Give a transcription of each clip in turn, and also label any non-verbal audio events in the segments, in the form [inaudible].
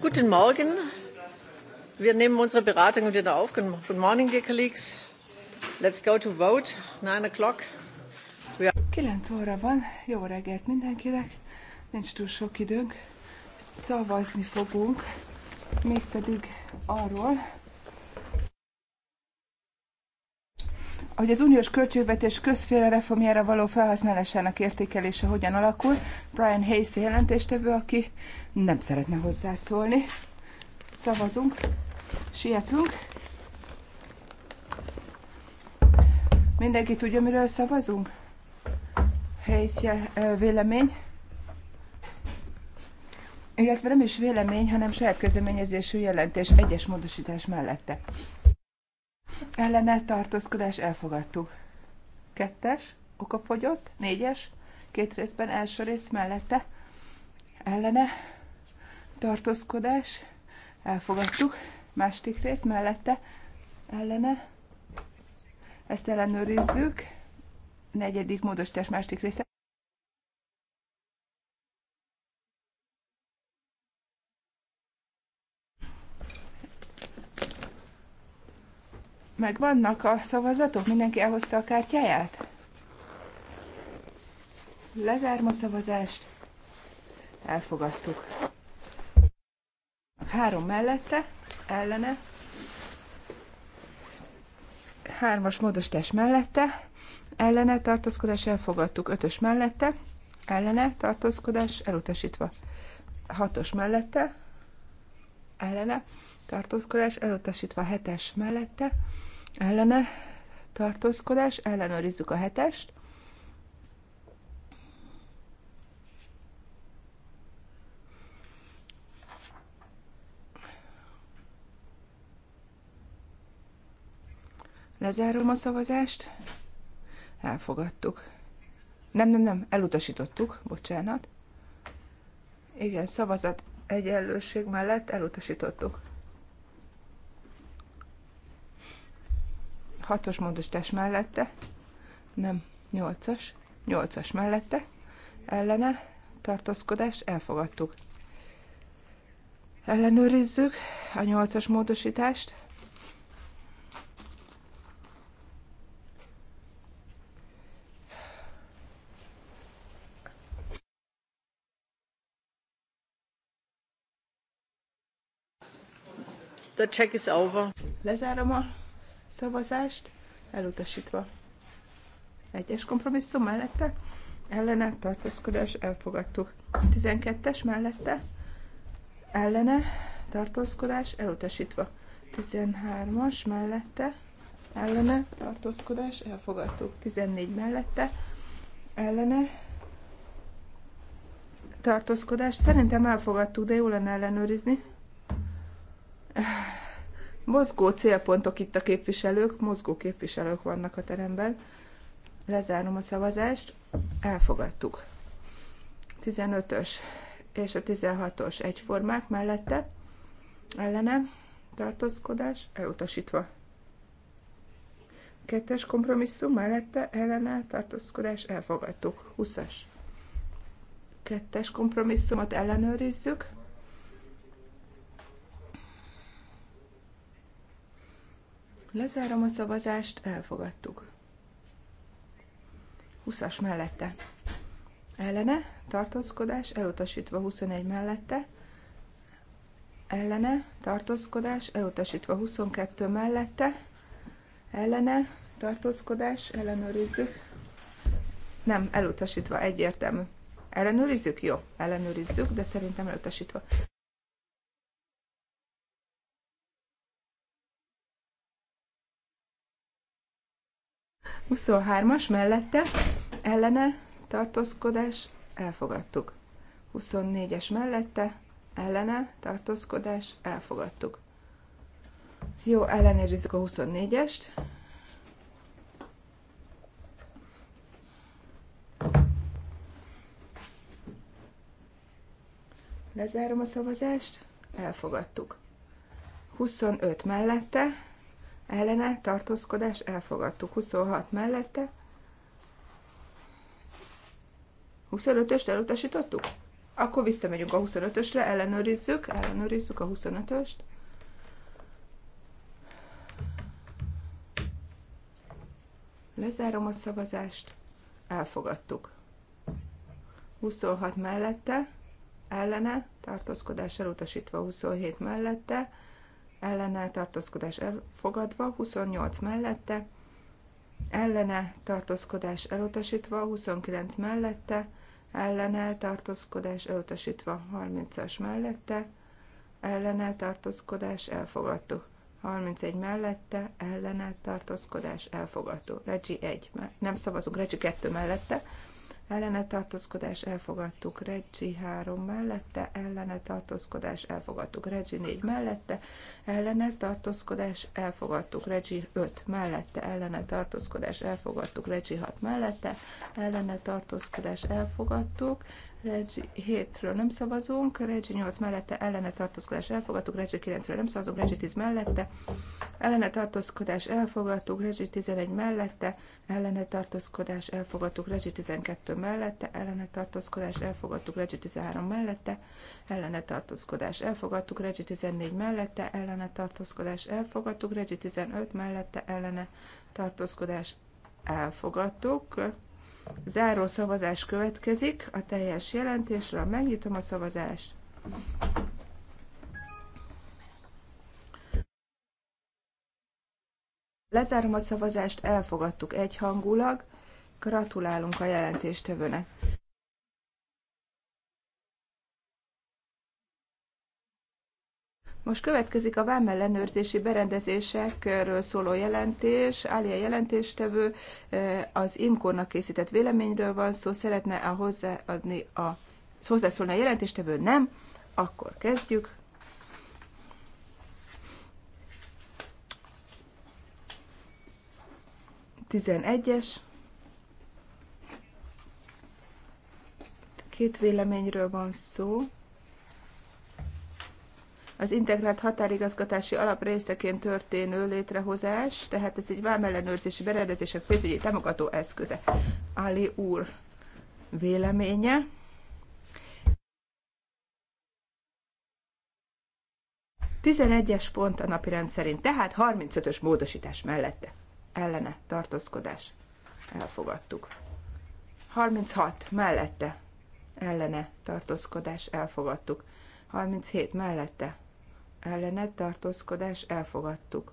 Guten Morgen. Wir nehmen unsere Beratung wieder auf. Good morning, dear colleagues. Let's go to vote. Nine o'clock. Are... 9 óra van. Jó reggelt mindenkinek. Nincs túl sok időnk. Szavazni fogunk, mégpedig arról, hogy az uniós költségvetés közféle reformjára való felhasználásának értékelése hogyan alakul. Brian Hayes jelentéstevő, aki nem szeretne hozzászólni. Szavazunk, sietünk. Mindenki tudja, miről szavazunk? Hayes vélemény. Illetve nem is vélemény, hanem saját kezdeményezésű jelentés egyes módosítás mellette ellene tartózkodás elfogadtuk. Kettes, okafogyott, négyes, két részben első rész mellette, ellene tartózkodás elfogadtuk, másik rész mellette, ellene, ezt ellenőrizzük, negyedik módosítás másik része, Meg vannak a szavazatok? Mindenki elhozta a kártyáját? Lezárom a szavazást. Elfogadtuk. Három mellette, ellene. Hármas módosítás mellette, ellene tartózkodás elfogadtuk. Ötös mellette, ellene tartózkodás elutasítva. Hatos mellette, ellene tartózkodás elutasítva a hetes mellette, ellene tartózkodás, ellenőrizzük a hetest. Lezárom a szavazást. Elfogadtuk. Nem, nem, nem, elutasítottuk, bocsánat. Igen, szavazat egyenlőség mellett elutasítottuk. hatos módosítás mellette, nem, nyolcas, nyolcas mellette, ellene, tartózkodás, elfogadtuk. Ellenőrizzük a nyolcas módosítást. The check is over. Lezárom a szavazást, elutasítva. Egyes kompromisszum mellette, ellene tartózkodás elfogadtuk. 12-es mellette, ellene tartózkodás elutasítva. 13-as mellette, ellene tartózkodás elfogadtuk. 14 mellette, ellene tartózkodás. Szerintem elfogadtuk, de jó lenne ellenőrizni. Mozgó célpontok itt a képviselők, mozgó képviselők vannak a teremben. Lezárom a szavazást, elfogadtuk. 15-ös és a 16-os egyformák mellette, ellene, tartózkodás, elutasítva. Kettes kompromisszum mellette, ellene, tartózkodás, elfogadtuk. 20-as. Kettes kompromisszumot ellenőrizzük. Lezárom a szavazást, elfogadtuk. 20-as mellette. Ellene, tartózkodás, elutasítva 21 mellette. Ellene, tartózkodás, elutasítva 22 mellette. Ellene, tartózkodás, ellenőrizzük. Nem, elutasítva, egyértelmű. Ellenőrizzük? Jó, ellenőrizzük, de szerintem elutasítva. 23-as mellette ellene tartózkodás elfogadtuk. 24-es mellette ellene tartózkodás elfogadtuk. Jó, ellenőrizzük a 24-est. Lezárom a szavazást, elfogadtuk. 25 mellette, ellene tartózkodás elfogadtuk. 26 mellette. 25-öst elutasítottuk? Akkor visszamegyünk a 25-ösre, ellenőrizzük, ellenőrizzük a 25-öst. Lezárom a szavazást, elfogadtuk. 26 mellette, ellene, tartózkodás elutasítva 27 mellette, ellene tartózkodás elfogadva, 28 mellette, ellene tartózkodás elutasítva, 29 mellette, ellene tartózkodás elutasítva, 30-as mellette, ellene tartózkodás elfogadtuk. 31 mellette, ellene tartózkodás elfogadó. Regi 1, nem szavazunk, Regi 2 mellette, ellene tartózkodás elfogadtuk, Reggi 3 mellette, ellene tartózkodás elfogadtuk, Reggi 4 mellette, ellene tartózkodás elfogadtuk, Reggi 5 mellette, ellene tartózkodás elfogadtuk, Reggi 6 mellette, ellene tartózkodás elfogadtuk, Regi 7-ről nem szavazunk, Regi 8 mellette ellene tartózkodás elfogadtuk, Regi 9-ről nem szavazunk, Regi 10 mellette ellene tartózkodás elfogadtuk, Regi 11 mellette ellene tartózkodás elfogadtuk, Regi 12 mellette ellene tartózkodás elfogadtuk, Regi 13 mellette ellene tartózkodás elfogadtuk, Regi 14 mellette ellene tartózkodás elfogadtuk, Regi 15 mellette ellene tartózkodás elfogadtuk. Záró szavazás következik a teljes jelentésről. Megnyitom a szavazást. Lezárom a szavazást, elfogadtuk egyhangulag. Gratulálunk a jelentéstevőnek. Most következik a vámellenőrzési berendezésekről szóló jelentés. Ália jelentéstevő eh, az IMKO-nak készített véleményről van szó, szeretne -e hozzáadni a, hozzászólni a jelentéstevő? Nem. Akkor kezdjük. Tizenegyes. Két véleményről van szó az integrált határigazgatási alap részeként történő létrehozás, tehát ez egy vámellenőrzési berendezések pénzügyi támogató eszköze. Ali úr véleménye. Tizenegyes pont a napi rend szerint, tehát 35-ös módosítás mellette. Ellene tartózkodás. Elfogadtuk. 36 mellette. Ellene tartózkodás. Elfogadtuk. 37 mellette ellene tartózkodás elfogadtuk.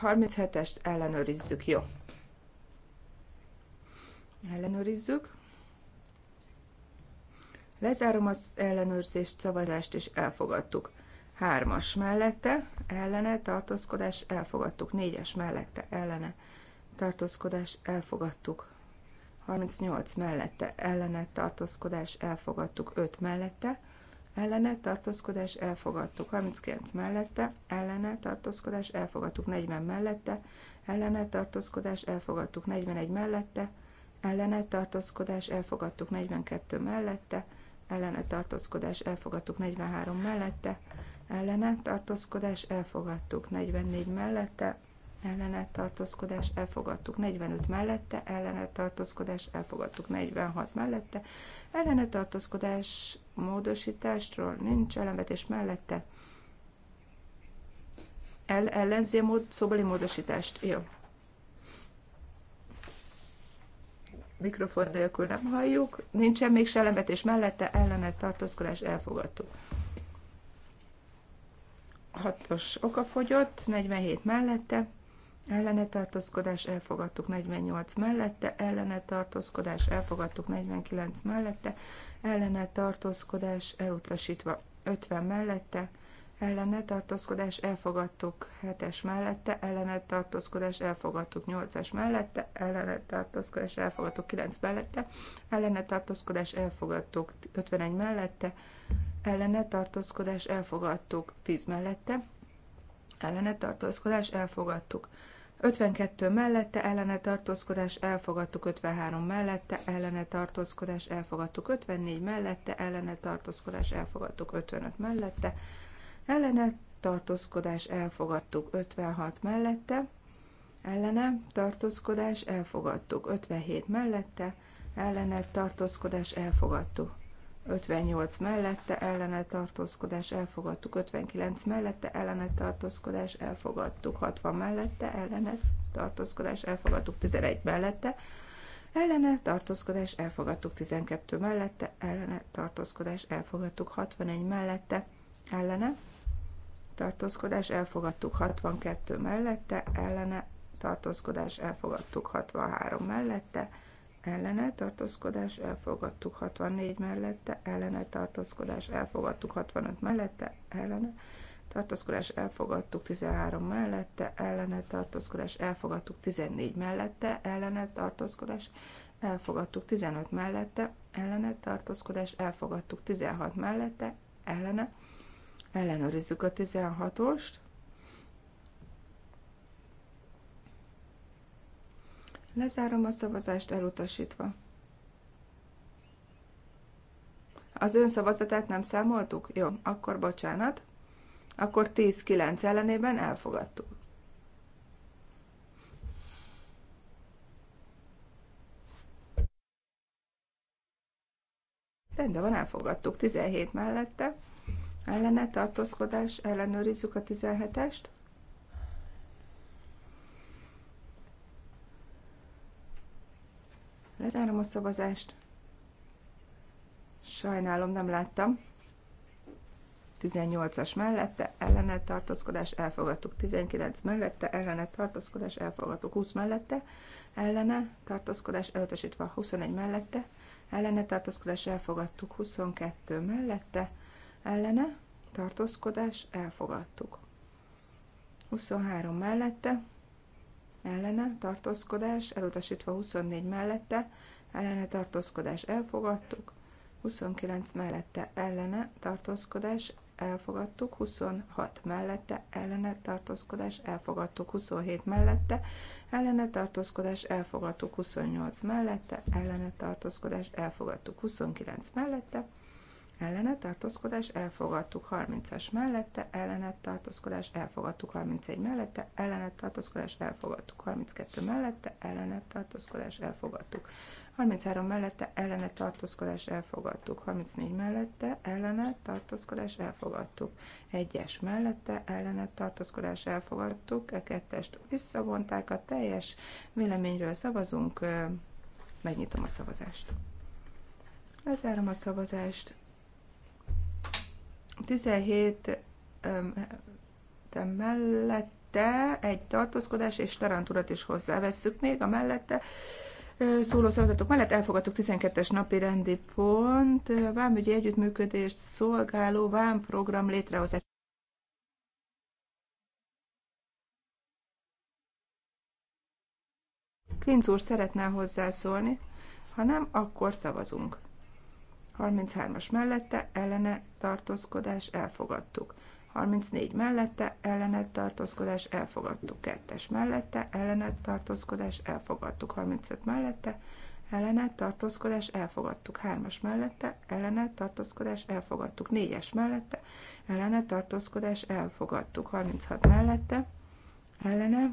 37-est ellenőrizzük, jó. Ellenőrizzük. Lezárom az ellenőrzést, szavazást, és elfogadtuk. 3-as mellette, ellene, tartózkodás, elfogadtuk. Négyes mellette, ellene, tartózkodás, elfogadtuk. 38 mellette, ellene, tartózkodás, elfogadtuk. 5 mellette, ellene tartózkodás elfogadtuk. 39 mellette ellene tartózkodás elfogadtuk. 40 mellette ellene tartózkodás elfogadtuk. 41 mellette ellene tartózkodás elfogadtuk. 42 mellette ellene tartózkodás elfogadtuk. 43 mellette ellene tartózkodás elfogadtuk. 44 mellette ellene tartózkodás elfogadtuk. 45 mellette ellene tartózkodás elfogadtuk. 46 mellette ellene tartózkodás módosításról nincs ellenvetés mellette. El, ellenzi a mód, szóbeli módosítást. Jó. Mikrofon nélkül nem halljuk. Nincsen még ellenvetés mellette, ellene tartózkodás elfogadtuk. 6-os okafogyott, 47 mellette ellene tartózkodás elfogadtuk 48 mellette, ellene tartózkodás elfogadtuk 49 mellette, ellene tartózkodás elutasítva 50 mellette, ellene tartózkodás elfogadtuk 7-es mellette, ellene tartózkodás elfogadtuk 8-es mellette, ellene tartózkodás elfogadtuk 9 mellette, ellene tartózkodás elfogadtuk 51 mellette, ellene tartózkodás elfogadtuk 10 mellette, ellene tartózkodás elfogadtuk 52 mellette ellene tartózkodás elfogadtuk, 53 mellette ellene tartózkodás elfogadtuk, 54 mellette ellene tartózkodás elfogadtuk, 55 mellette ellene tartózkodás elfogadtuk, 56 mellette ellene tartózkodás elfogadtuk, 57 mellette ellene tartózkodás elfogadtuk, 58 mellette ellene tartózkodás elfogadtuk, 59 mellette ellene tartózkodás elfogadtuk, 60 mellette ellene tartózkodás elfogadtuk, 11 mellette ellene tartózkodás elfogadtuk, 12 mellette ellene tartózkodás elfogadtuk, 61 mellette ellene tartózkodás elfogadtuk, 62 mellette ellene tartózkodás elfogadtuk, 63 mellette ellene tartózkodás elfogadtuk 64 mellette, ellene tartózkodás elfogadtuk 65 mellette, ellene tartózkodás elfogadtuk 13 mellette, ellene tartózkodás elfogadtuk 14 mellette, ellene tartózkodás elfogadtuk 15 mellette, ellene tartózkodás elfogadtuk 16 mellette, ellene ellenőrizzük a 16-ost, Lezárom a szavazást elutasítva. Az ön szavazatát nem számoltuk? Jó, akkor bocsánat. Akkor 10-9 ellenében elfogadtuk. Rendben van, elfogadtuk. 17 mellette. Ellene tartózkodás, ellenőrizzük a 17-est. Lezárom a szavazást. Sajnálom, nem láttam. 18-as mellette ellene tartózkodás elfogadtuk, 19 mellette ellene tartózkodás elfogadtuk, 20 mellette ellene tartózkodás elutasítva, 21 mellette ellene tartózkodás elfogadtuk, 22 mellette ellene tartózkodás elfogadtuk, 23 mellette ellene tartózkodás, elutasítva 24 mellette, ellene tartózkodás elfogadtuk, 29 mellette ellene tartózkodás elfogadtuk, 26 mellette ellene tartózkodás elfogadtuk, 27 mellette ellene tartózkodás elfogadtuk, 28 mellette ellene tartózkodás elfogadtuk, 29 mellette ellene tartózkodás elfogadtuk 30-as mellette, ellene tartózkodás elfogadtuk 31 mellette, ellene tartózkodás elfogadtuk 32 mellette, ellene tartózkodás elfogadtuk 33 mellette, ellene tartózkodás elfogadtuk 34 mellette, ellene tartózkodás elfogadtuk 1-es mellette, ellene tartózkodás elfogadtuk, e kettest visszavonták, a teljes véleményről szavazunk, megnyitom a szavazást. Lezárom a szavazást. 17 de mellette egy tartózkodás, és Tarantulat is hozzávesszük még a mellette szóló szavazatok mellett elfogadtuk 12-es napi rendi pont, vámügyi együttműködést szolgáló vámprogram létrehozás. Klinc úr szeretne hozzászólni, ha nem, akkor szavazunk. 33-as mellette ellene tartózkodás elfogadtuk. 34 mellette ellenet tartózkodás elfogadtuk. 2-es mellette ellenet tartózkodás elfogadtuk. 35 mellette ellenet tartózkodás elfogadtuk. 3-as mellette ellenet tartózkodás elfogadtuk. 4-es mellette ellenet tartózkodás elfogadtuk. 36 mellette ellene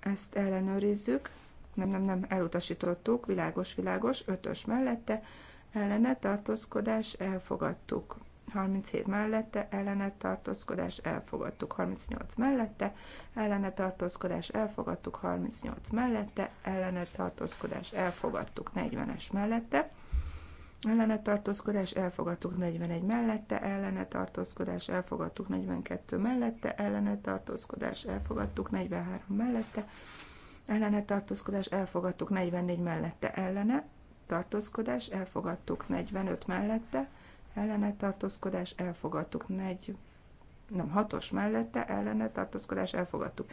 ezt ellenőrizzük. Nem, nem, nem, elutasítottuk. Világos, világos. 5-ös mellette ellene tartózkodás elfogadtuk. 37 mellette ellene tartózkodás elfogadtuk 38 mellette, ellene tartózkodás elfogadtuk 38 mellette, ellene tartózkodás elfogadtuk 40-es mellette, ellene tartózkodás elfogadtuk 41 mellette, ellene tartózkodás elfogadtuk 42 mellette, ellene tartózkodás elfogadtuk 43 mellette, ellene tartózkodás elfogadtuk 44 mellette, ellene tartózkodás, elfogadtuk 45 mellette, ellene tartózkodás, elfogadtuk 4, nem 6-os mellette, ellene tartózkodás, elfogadtuk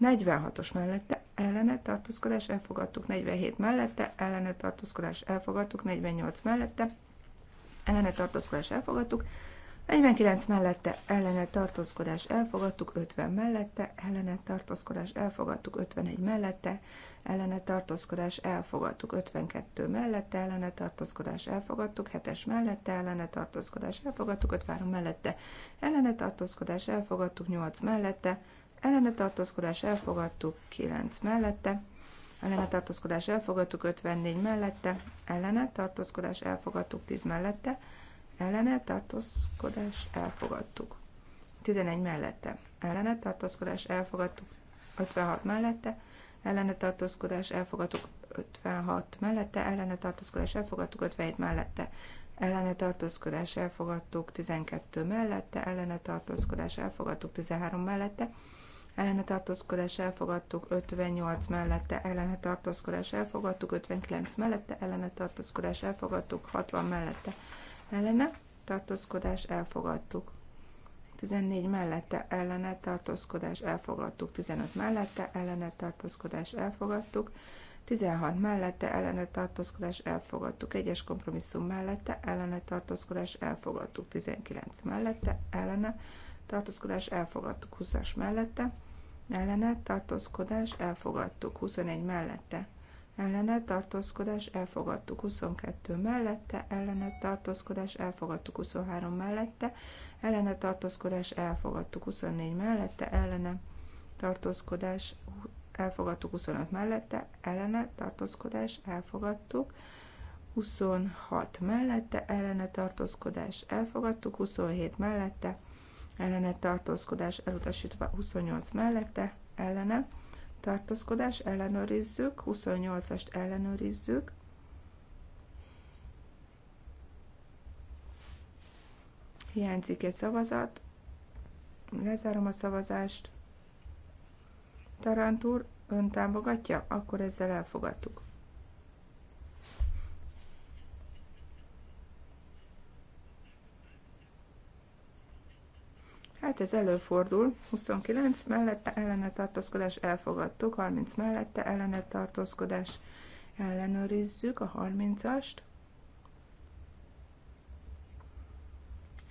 46-os mellette, ellene tartózkodás, elfogadtuk 47 mellette, ellene tartózkodás, elfogadtuk 48 mellette, ellene tartózkodás, elfogadtuk 49 mellette ellene tartózkodás elfogadtuk, 50 mellette ellene tartózkodás elfogadtuk, 51 mellette ellene tartózkodás elfogadtuk, 52 mellette ellene tartózkodás elfogadtuk, 7-es mellette ellene tartózkodás elfogadtuk, 53 mellette ellene tartózkodás elfogadtuk, 8 mellette ellene tartózkodás elfogadtuk, 9 mellette ellene tartózkodás elfogadtuk, 54 mellette ellene tartózkodás elfogadtuk, 10 mellette ellene tartózkodás elfogadtuk. 11 mellette ellene tartózkodás elfogadtuk, 56 mellette ellene tartózkodás elfogadtuk 56 mellette, ellene tartózkodás elfogadtuk 57 mellette, ellene tartózkodás elfogadtuk 12 mellette, ellene tartózkodás elfogadtuk 13 mellette, ellene tartózkodás elfogadtuk 58 mellette, ellene tartózkodás elfogadtuk 59 mellette, ellene tartózkodás elfogadtuk 60 mellette, ellene tartózkodás elfogadtuk 14 mellette ellene tartózkodás elfogadtuk, 15 mellette ellene tartózkodás elfogadtuk, 16 mellette ellene tartózkodás elfogadtuk, egyes kompromisszum mellette ellene tartózkodás elfogadtuk, 19 mellette ellene tartózkodás elfogadtuk, 20-as mellette ellene tartózkodás elfogadtuk, 21 mellette ellene tartózkodás elfogadtuk, 22 mellette ellene tartózkodás elfogadtuk, 23 mellette ellene tartózkodás elfogadtuk 24 mellette, ellene tartózkodás elfogadtuk 25 mellette, ellene tartózkodás elfogadtuk 26 mellette, ellene tartózkodás elfogadtuk 27 mellette, ellene tartózkodás elutasítva 28 mellette, ellene tartózkodás ellenőrizzük, 28-ast ellenőrizzük, Hiányzik egy szavazat. Lezárom a szavazást. Tarantúr, ön támogatja? Akkor ezzel elfogadtuk. Hát ez előfordul. 29 mellette ellene tartózkodás elfogadtuk, 30 mellette ellene tartózkodás ellenőrizzük a 30-ast.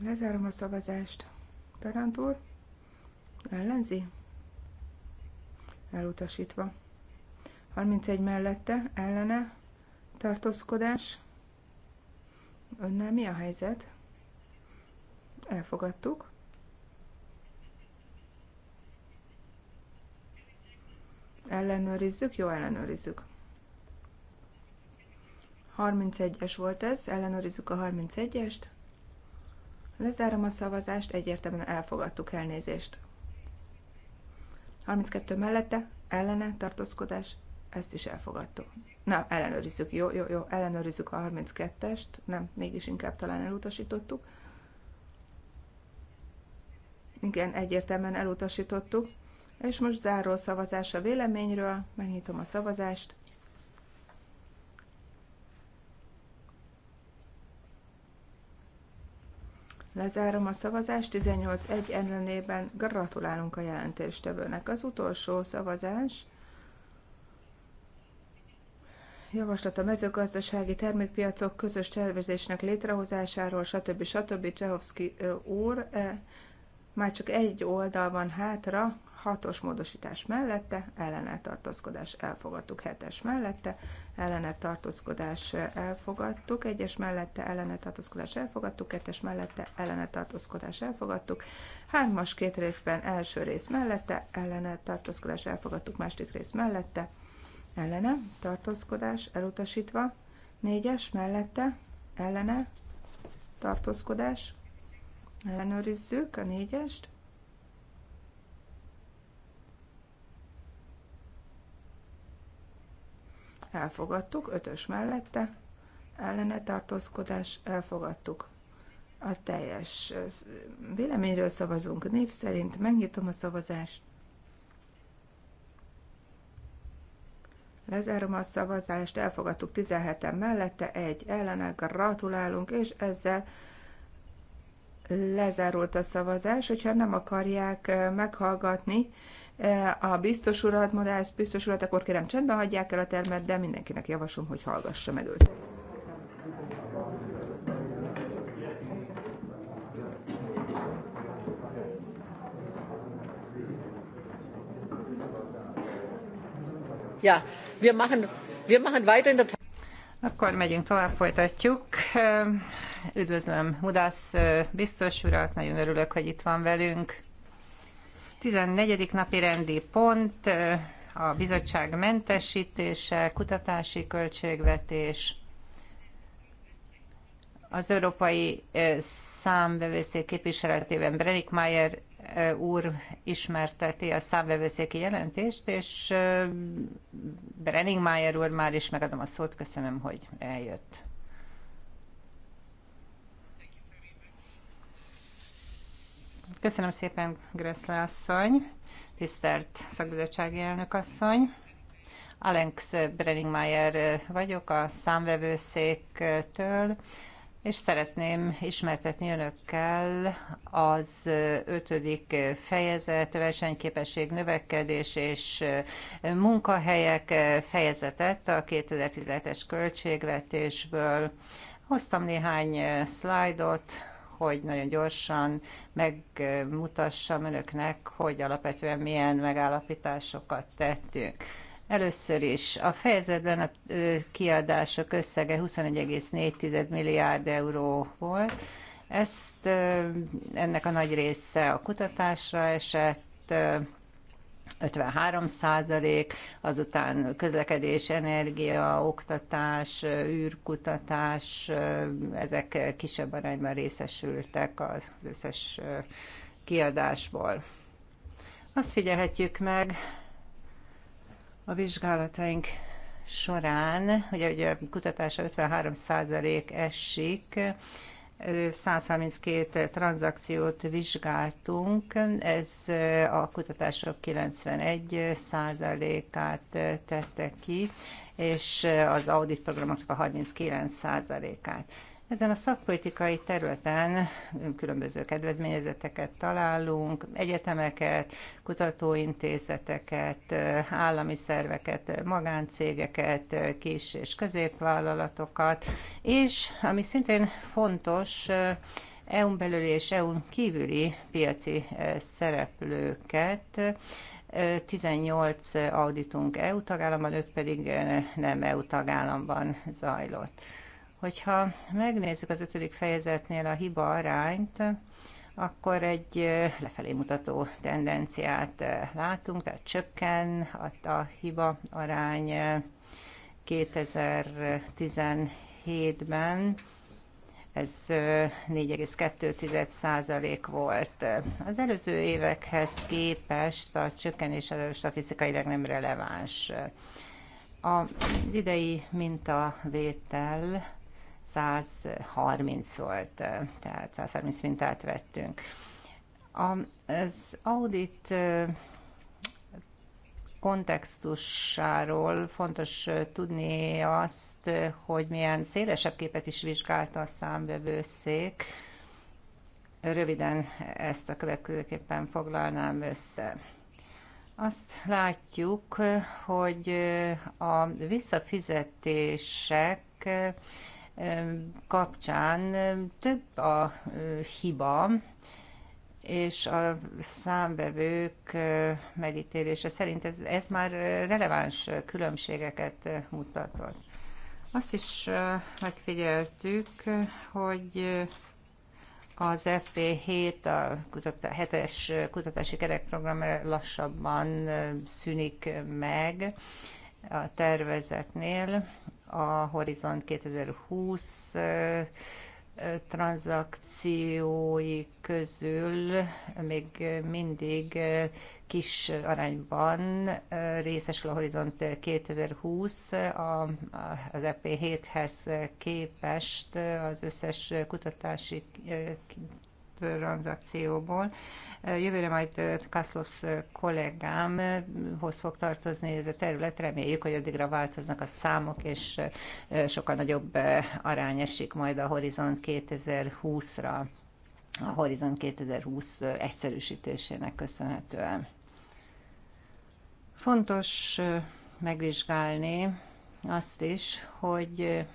Lezárom a szavazást. Tarant Ellenzi? Elutasítva. 31 mellette, ellene, tartózkodás. Önnel mi a helyzet? Elfogadtuk. Ellenőrizzük? Jó, ellenőrizzük. 31-es volt ez, ellenőrizzük a 31-est. Lezárom a szavazást, egyértelműen elfogadtuk elnézést. 32 mellette, ellene, tartózkodás, ezt is elfogadtuk. Na, ellenőrizzük, jó, jó, jó, ellenőrizzük a 32-est, nem, mégis inkább talán elutasítottuk. Igen, egyértelműen elutasítottuk. És most záró szavazás a véleményről, megnyitom a szavazást. Lezárom a szavazást, 18-1 ellenében gratulálunk a jelentéstevőnek. Az utolsó szavazás javaslat a mezőgazdasági termékpiacok közös tervezésnek létrehozásáról, stb. stb. Csehovszki úr már csak egy oldal van hátra, hatos módosítás mellette, ellene elfogadtuk hetes mellette, ellene tartózkodás elfogadtuk, egyes mellette ellene tartózkodás elfogadtuk, kettes mellette ellene tartózkodás elfogadtuk, hármas két részben első rész mellette ellene tartózkodás elfogadtuk, második rész mellette ellene tartózkodás elutasítva, négyes mellette ellene tartózkodás ellenőrizzük a négyest, elfogadtuk, ötös mellette, ellene tartózkodás, elfogadtuk. A teljes véleményről szavazunk név szerint, megnyitom a szavazást. Lezárom a szavazást, elfogadtuk 17-en mellette, egy ellene, gratulálunk, és ezzel lezárult a szavazás. Hogyha nem akarják meghallgatni Eh, a biztos urat, Modász biztos urat, akkor kérem csendben hagyják el a termet, de mindenkinek javaslom, hogy hallgassa meg őt. Ja, wir machen, wir machen weiter in der akkor megyünk tovább, folytatjuk. Üdvözlöm Mudász eh, biztos urat, nagyon örülök, hogy itt van velünk. 14. napi rendi pont, a bizottság mentesítése, kutatási költségvetés, az Európai Számbevőszék képviseletében Brenik Mayer úr ismerteti a számbevőszéki jelentést, és Brenning Mayer úr már is megadom a szót, köszönöm, hogy eljött. Köszönöm szépen, Greszle asszony, tisztelt szakbizottsági elnök asszony. Alex Brenningmeier vagyok a számvevőszéktől, és szeretném ismertetni önökkel az ötödik fejezet, versenyképesség növekedés és munkahelyek fejezetet a 2017-es költségvetésből. Hoztam néhány szlájdot, hogy nagyon gyorsan megmutassam önöknek, hogy alapvetően milyen megállapításokat tettünk. Először is a fejezetben a kiadások összege 21,4 milliárd euró volt. Ezt ennek a nagy része a kutatásra esett, 53 százalék, azután közlekedés, energia, oktatás, űrkutatás, ezek kisebb arányban részesültek az összes kiadásból. Azt figyelhetjük meg a vizsgálataink során, hogy a kutatása 53% esik, 132 tranzakciót vizsgáltunk, ez a kutatások 91 százalékát tette ki, és az audit programoknak a 39 százalékát. Ezen a szakpolitikai területen különböző kedvezményezeteket találunk, egyetemeket, kutatóintézeteket, állami szerveket, magáncégeket, kis- és középvállalatokat, és ami szintén fontos, EU-n belüli és EU-n kívüli piaci eh, szereplőket, 18 eh, auditunk EU tagállamban, 5 pedig eh, nem EU tagállamban zajlott. Hogyha megnézzük az ötödik fejezetnél a hiba arányt, akkor egy lefelé mutató tendenciát látunk, tehát csökken a hiba arány 2017-ben, ez 4,2% volt. Az előző évekhez képest a csökkenés statisztikailag nem releváns. A idei mintavétel 130 volt, tehát 130 mintát vettünk. Az audit kontextusáról fontos tudni azt, hogy milyen szélesebb képet is vizsgálta a számbevőszék. Röviden ezt a következőképpen foglalnám össze. Azt látjuk, hogy a visszafizetések kapcsán több a hiba, és a számbevők megítélése szerint ez, ez már releváns különbségeket mutatott. Azt is megfigyeltük, hogy az FP7, a 7-es kutatási kerekprogram lassabban szűnik meg a tervezetnél, a Horizont 2020 tranzakciói közül még mindig kis arányban részesül a Horizont 2020 az EP 7-hez képest az összes kutatási tranzakcióból. Jövőre majd Kaszlovsz kollégámhoz fog tartozni ez a terület. Reméljük, hogy addigra változnak a számok, és sokkal nagyobb arány esik majd a Horizont 2020-ra a Horizon 2020 egyszerűsítésének köszönhetően. Fontos megvizsgálni azt is, hogy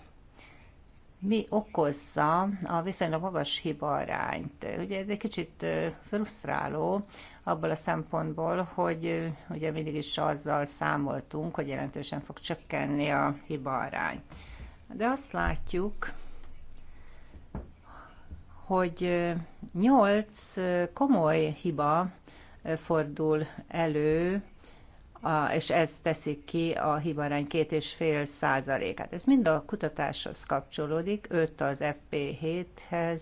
mi okozza a viszonylag magas hibarányt. Ugye ez egy kicsit frusztráló abból a szempontból, hogy ugye mindig is azzal számoltunk, hogy jelentősen fog csökkenni a hibarány. De azt látjuk, hogy 8 komoly hiba fordul elő és ez teszik ki a hibarány két és fél százalékát. Ez mind a kutatáshoz kapcsolódik, 5 az FP7-hez,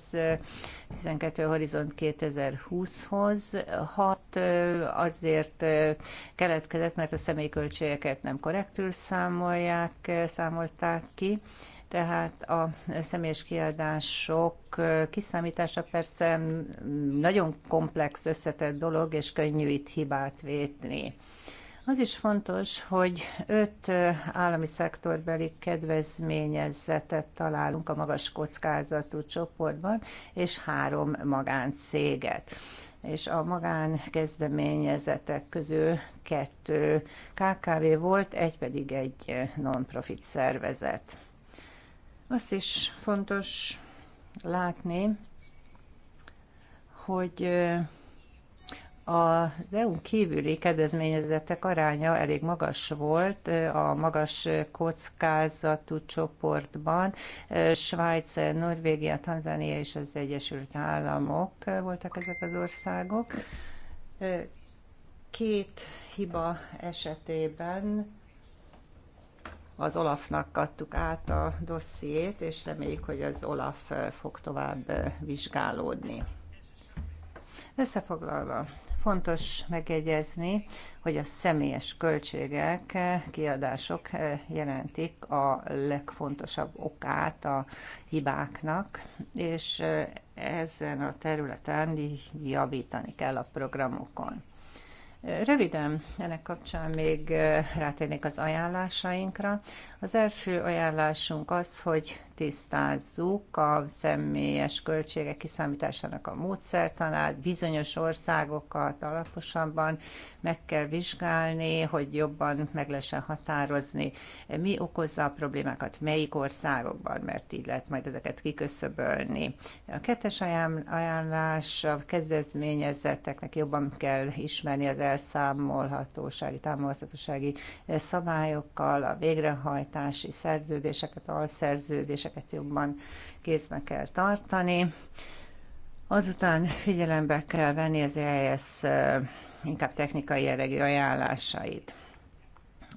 12 Horizont 2020-hoz, 6 azért keletkezett, mert a személyköltségeket nem korrektül számolják, számolták ki, tehát a személyes kiadások kiszámítása persze nagyon komplex, összetett dolog, és könnyű itt hibát vétni. Az is fontos, hogy öt állami szektorbeli kedvezményezetet találunk a magas kockázatú csoportban, és három magáncéget és a magánkezdeményezetek közül kettő KKV volt, egy pedig egy non-profit szervezet. Azt is fontos látni, hogy az EU kívüli kedvezményezettek aránya elég magas volt a magas kockázatú csoportban. Svájc, Norvégia, Tanzánia és az Egyesült Államok voltak ezek az országok. Két hiba esetében az Olafnak adtuk át a dossziét, és reméljük, hogy az Olaf fog tovább vizsgálódni. Összefoglalva, fontos megjegyezni, hogy a személyes költségek, eh, kiadások eh, jelentik a legfontosabb okát a hibáknak, és eh, ezen a területen javítani kell a programokon. Röviden ennek kapcsán még rátérnék az ajánlásainkra. Az első ajánlásunk az, hogy tisztázzuk a személyes költségek kiszámításának a módszertanát, bizonyos országokat alaposabban meg kell vizsgálni, hogy jobban meg lehessen határozni, mi okozza a problémákat, melyik országokban, mert így lehet majd ezeket kiköszöbölni. A kettes ajánlás a kezdezményezeteknek jobban kell ismerni az elszámolhatósági, támogatósági eh, szabályokkal, a végrehajtást, támogatási szerződéseket, alszerződéseket jobban kézbe kell tartani. Azután figyelembe kell venni az EIS inkább technikai jellegű ajánlásait.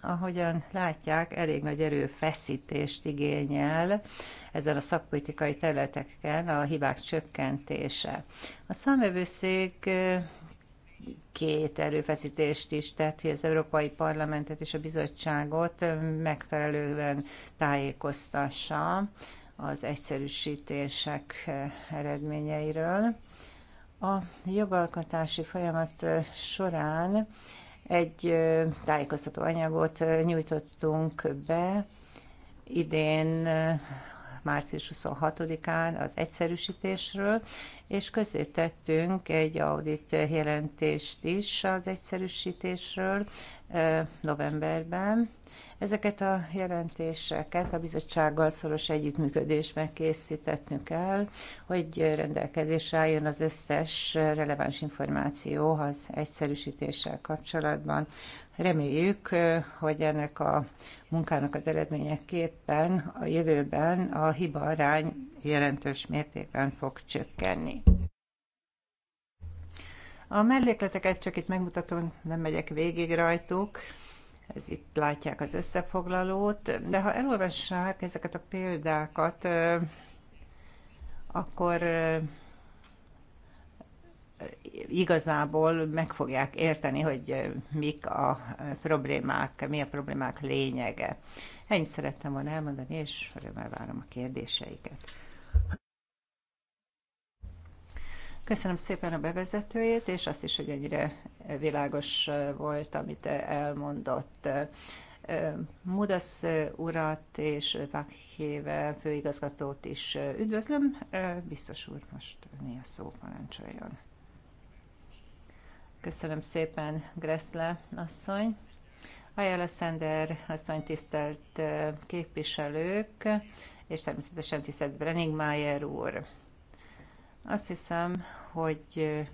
Ahogyan látják, elég nagy erőfeszítést igényel ezen a szakpolitikai területeken a hibák csökkentése. A számövőszék két erőfeszítést is tett, hogy az Európai Parlamentet és a bizottságot megfelelően tájékoztassa az egyszerűsítések eredményeiről. A jogalkotási folyamat során egy tájékoztató anyagot nyújtottunk be idén március 26-án az egyszerűsítésről, és közé tettünk egy audit jelentést is az egyszerűsítésről novemberben. Ezeket a jelentéseket a bizottsággal szoros együttműködésben készítettünk el, hogy rendelkezésre álljon az összes releváns információ az egyszerűsítéssel kapcsolatban. Reméljük, hogy ennek a munkának az eredményeképpen a jövőben a hiba arány jelentős mértékben fog csökkenni. A mellékleteket csak itt megmutatom, nem megyek végig rajtuk. Ez itt látják az összefoglalót, de ha elolvassák ezeket a példákat, akkor igazából meg fogják érteni, hogy eh, mik a eh, problémák, mi a problémák lényege. Ennyit szerettem volna elmondani, és örömmel várom a kérdéseiket. Köszönöm szépen a bevezetőjét, és azt is, hogy ennyire világos eh, volt, amit elmondott. Mudasz urat és Bakhéve főigazgatót is üdvözlöm. Biztos úr, most néha szó parancsoljon. Köszönöm szépen, Greszle asszony. Ajala Szender asszony tisztelt képviselők, és természetesen tisztelt Brenning Mayer úr. Azt hiszem, hogy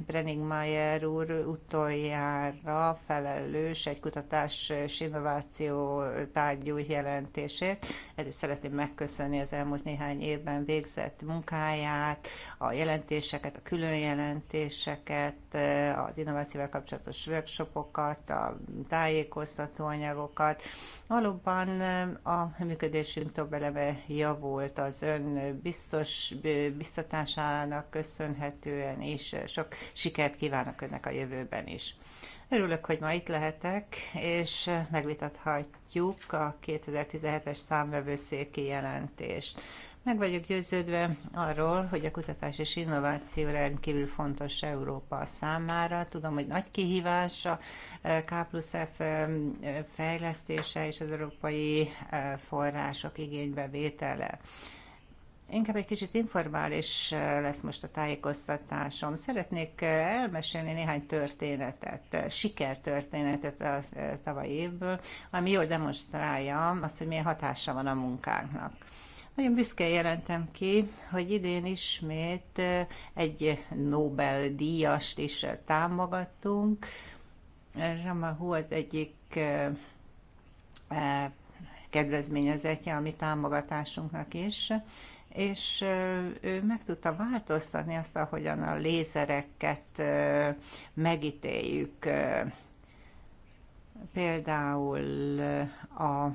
Mayer úr utoljára felelős egy kutatás és innováció tárgyú jelentésért. Ezért szeretném megköszönni az elmúlt néhány évben végzett munkáját, a jelentéseket, a külön jelentéseket, az innovációval kapcsolatos workshopokat, a tájékoztatóanyagokat. Valóban a működésünk több eleve javult az ön biztos biztatásának köszönhetően és sok sikert kívánok önnek a jövőben is. Örülök, hogy ma itt lehetek, és megvitathatjuk a 2017-es számvevőszéki jelentést. Meg vagyok győződve arról, hogy a kutatás és innováció rendkívül fontos Európa számára. Tudom, hogy nagy kihívás a eh, K plusz F eh, fejlesztése és az európai eh, források igénybevétele. Inkább egy kicsit informális eh, lesz most a tájékoztatásom. Szeretnék eh, elmesélni néhány történetet, eh, sikertörténetet a tavalyi évből, ami jól demonstrálja azt, hogy milyen hatása van a munkánknak. Nagyon büszke jelentem ki, hogy idén ismét egy Nobel-díjast is támogattunk. Hu az egyik kedvezményezetje a mi támogatásunknak is, és ő meg tudta változtatni azt, ahogyan a lézereket megítéljük. Például a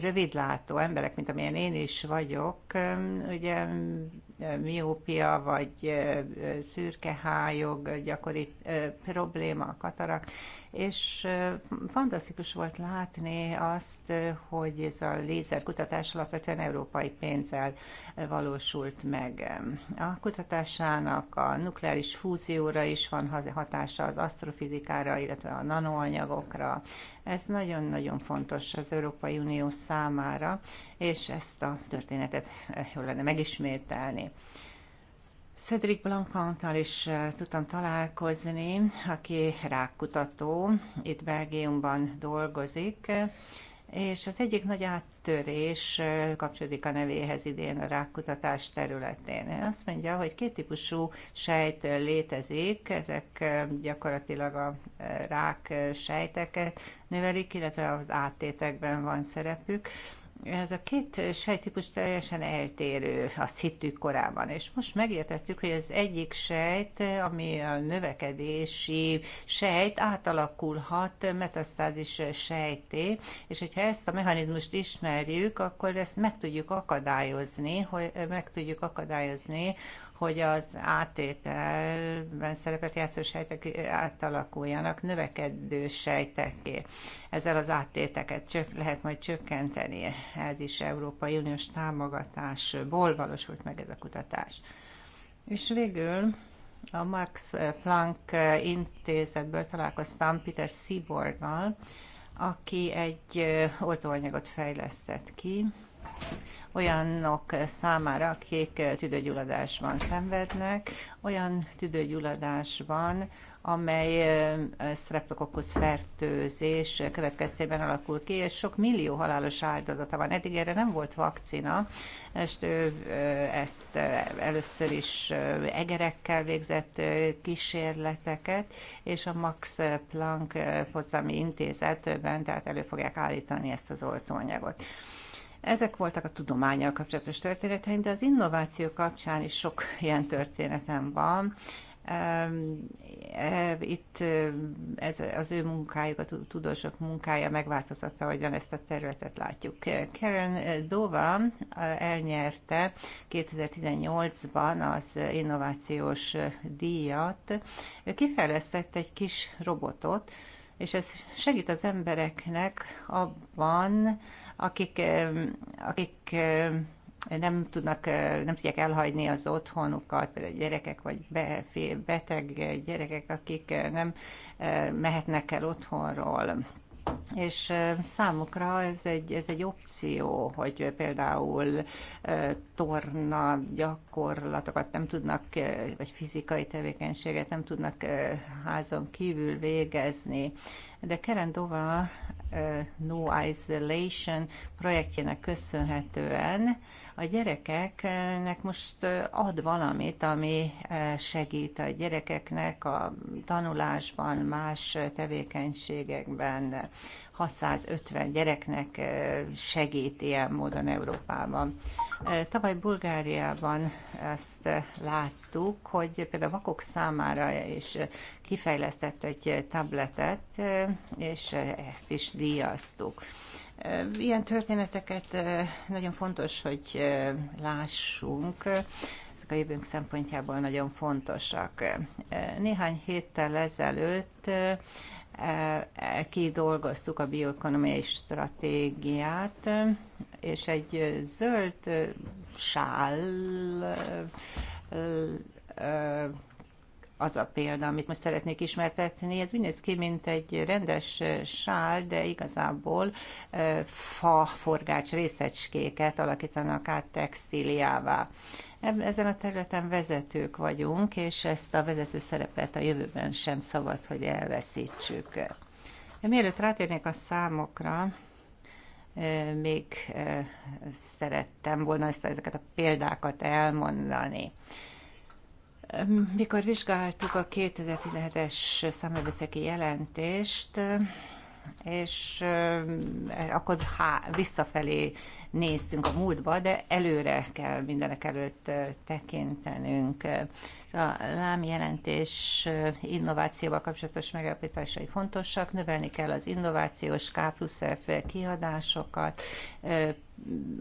rövidlátó emberek, mint amilyen én is vagyok, ugye miópia vagy szürkehályog gyakori probléma, a katarak. és fantasztikus volt látni azt, hogy ez a lézerkutatás alapvetően európai pénzzel valósult meg. A kutatásának a nukleáris fúzióra is van hatása az asztrofizikára, illetve a nanoanyagokra. Ez nagyon-nagyon fontos az Európai Unió számára, és ezt a történetet eh, jól lenne megismételni. Cedric Blancantal is eh, tudtam találkozni, aki rákutató, itt Belgiumban dolgozik, és az egyik nagy áttörés eh, kapcsolódik a nevéhez idén a rákutatás területén. Azt mondja, hogy két típusú sejt létezik, ezek gyakorlatilag a rák sejteket növelik, illetve az áttétekben van szerepük. Ez a két sejtípus teljesen eltérő, azt hittük korábban, és most megértettük, hogy az egyik sejt, ami a növekedési sejt, átalakulhat metasztázis sejté, és hogyha ezt a mechanizmust ismerjük, akkor ezt meg tudjuk akadályozni, hogy meg tudjuk akadályozni hogy az átételben szerepet játszó sejtek átalakuljanak növekedő sejtekké. Ezzel az áttéteket csök, lehet majd csökkenteni. Ez is Európai Uniós támogatásból valósult meg ez a kutatás. És végül a Max Planck intézetből találkoztam Peter Seaborgal, aki egy oltóanyagot fejlesztett ki, olyanok számára, akik eh, tüdőgyulladásban szenvednek, olyan tüdőgyulladásban, amely eh, streptokokkusz fertőzés következtében alakul ki, és sok millió halálos áldozata van. Eddig erre nem volt vakcina, és ő eh, ezt először is egerekkel végzett kísérleteket, és a Max Planck Pozzami Intézetben, tehát elő fogják állítani ezt az oltóanyagot. Ezek voltak a tudományjal kapcsolatos történeteim, de az innováció kapcsán is sok [laughs] ilyen történetem van. Eh, itt eh, ez az ő munkájuk, a tudósok munkája megváltozatta, ahogyan ezt a területet látjuk. Karen Dova eh, elnyerte 2018-ban az innovációs díjat. Ő kifejlesztett egy kis robotot, és ez segít az embereknek abban, akik, akik nem tudnak, nem tudják elhagyni az otthonukat, például gyerekek vagy beteg gyerekek, akik nem mehetnek el otthonról. És számukra ez egy, ez egy opció, hogy például torna gyakorlatokat nem tudnak, vagy fizikai tevékenységet nem tudnak házon kívül végezni. De Kerendova No Isolation projektjének köszönhetően a gyerekeknek most ad valamit, ami segít a gyerekeknek a tanulásban, más tevékenységekben. 650 gyereknek segít ilyen módon Európában. Tavaly Bulgáriában ezt láttuk, hogy például vakok számára is kifejlesztett egy tabletet, és ezt is díjaztuk. Ilyen történeteket nagyon fontos, hogy lássunk ezek a jövőnk szempontjából nagyon fontosak. Néhány héttel ezelőtt kidolgoztuk a bioekonomiai stratégiát, és egy zöld sál az a példa, amit most szeretnék ismertetni. Ez úgy néz ki, mint egy rendes sál, de igazából eh, fa forgács részecskéket alakítanak át textíliává. Ezen a területen vezetők vagyunk, és ezt a vezető szerepet a jövőben sem szabad, hogy elveszítsük. De mielőtt rátérnék a számokra, még szerettem volna ezt, ezeket a példákat elmondani. Mikor vizsgáltuk a 2017-es számövőszeki jelentést, és akkor há, visszafelé néztünk a múltba, de előre kell mindenek előtt tekintenünk. A lámjelentés innovációval kapcsolatos megállapításai fontosak, növelni kell az innovációs K plusz F kiadásokat,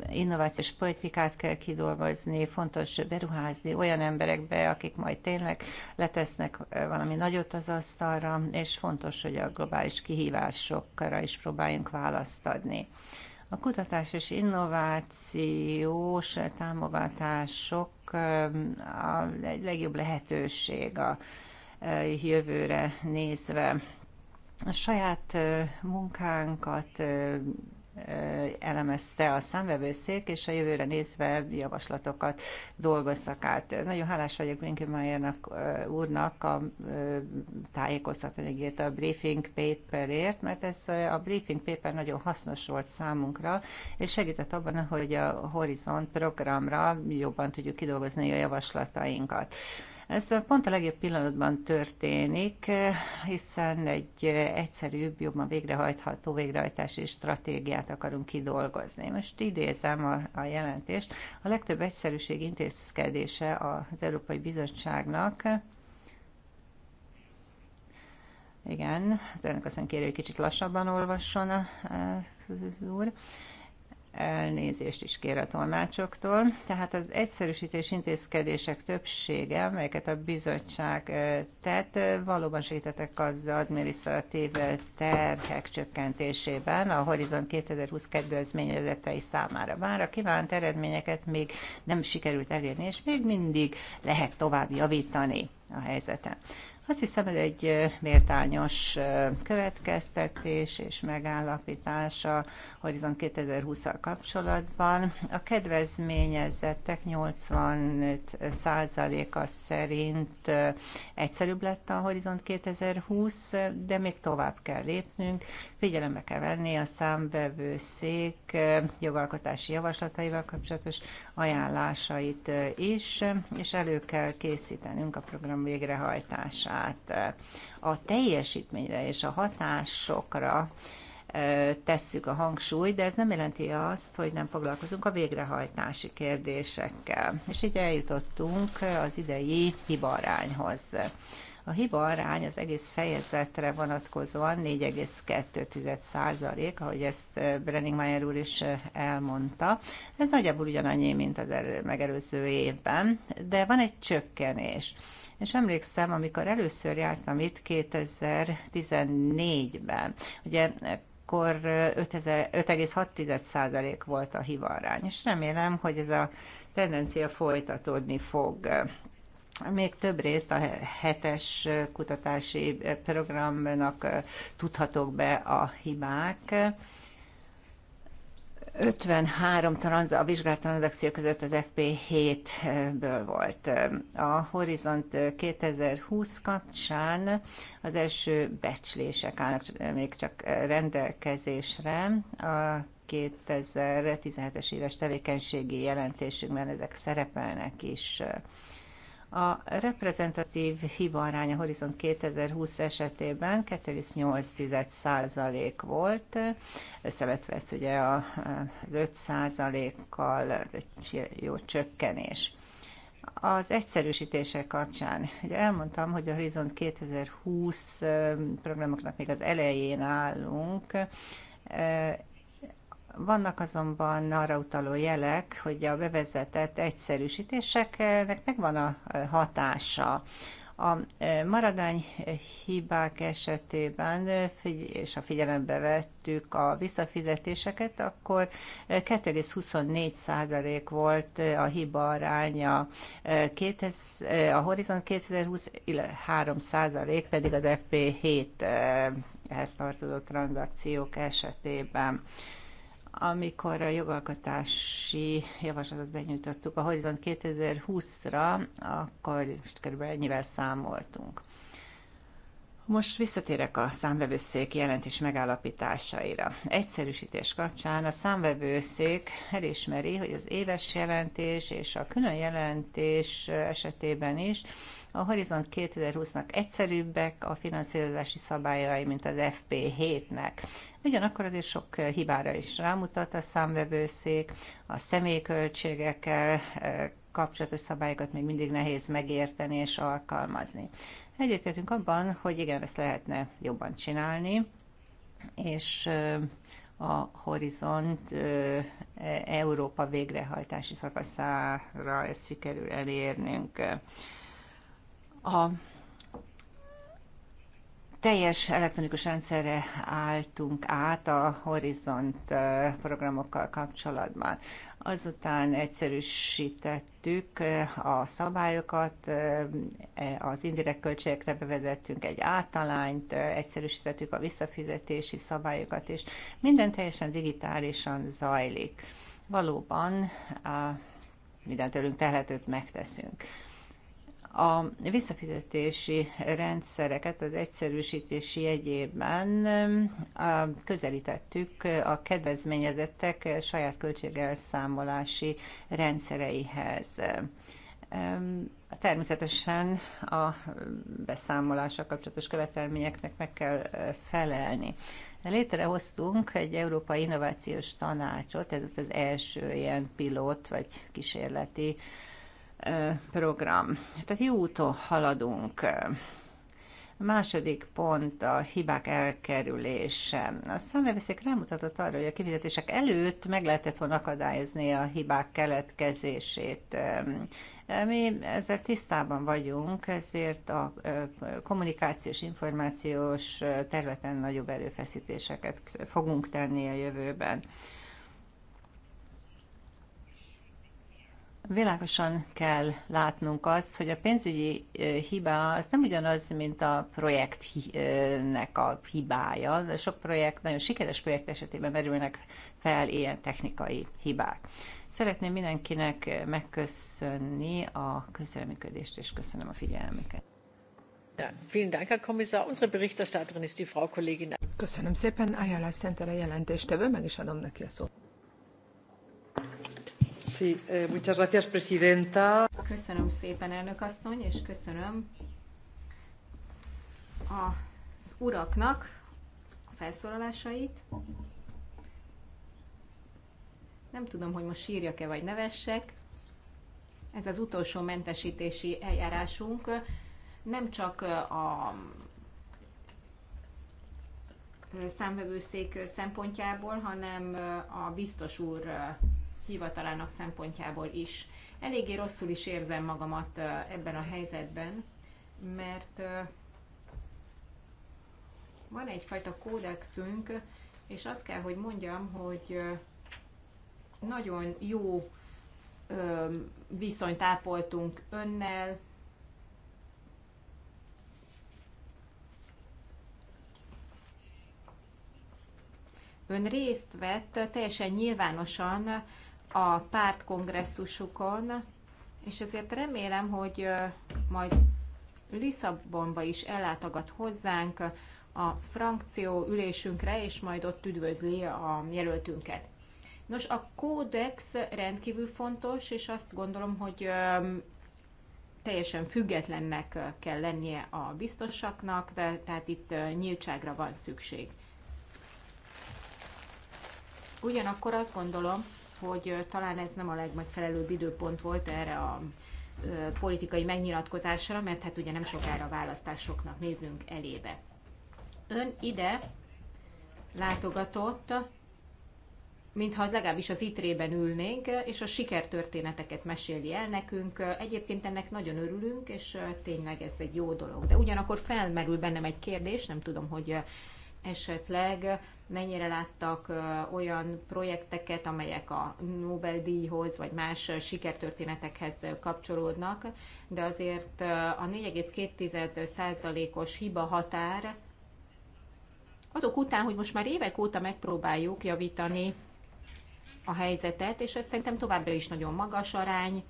innovációs politikát kell kidolgozni, fontos beruházni olyan emberekbe, akik majd tényleg letesznek valami nagyot az asztalra, és fontos, hogy a globális kihívásokra is próbáljunk választ adni. A kutatás és innovációs támogatások a legjobb lehetőség a jövőre nézve. A saját munkánkat elemezte a számvevőszék, és a jövőre nézve javaslatokat dolgoztak át. Nagyon hálás vagyok Brinkemeyer úrnak a tájékoztatóanyagért, a briefing paperért, mert ez a briefing paper nagyon hasznos volt számunkra, és segített abban, hogy a Horizon programra jobban tudjuk kidolgozni a javaslatainkat. Ez pont a legjobb pillanatban történik, hiszen egy egyszerűbb, jobban végrehajtható végrehajtási stratégiát akarunk kidolgozni. Most idézem a, a jelentést. A legtöbb egyszerűség intézkedése az Európai Bizottságnak igen, az elnök azt kérő, hogy kicsit lassabban olvasson az úr elnézést is kér a tolmácsoktól. Tehát az egyszerűsítés intézkedések többsége, amelyeket a bizottság tett, valóban segítettek az adminisztratív terhek csökkentésében a Horizon 2020 kedvezményezetei számára. Bár a kívánt eredményeket még nem sikerült elérni, és még mindig lehet tovább javítani a helyzeten. Azt hiszem, ez egy méltányos következtetés és megállapítás a Horizon 2020-al kapcsolatban. A kedvezményezettek 85%-a szerint egyszerűbb lett a Horizon 2020, de még tovább kell lépnünk. Figyelembe kell venni a számvevőszék jogalkotási javaslataival kapcsolatos ajánlásait is, és elő kell készítenünk a program végrehajtását tehát a teljesítményre és a hatásokra tesszük a hangsúlyt, de ez nem jelenti azt, hogy nem foglalkozunk a végrehajtási kérdésekkel. És így eljutottunk az idei hibarányhoz. A hiba arány az egész fejezetre vonatkozóan 4,2 ahogy ezt Brenning Mayer úr is elmondta. Ez nagyjából ugyanannyi, mint az megelőző évben, de van egy csökkenés. És emlékszem, amikor először jártam itt 2014-ben, ugye akkor 5,6% volt a hivarány, és remélem, hogy ez a tendencia folytatódni fog. Még több részt a hetes kutatási programnak tudhatók be a hibák, 53 tranz, a vizsgált tranzakció között az FP7-ből volt. A Horizont 2020 kapcsán az első becslések állnak még csak rendelkezésre. A 2017-es éves tevékenységi jelentésünkben ezek szerepelnek is. A reprezentatív aránya Horizont 2020 esetében 2,8 százalék volt, összevetve ezt ugye az 5 százalékkal, egy jó csökkenés. Az egyszerűsítések kapcsán, ugye elmondtam, hogy a Horizont 2020 programoknak még az elején állunk, vannak azonban arra utaló jelek, hogy a bevezetett egyszerűsítéseknek megvan a hatása. A maradány hibák esetében, és a figyelembe vettük a visszafizetéseket, akkor 2,24% volt a hiba aránya, a Horizon 2023 pedig az FP7-hez tartozó tranzakciók esetében amikor a jogalkotási javaslatot benyújtottuk a Horizont 2020-ra, akkor most kb. ennyivel számoltunk. Most visszatérek a számvevőszék jelentés megállapításaira. Egyszerűsítés kapcsán a számvevőszék elismeri, hogy az éves jelentés és a külön jelentés esetében is a Horizont 2020-nak egyszerűbbek a finanszírozási szabályai, mint az FP7-nek. Ugyanakkor azért sok hibára is rámutat a számvevőszék, a személyköltségekkel eh, kapcsolatos szabályokat még mindig nehéz megérteni és alkalmazni. Egyetértünk abban, hogy igen, ezt lehetne jobban csinálni, és a Horizont Európa végrehajtási szakaszára ezt sikerül elérnünk. A teljes elektronikus rendszerre álltunk át a Horizont programokkal kapcsolatban. Azután egyszerűsítettük a szabályokat, e, az indirekt költségekre bevezettünk egy általányt, egyszerűsítettük a visszafizetési szabályokat, és minden teljesen digitálisan zajlik. Valóban mindent tőlünk telhetőt megteszünk a visszafizetési rendszereket az egyszerűsítési jegyében um, közelítettük a kedvezményezettek saját költségelszámolási rendszereihez. Um, természetesen a beszámolással kapcsolatos követelményeknek meg kell uh, felelni. Létrehoztunk egy Európai Innovációs Tanácsot, ez az első ilyen pilót vagy kísérleti uh, program. Tehát jó úton haladunk. A második pont a hibák elkerülése. A számvevőszék rámutatott arra, hogy a kifizetések előtt meg lehetett volna akadályozni a hibák keletkezését. Mi ezzel tisztában vagyunk, ezért a kommunikációs, információs területen nagyobb erőfeszítéseket fogunk tenni a jövőben. Világosan kell látnunk azt, hogy a pénzügyi hiba az nem ugyanaz, mint a projektnek a hibája. De sok projekt, nagyon sikeres projekt esetében merülnek fel ilyen technikai hibák. Szeretném mindenkinek megköszönni a közreműködést, és köszönöm a figyelmüket. Köszönöm szépen, Ayala Szentere jelentéstevő, meg is adom neki a szót. Sí, eh, muchas gracias, presidenta. Köszönöm szépen, elnök asszony, és köszönöm az uraknak a felszólalásait. Nem tudom, hogy most sírjak-e vagy nevessek. Ez az utolsó mentesítési eljárásunk nem csak a számvevőszék szempontjából, hanem a biztos úr hivatalának szempontjából is. Eléggé rosszul is érzem magamat ebben a helyzetben, mert van egyfajta kódexünk, és azt kell, hogy mondjam, hogy nagyon jó viszonyt ápoltunk önnel, ön részt vett teljesen nyilvánosan a pártkongresszusukon, és ezért remélem, hogy majd Lisszabonba is ellátogat hozzánk a frankció ülésünkre, és majd ott üdvözli a jelöltünket. Nos, a kódex rendkívül fontos, és azt gondolom, hogy teljesen függetlennek kell lennie a biztosaknak, de tehát itt nyíltságra van szükség. Ugyanakkor azt gondolom, hogy talán ez nem a legmegfelelőbb időpont volt erre a politikai megnyilatkozásra, mert hát ugye nem sokára választásoknak nézünk elébe. Ön ide látogatott, mintha legalábbis az itrében ülnénk, és a sikertörténeteket meséli el nekünk. Egyébként ennek nagyon örülünk, és tényleg ez egy jó dolog. De ugyanakkor felmerül bennem egy kérdés, nem tudom, hogy esetleg mennyire láttak olyan projekteket, amelyek a Nobel-díjhoz vagy más sikertörténetekhez kapcsolódnak, de azért a 4,2%-os hiba határ azok után, hogy most már évek óta megpróbáljuk javítani a helyzetet, és ez szerintem továbbra is nagyon magas arány,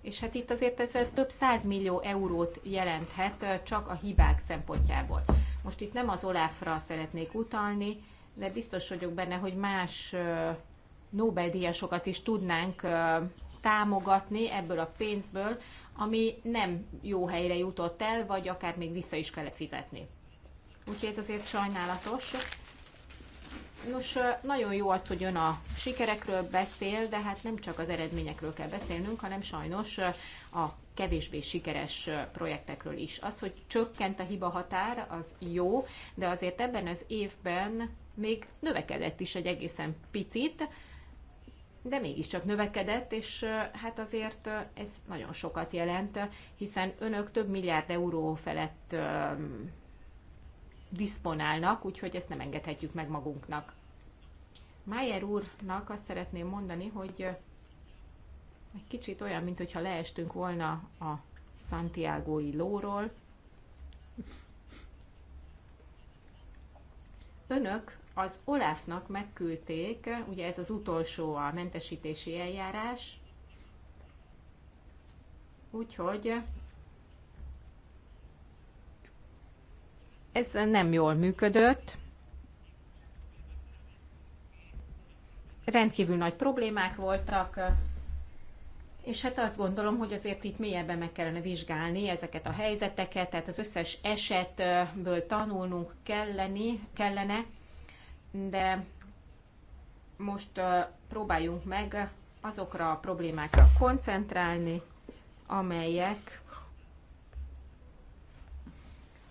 és hát itt azért ez több 100 millió eurót jelenthet csak a hibák szempontjából. Most itt nem az Olafra szeretnék utalni, de biztos vagyok benne, hogy más Nobel-díjasokat is tudnánk támogatni ebből a pénzből, ami nem jó helyre jutott el, vagy akár még vissza is kellett fizetni. Úgyhogy ez azért sajnálatos, Nos, nagyon jó az, hogy ön a sikerekről beszél, de hát nem csak az eredményekről kell beszélnünk, hanem sajnos a kevésbé sikeres projektekről is. Az, hogy csökkent a hiba határ, az jó, de azért ebben az évben még növekedett is egy egészen picit, de mégiscsak növekedett, és hát azért ez nagyon sokat jelent, hiszen önök több milliárd euró felett diszponálnak, úgyhogy ezt nem engedhetjük meg magunknak. Mayer úrnak azt szeretném mondani, hogy egy kicsit olyan, mint leestünk volna a Santiago-i lóról. Önök az Olafnak megküldték, ugye ez az utolsó a mentesítési eljárás, úgyhogy Ez nem jól működött. Rendkívül nagy problémák voltak, és hát azt gondolom, hogy azért itt mélyebben meg kellene vizsgálni ezeket a helyzeteket, tehát az összes esetből tanulnunk kelleni, kellene, de most próbáljunk meg azokra a problémákra koncentrálni, amelyek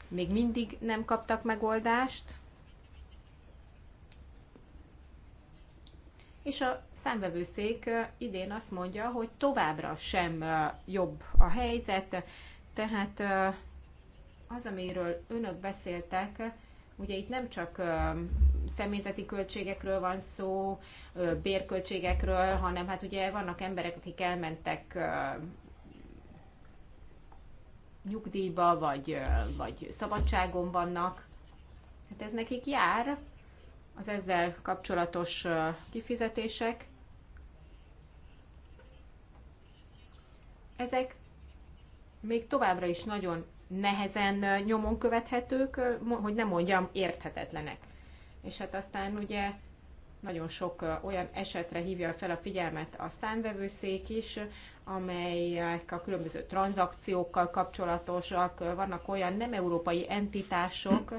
még mindig nem kaptak megoldást, és a szemvevőszék idén azt mondja, hogy továbbra sem jobb a helyzet, tehát az, amiről önök beszéltek, ugye itt nem csak személyzeti költségekről van szó, bérköltségekről, hanem hát ugye vannak emberek, akik elmentek nyugdíjba, vagy, vagy szabadságon vannak. Hát ez nekik jár, az ezzel kapcsolatos kifizetések. Ezek még továbbra is nagyon nehezen nyomon követhetők, hogy nem mondjam érthetetlenek. És hát aztán ugye nagyon sok olyan esetre hívja fel a figyelmet a számvevőszék is, amelyek a különböző tranzakciókkal kapcsolatosak, vannak olyan nem európai entitások,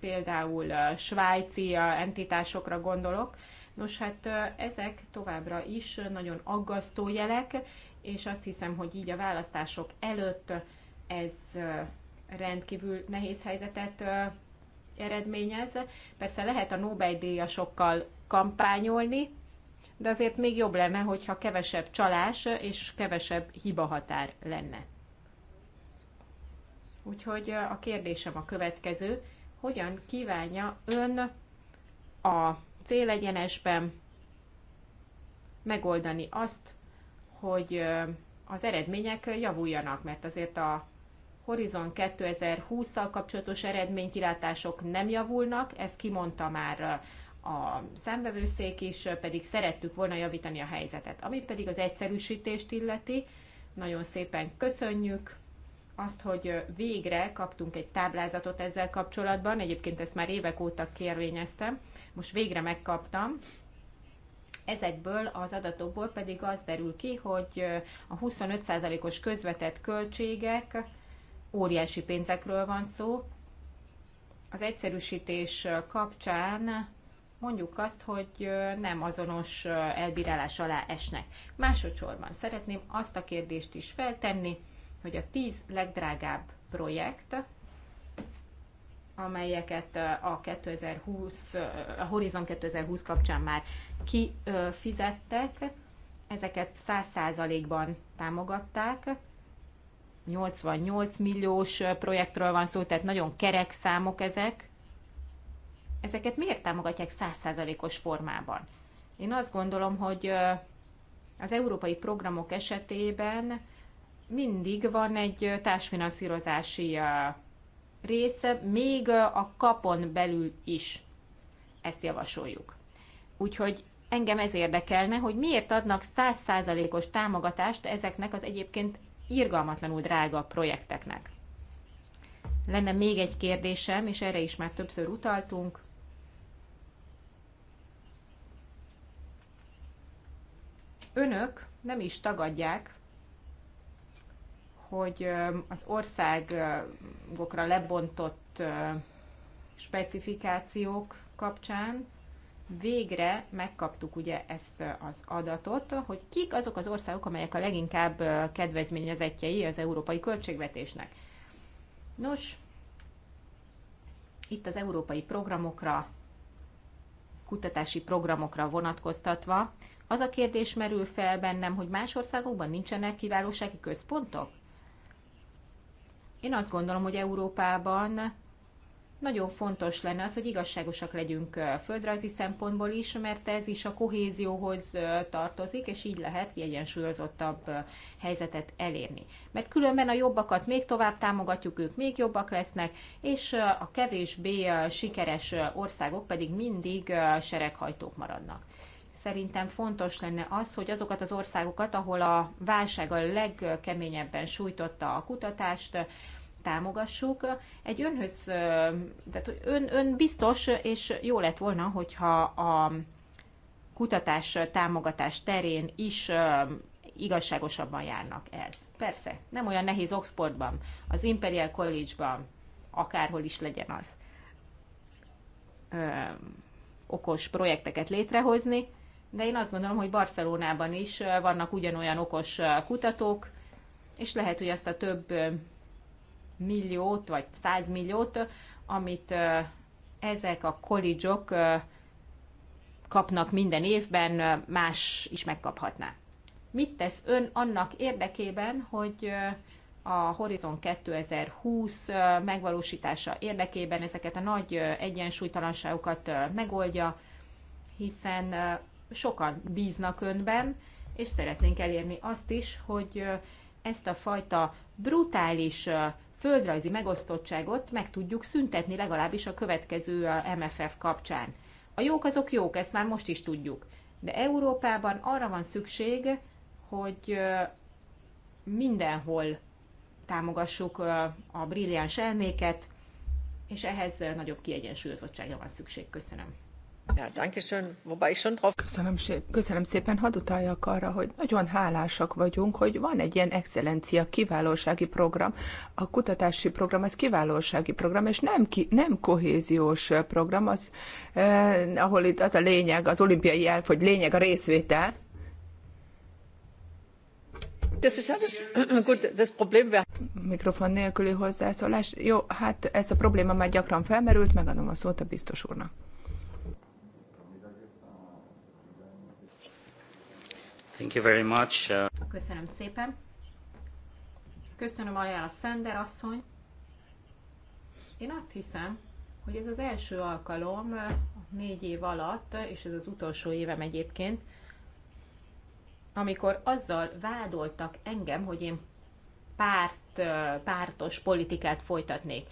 például svájci entitásokra gondolok. Nos, hát ezek továbbra is nagyon aggasztó jelek, és azt hiszem, hogy így a választások előtt ez rendkívül nehéz helyzetet eredményez. Persze lehet a Nobel-díjasokkal kampányolni, de azért még jobb lenne, hogyha kevesebb csalás és kevesebb hibahatár lenne. Úgyhogy a kérdésem a következő, hogyan kívánja ön a célegyenesben megoldani azt, hogy az eredmények javuljanak, mert azért a Horizon 2020-szal kapcsolatos eredménykilátások nem javulnak, ezt kimondta már a szembevőszék is, pedig szerettük volna javítani a helyzetet. Ami pedig az egyszerűsítést illeti, nagyon szépen köszönjük azt, hogy végre kaptunk egy táblázatot ezzel kapcsolatban, egyébként ezt már évek óta kérvényeztem, most végre megkaptam, Ezekből az adatokból pedig az derül ki, hogy a 25%-os közvetett költségek óriási pénzekről van szó. Az egyszerűsítés kapcsán mondjuk azt, hogy nem azonos elbírálás alá esnek. Másodszorban szeretném azt a kérdést is feltenni, hogy a 10 legdrágább projekt, amelyeket a 2020, a Horizon 2020 kapcsán már kifizettek, ezeket 100%-ban támogatták, 88 milliós projektről van szó, tehát nagyon kerek számok ezek. Ezeket miért támogatják százszázalékos formában? Én azt gondolom, hogy az európai programok esetében mindig van egy társfinanszírozási része, még a kapon belül is ezt javasoljuk. Úgyhogy engem ez érdekelne, hogy miért adnak százszázalékos támogatást ezeknek az egyébként irgalmatlanul drága projekteknek. Lenne még egy kérdésem, és erre is már többször utaltunk. Önök nem is tagadják, hogy az országokra lebontott specifikációk kapcsán végre megkaptuk ugye ezt az adatot, hogy kik azok az országok, amelyek a leginkább kedvezményezettjei az európai költségvetésnek. Nos, itt az európai programokra, kutatási programokra vonatkoztatva, az a kérdés merül fel bennem, hogy más országokban nincsenek kiválósági központok? Én azt gondolom, hogy Európában nagyon fontos lenne az, hogy igazságosak legyünk földrajzi szempontból is, mert ez is a kohézióhoz tartozik, és így lehet kiegyensúlyozottabb helyzetet elérni. Mert különben a jobbakat még tovább támogatjuk, ők még jobbak lesznek, és a kevésbé sikeres országok pedig mindig sereghajtók maradnak. Szerintem fontos lenne az, hogy azokat az országokat, ahol a válság a legkeményebben sújtotta a kutatást, támogassuk. Egy önhöz, tehát ön, ön biztos, és jó lett volna, hogyha a kutatás támogatás terén is igazságosabban járnak el. Persze, nem olyan nehéz Oxfordban, az Imperial College-ban, akárhol is legyen az, ö, okos projekteket létrehozni, de én azt gondolom, hogy Barcelonában is vannak ugyanolyan okos kutatók, és lehet, hogy ezt a több milliót vagy 100 milliót, amit ezek a kollégiok kapnak minden évben, más is megkaphatná. Mit tesz ön annak érdekében, hogy a Horizon 2020 megvalósítása érdekében ezeket a nagy egyensúlytalanságokat megoldja, hiszen sokan bíznak önben, és szeretnénk elérni azt is, hogy ezt a fajta brutális földrajzi megosztottságot meg tudjuk szüntetni legalábbis a következő MFF kapcsán. A jók azok jók, ezt már most is tudjuk. De Európában arra van szükség, hogy mindenhol támogassuk a brilliáns elméket, és ehhez nagyobb kiegyensúlyozottságra van szükség. Köszönöm. Köszönöm, köszönöm szépen, hadd utaljak arra, hogy nagyon hálásak vagyunk, hogy van egy ilyen excellencia, kiválósági program. A kutatási program, ez kiválósági program, és nem, ki, nem kohéziós program, az, eh, ahol itt az a lényeg, az olimpiai elf, hogy lényeg a részvétel. Mikrofon nélküli hozzászólás. Jó, hát ez a probléma már gyakran felmerült, megadom a szót a biztos úrnak. Thank you very much. Uh, Köszönöm szépen. Köszönöm a Szender asszony. Én azt hiszem, hogy ez az első alkalom uh, négy év alatt, uh, és ez az utolsó évem egyébként, amikor azzal vádoltak engem, hogy én párt, pártos politikát folytatnék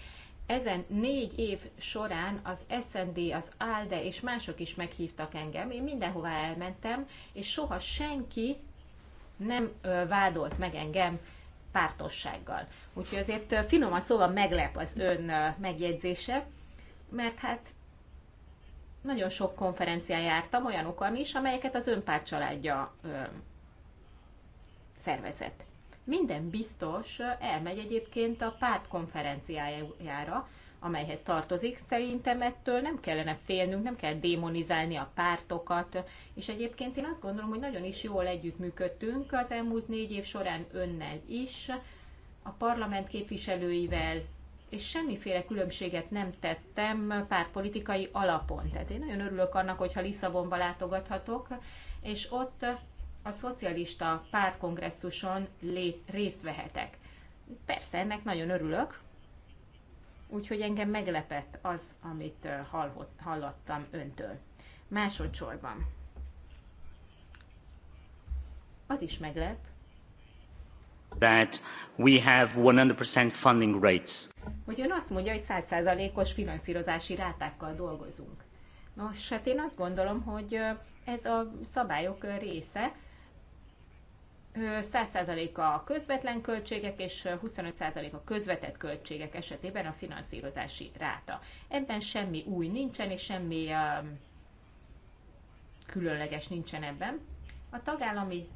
ezen négy év során az SND, az ALDE és mások is meghívtak engem. Én mindenhová elmentem, és soha senki nem vádolt meg engem pártossággal. Úgyhogy azért finoman szóval meglep az ön megjegyzése, mert hát nagyon sok konferencián jártam, olyanokon is, amelyeket az önpárt családja ö, szervezett. Minden biztos elmegy egyébként a párt konferenciájára, amelyhez tartozik. Szerintem ettől nem kellene félnünk, nem kell démonizálni a pártokat, és egyébként én azt gondolom, hogy nagyon is jól együttműködtünk az elmúlt négy év során önnel is, a parlament képviselőivel, és semmiféle különbséget nem tettem pártpolitikai alapon. Tehát én nagyon örülök annak, hogyha Lisszabonba látogathatok, és ott a szocialista pártkongresszuson részt vehetek. Persze, ennek nagyon örülök, úgyhogy engem meglepett az, amit hallott, hallottam öntől. Másodszorban. Az is meglep, that we have 100% funding rates. Hogy ön azt mondja, hogy 100%-os finanszírozási rátákkal dolgozunk. Nos, hát én azt gondolom, hogy ez a szabályok része, 100% a közvetlen költségek és 25% a közvetett költségek esetében a finanszírozási ráta. Ebben semmi új nincsen, és semmi különleges nincsen ebben. A tagállami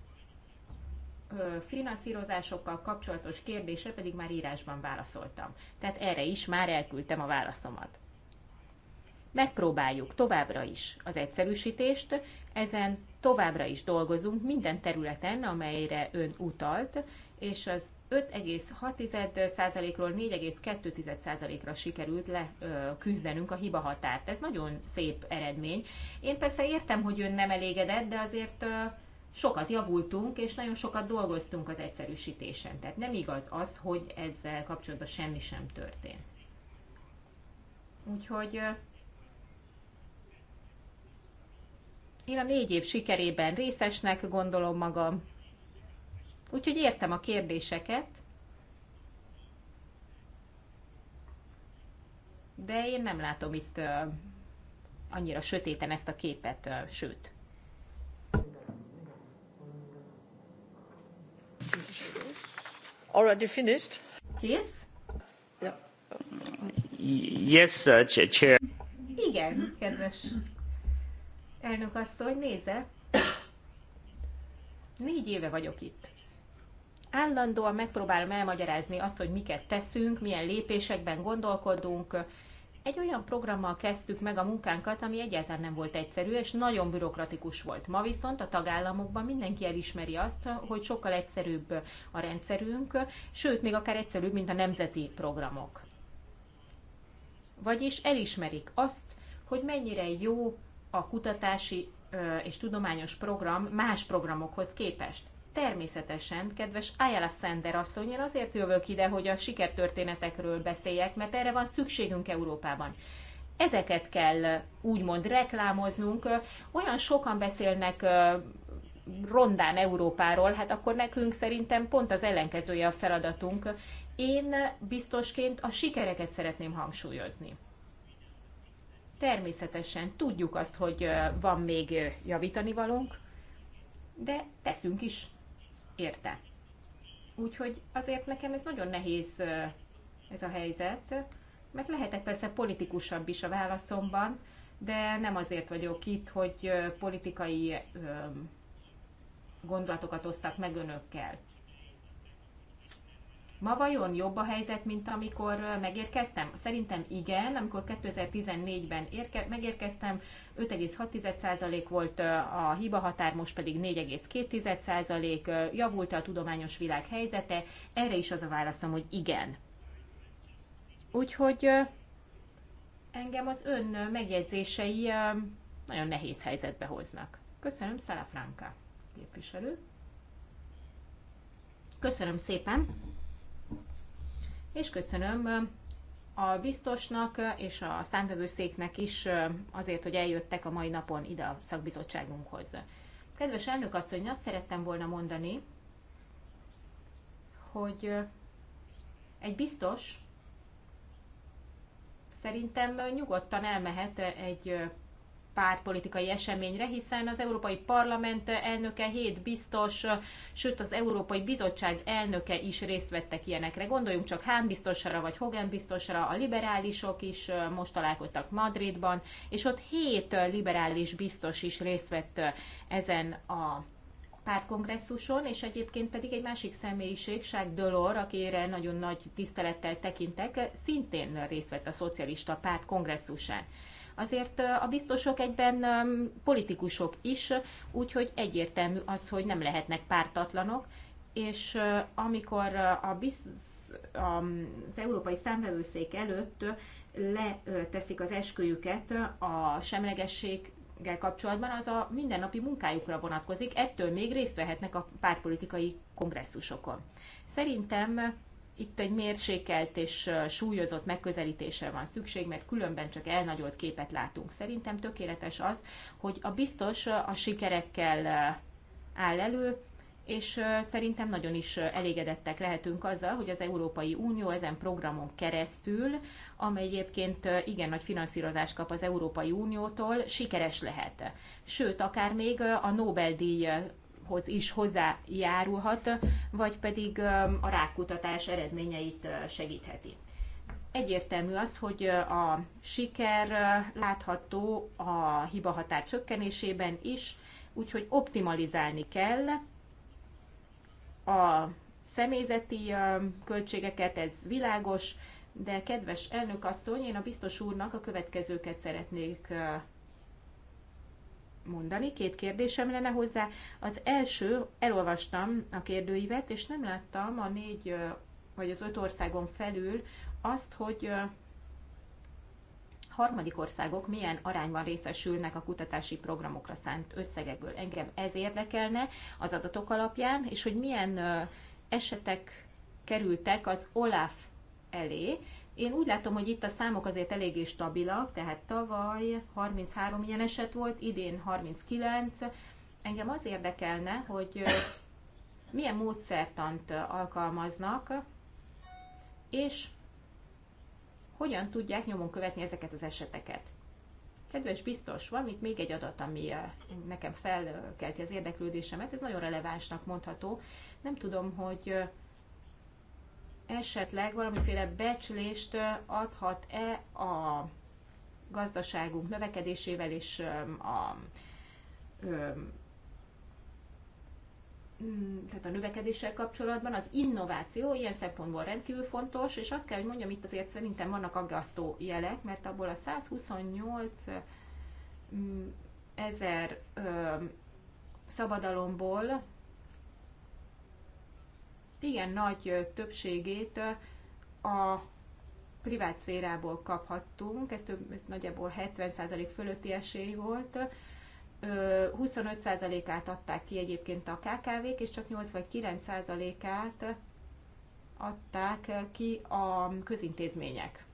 finanszírozásokkal kapcsolatos kérdése pedig már írásban válaszoltam. Tehát erre is már elküldtem a válaszomat. Megpróbáljuk továbbra is az egyszerűsítést, ezen továbbra is dolgozunk minden területen, amelyre ön utalt, és az 5,6%-ról 4,2%-ra sikerült küzdenünk a hiba határt. Ez nagyon szép eredmény. Én persze értem, hogy ön nem elégedett, de azért sokat javultunk, és nagyon sokat dolgoztunk az egyszerűsítésen. Tehát nem igaz az, hogy ezzel kapcsolatban semmi sem történt. Úgyhogy Én a négy év sikerében részesnek gondolom magam, úgyhogy értem a kérdéseket, de én nem látom itt annyira sötéten ezt a képet, sőt. Already finished? Kész? Yeah. Yes, uh, chair. Igen, kedves Elnök asszony, nézze! Négy éve vagyok itt. Állandóan megpróbálom elmagyarázni azt, hogy miket teszünk, milyen lépésekben gondolkodunk. Egy olyan programmal kezdtük meg a munkánkat, ami egyáltalán nem volt egyszerű, és nagyon bürokratikus volt. Ma viszont a tagállamokban mindenki elismeri azt, hogy sokkal egyszerűbb a rendszerünk, sőt, még akár egyszerűbb, mint a nemzeti programok. Vagyis elismerik azt, hogy mennyire jó a kutatási és tudományos program más programokhoz képest. Természetesen, kedves Ayala Sender asszony, én azért jövök ide, hogy a sikertörténetekről beszéljek, mert erre van szükségünk Európában. Ezeket kell úgymond reklámoznunk. Olyan sokan beszélnek rondán Európáról, hát akkor nekünk szerintem pont az ellenkezője a feladatunk. Én biztosként a sikereket szeretném hangsúlyozni. Természetesen tudjuk azt, hogy van még javítani valónk, de teszünk is érte. Úgyhogy azért nekem ez nagyon nehéz ez a helyzet, mert lehetek persze politikusabb is a válaszomban, de nem azért vagyok itt, hogy politikai gondolatokat osztak meg önökkel. Ma vajon jobb a helyzet, mint amikor megérkeztem? Szerintem igen, amikor 2014-ben érke- megérkeztem, 5,6% volt a hiba határ, most pedig 4,2% javult a tudományos világ helyzete. Erre is az a válaszom, hogy igen. Úgyhogy engem az ön megjegyzései nagyon nehéz helyzetbe hoznak. Köszönöm, Szala Franka képviselő. Köszönöm szépen! és köszönöm a biztosnak és a számvevőszéknek is azért, hogy eljöttek a mai napon ide a szakbizottságunkhoz. Kedves elnök asszony, azt szerettem volna mondani, hogy egy biztos szerintem nyugodtan elmehet egy pártpolitikai eseményre, hiszen az Európai Parlament elnöke, hét biztos, sőt az Európai Bizottság elnöke is részt vettek ilyenekre. Gondoljunk csak Hán biztosra vagy Hogan biztosra, a liberálisok is most találkoztak Madridban, és ott hét liberális biztos is részt vett ezen a pártkongresszuson, és egyébként pedig egy másik személyiség, Ság Dölor, akire nagyon nagy tisztelettel tekintek, szintén részt vett a szocialista párt kongresszusán azért a biztosok egyben politikusok is, úgyhogy egyértelmű az, hogy nem lehetnek pártatlanok, és amikor a biz, az Európai Számvevőszék előtt leteszik az esküjüket a semlegesség kapcsolatban, az a mindennapi munkájukra vonatkozik, ettől még részt vehetnek a pártpolitikai kongresszusokon. Szerintem itt egy mérsékelt és súlyozott megközelítésre van szükség, mert különben csak elnagyolt képet látunk. Szerintem tökéletes az, hogy a biztos a sikerekkel áll elő, és szerintem nagyon is elégedettek lehetünk azzal, hogy az Európai Unió ezen programon keresztül, amely egyébként igen nagy finanszírozást kap az Európai Uniótól, sikeres lehet. Sőt, akár még a Nobel-díj hoz is hozzájárulhat, vagy pedig a rákutatás eredményeit segítheti. Egyértelmű az, hogy a siker látható a hiba határ csökkenésében is, úgyhogy optimalizálni kell a személyzeti költségeket, ez világos, de kedves elnök asszony, én a biztos úrnak a következőket szeretnék mondani. Két kérdésem lenne hozzá. Az első, elolvastam a kérdőívet, és nem láttam a négy vagy az öt országon felül azt, hogy harmadik országok milyen arányban részesülnek a kutatási programokra szánt összegekből. Engem ez érdekelne az adatok alapján, és hogy milyen esetek kerültek az OLAF elé, én úgy látom, hogy itt a számok azért eléggé stabilak, tehát tavaly 33 ilyen eset volt, idén 39. Engem az érdekelne, hogy milyen módszertant alkalmaznak, és hogyan tudják nyomon követni ezeket az eseteket. Kedves biztos, van itt még egy adat, ami nekem felkelti az érdeklődésemet, ez nagyon relevánsnak mondható. Nem tudom, hogy esetleg valamiféle becslést adhat-e a gazdaságunk növekedésével és a, tehát a növekedéssel kapcsolatban az innováció ilyen szempontból rendkívül fontos, és azt kell, hogy mondjam, itt azért szerintem vannak aggasztó jelek, mert abból a 128 ezer szabadalomból igen nagy többségét a privát szférából kaphattunk, ez, több, ez nagyjából 70% fölötti esély volt. 25%-át adták ki egyébként a KKV-k, és csak 8 vagy 9%-át adták ki a közintézmények,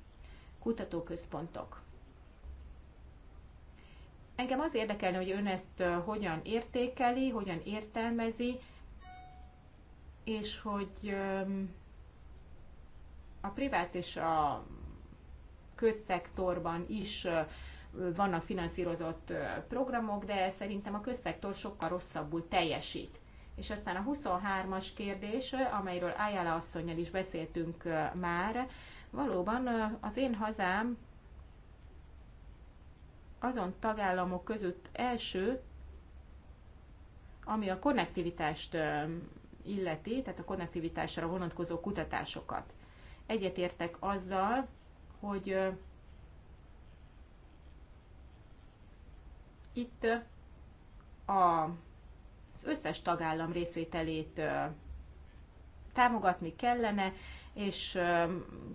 kutatóközpontok. Engem az érdekelne, hogy ön ezt hogyan értékeli, hogyan értelmezi, és hogy a privát és a közszektorban is vannak finanszírozott programok, de szerintem a közszektor sokkal rosszabbul teljesít. És aztán a 23-as kérdés, amelyről Ayala asszonynal is beszéltünk már, valóban az én hazám azon tagállamok között első, ami a konnektivitást illeti, tehát a konnektivitásra vonatkozó kutatásokat. Egyetértek azzal, hogy itt a az összes tagállam részvételét támogatni kellene, és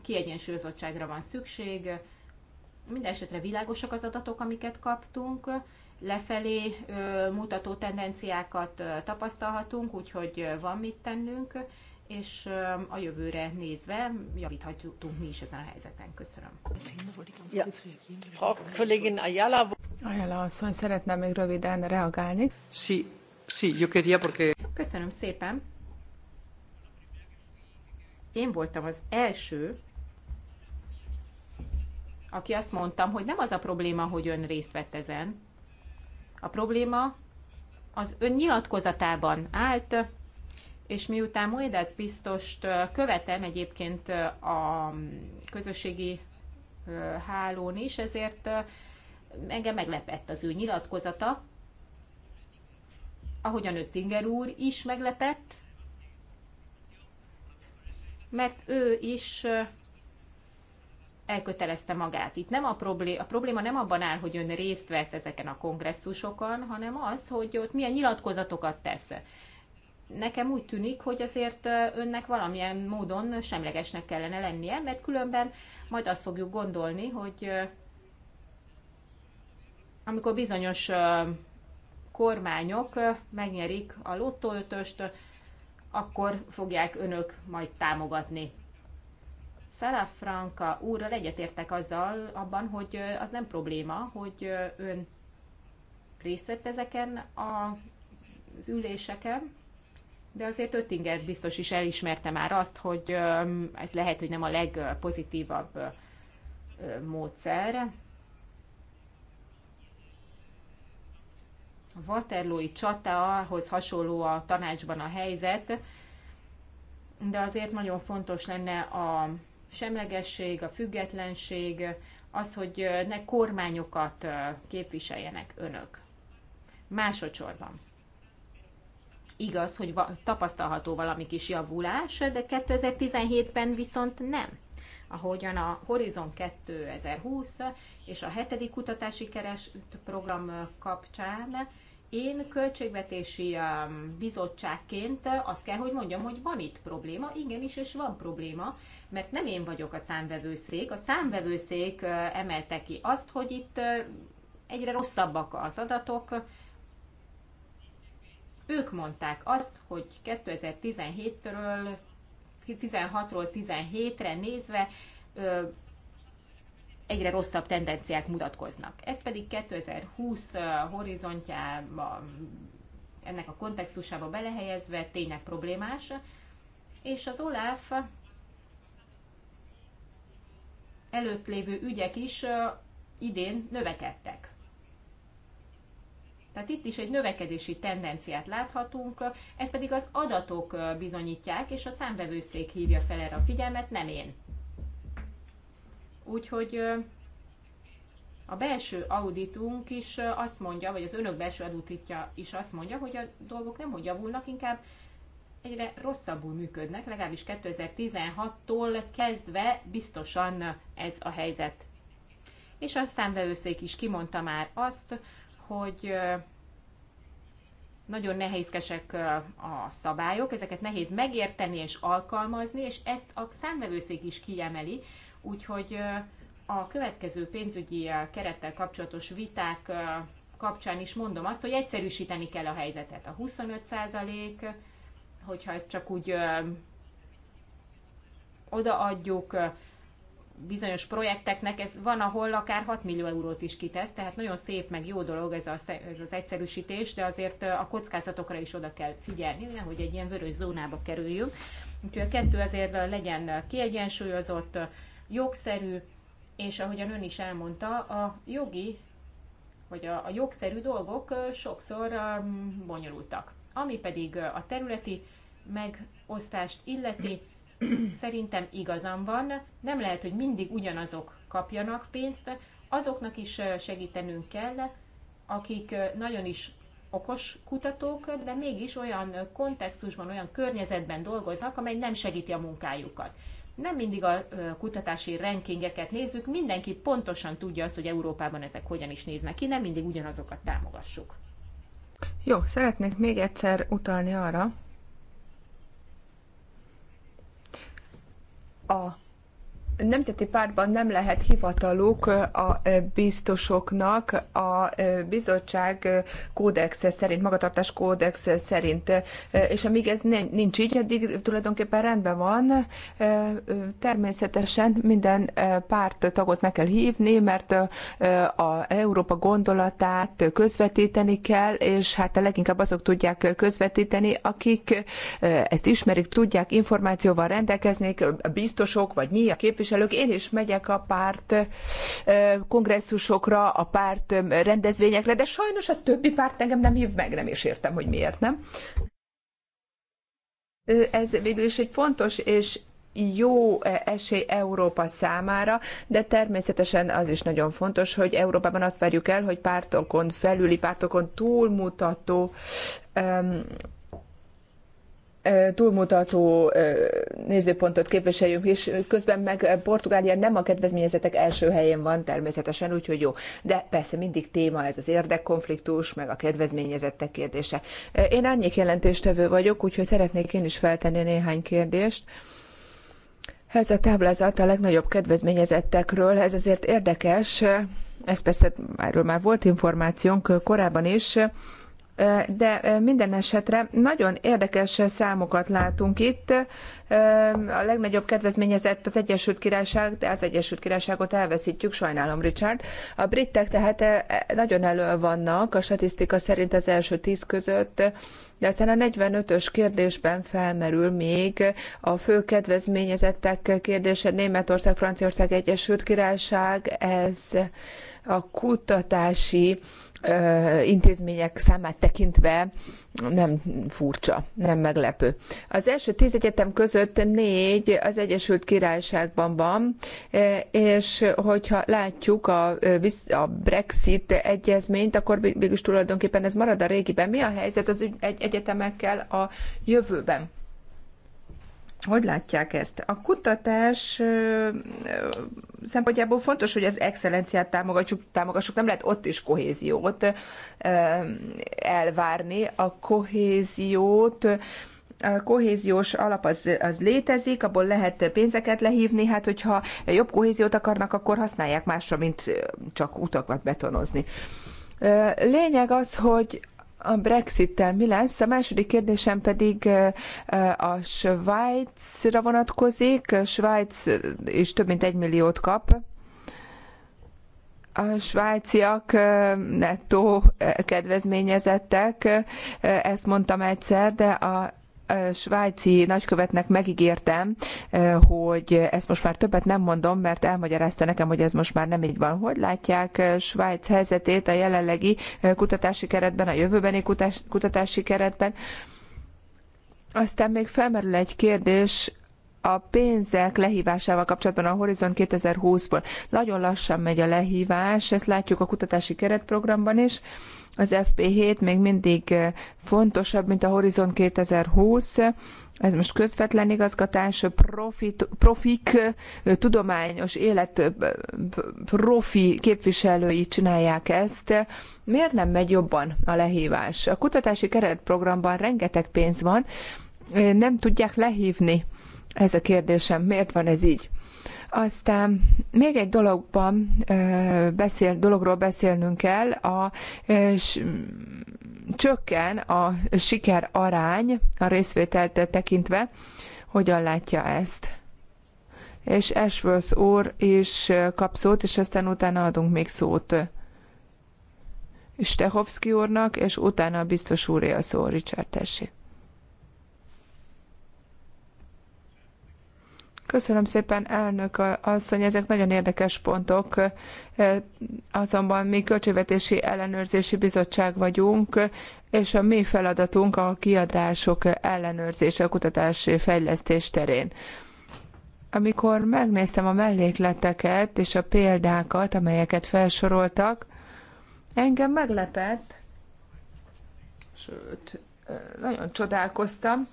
kiegyensúlyozottságra van szükség. Minden esetre világosak az adatok, amiket kaptunk, lefelé mutató tendenciákat tapasztalhatunk, úgyhogy van mit tennünk, és a jövőre nézve javíthatjuk mi is ezen a helyzeten. Köszönöm. Ja. Frau Kollegin Ayala. Ayala asszony, szeretne még röviden reagálni. Sí, sí, yo quería porque... Köszönöm szépen. Én voltam az első, aki azt mondtam, hogy nem az a probléma, hogy ön részt vett ezen, a probléma az ön nyilatkozatában állt, és miután Moedász biztost követem egyébként a közösségi hálón is, ezért engem meglepett az ő nyilatkozata, ahogyan Öttinger úr is meglepett, mert ő is elkötelezte magát. Itt nem a probléma, a probléma nem abban áll, hogy ön részt vesz ezeken a kongresszusokon, hanem az, hogy ott milyen nyilatkozatokat tesz. Nekem úgy tűnik, hogy azért önnek valamilyen módon semlegesnek kellene lennie, mert különben majd azt fogjuk gondolni, hogy amikor bizonyos kormányok megnyerik a lottóötöst, akkor fogják önök majd támogatni Salafranca úrral egyetértek azzal abban, hogy az nem probléma, hogy ön részt vett ezeken az üléseken, de azért Öttinger biztos is elismerte már azt, hogy ez lehet, hogy nem a legpozitívabb módszer. A Waterloo-i csatához hasonló a tanácsban a helyzet, de azért nagyon fontos lenne a semlegesség, a függetlenség, az, hogy ne kormányokat képviseljenek önök. Másodszorban. Igaz, hogy tapasztalható valami kis javulás, de 2017-ben viszont nem. Ahogyan a Horizon 2020 és a hetedik kutatási keresett program kapcsán én költségvetési um, bizottságként azt kell, hogy mondjam, hogy van itt probléma, igenis, és van probléma, mert nem én vagyok a számvevőszék. A számvevőszék uh, emelte ki azt, hogy itt uh, egyre rosszabbak az adatok. Ők mondták azt, hogy 2017-ről, 16-ról 17-re nézve egyre rosszabb tendenciák mutatkoznak. Ez pedig 2020 horizontjában, ennek a kontextusába belehelyezve tényleg problémás, és az OLAF előtt lévő ügyek is idén növekedtek. Tehát itt is egy növekedési tendenciát láthatunk, ezt pedig az adatok bizonyítják, és a számvevőszék hívja fel erre a figyelmet, nem én. Úgyhogy a belső auditunk is azt mondja, vagy az önök belső auditja is azt mondja, hogy a dolgok nem hogy javulnak, inkább egyre rosszabbul működnek, legalábbis 2016-tól kezdve biztosan ez a helyzet. És a számvevőszék is kimondta már azt, hogy nagyon nehézkesek a szabályok, ezeket nehéz megérteni és alkalmazni, és ezt a számvevőszék is kiemeli, Úgyhogy a következő pénzügyi kerettel kapcsolatos viták kapcsán is mondom azt, hogy egyszerűsíteni kell a helyzetet. A 25 százalék, hogyha ezt csak úgy odaadjuk bizonyos projekteknek, ez van, ahol akár 6 millió eurót is kitesz, tehát nagyon szép, meg jó dolog ez, a, ez az egyszerűsítés, de azért a kockázatokra is oda kell figyelni, hogy egy ilyen vörös zónába kerüljünk. Úgyhogy a kettő azért legyen kiegyensúlyozott, jogszerű, és ahogyan ön is elmondta, a jogi vagy a, a jogszerű dolgok sokszor bonyolultak. Ami pedig a területi megosztást illeti, [coughs] szerintem igazam van, nem lehet, hogy mindig ugyanazok kapjanak pénzt, azoknak is segítenünk kell, akik nagyon is okos kutatók, de mégis olyan kontextusban, olyan környezetben dolgoznak, amely nem segíti a munkájukat nem mindig a kutatási rankingeket nézzük, mindenki pontosan tudja azt, hogy Európában ezek hogyan is néznek ki, nem mindig ugyanazokat támogassuk. Jó, szeretnék még egyszer utalni arra, a nemzeti pártban nem lehet hivataluk a biztosoknak a bizottság kódexe szerint, magatartás kódexe szerint. És amíg ez nincs így, addig tulajdonképpen rendben van. Természetesen minden párt tagot meg kell hívni, mert a Európa gondolatát közvetíteni kell, és hát leginkább azok tudják közvetíteni, akik ezt ismerik, tudják, információval rendelkeznek, biztosok, vagy mi a képviselők, képviselők, én is megyek a párt kongresszusokra, a párt rendezvényekre, de sajnos a többi párt engem nem hív meg, nem is értem, hogy miért nem. Ez végül is egy fontos és jó esély Európa számára, de természetesen az is nagyon fontos, hogy Európában azt várjuk el, hogy pártokon felüli, pártokon túlmutató túlmutató nézőpontot képviseljünk, és közben meg Portugália nem a kedvezményezetek első helyén van természetesen, úgyhogy jó. De persze mindig téma ez az érdekkonfliktus, meg a kedvezményezettek kérdése. Én árnyék jelentéstevő vagyok, úgyhogy szeretnék én is feltenni néhány kérdést. Ez a táblázat a legnagyobb kedvezményezettekről, ez azért érdekes, ez persze erről már volt információnk korábban is, de minden esetre nagyon érdekes számokat látunk itt. A legnagyobb kedvezményezett az Egyesült Királyság, de az Egyesült Királyságot elveszítjük, sajnálom Richard. A britek tehát nagyon elő vannak a statisztika szerint az első tíz között, de aztán a 45-ös kérdésben felmerül még a fő kedvezményezettek kérdése Németország, Franciaország, Egyesült Királyság, ez a kutatási intézmények számát tekintve nem furcsa, nem meglepő. Az első tíz egyetem között négy az Egyesült Királyságban van, és hogyha látjuk a, a Brexit egyezményt, akkor mégis tulajdonképpen ez marad a régiben. Mi a helyzet az egyetemekkel a jövőben? Hogy látják ezt? A kutatás szempontjából fontos, hogy az excellenciát támogassuk, támogassuk, nem lehet ott is kohéziót elvárni. A kohéziót a kohéziós alap az, az létezik, abból lehet pénzeket lehívni, hát hogyha jobb kohéziót akarnak, akkor használják másra, mint csak utakat betonozni. Lényeg az, hogy a Brexit-tel mi lesz. A második kérdésem pedig a Svájcra vonatkozik. A Svájc is több mint egy milliót kap. A svájciak nettó kedvezményezettek, ezt mondtam egyszer, de a svájci nagykövetnek megígértem, hogy ezt most már többet nem mondom, mert elmagyarázta nekem, hogy ez most már nem így van. Hogy látják Svájc helyzetét a jelenlegi kutatási keretben, a jövőbeni kutatási keretben? Aztán még felmerül egy kérdés, a pénzek lehívásával kapcsolatban a Horizon 2020-ból. Nagyon lassan megy a lehívás, ezt látjuk a kutatási keretprogramban is. Az FP7 még mindig fontosabb, mint a Horizon 2020, ez most közvetlen igazgatás, profit, profik, tudományos élet profi képviselői csinálják ezt. Miért nem megy jobban a lehívás? A kutatási keretprogramban rengeteg pénz van, nem tudják lehívni. Ez a kérdésem, miért van ez így? Aztán még egy dologban beszél, dologról beszélnünk kell, a csökken a siker arány a részvételt tekintve. Hogyan látja ezt? És Ashworth úr is kap szót, és aztán utána adunk még szót Stehovski úrnak, és utána a biztos úré a szó, Richard, tessék. Köszönöm szépen, elnök asszony, ezek nagyon érdekes pontok. E, azonban mi Költségvetési Ellenőrzési Bizottság vagyunk, és a mi feladatunk a kiadások ellenőrzése a kutatási fejlesztés terén. Amikor megnéztem a mellékleteket és a példákat, amelyeket felsoroltak, engem meglepett, sőt, e, nagyon csodálkoztam,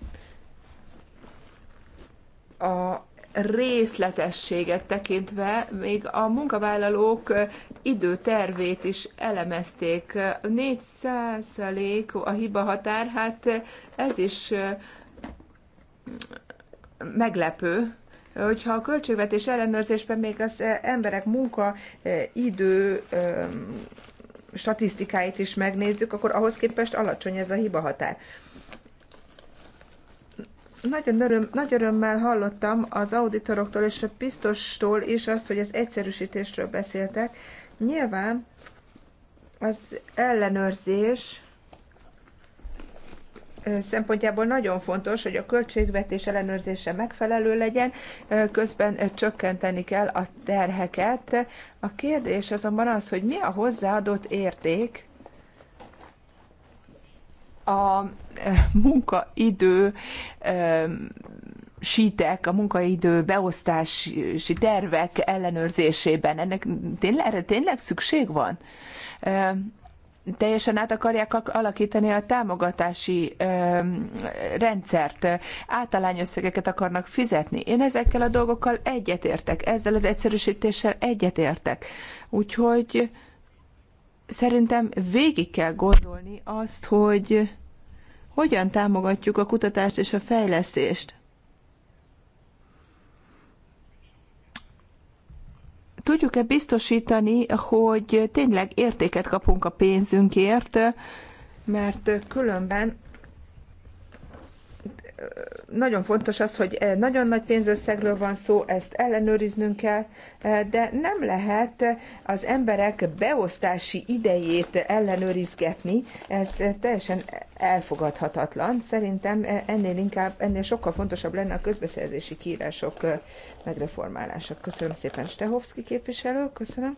a részletességet tekintve még a munkavállalók időtervét is elemezték. 4 a hiba határ, hát ez is meglepő, hogyha a költségvetés ellenőrzésben még az emberek munkaidő statisztikáit is megnézzük, akkor ahhoz képest alacsony ez a hiba határ. Nagyon öröm, nagy örömmel hallottam az auditoroktól és a biztostól is azt, hogy az egyszerűsítésről beszéltek. Nyilván az ellenőrzés szempontjából nagyon fontos, hogy a költségvetés ellenőrzése megfelelő legyen, közben csökkenteni kell a terheket. A kérdés azonban az, hogy mi a hozzáadott érték, a munkaidő sítek, a munkaidő beosztási tervek ellenőrzésében. Ennek tényleg, erre tényleg szükség van? teljesen át akarják alakítani a támogatási ö, rendszert, általány összegeket akarnak fizetni. Én ezekkel a dolgokkal egyetértek, ezzel az egyszerűsítéssel egyetértek. Úgyhogy ö, szerintem végig kell gondolni azt, hogy hogyan támogatjuk a kutatást és a fejlesztést. Tudjuk-e biztosítani, hogy tényleg értéket kapunk a pénzünkért, mert különben nagyon fontos az, hogy eh, nagyon nagy pénzösszegről van szó, ezt ellenőriznünk kell, eh, de nem lehet az emberek beosztási idejét ellenőrizgetni, ez eh, teljesen elfogadhatatlan. Szerintem ennél inkább, ennél sokkal fontosabb lenne a közbeszerzési kiírások megreformálása. Köszönöm szépen, Stehovszki képviselő, köszönöm.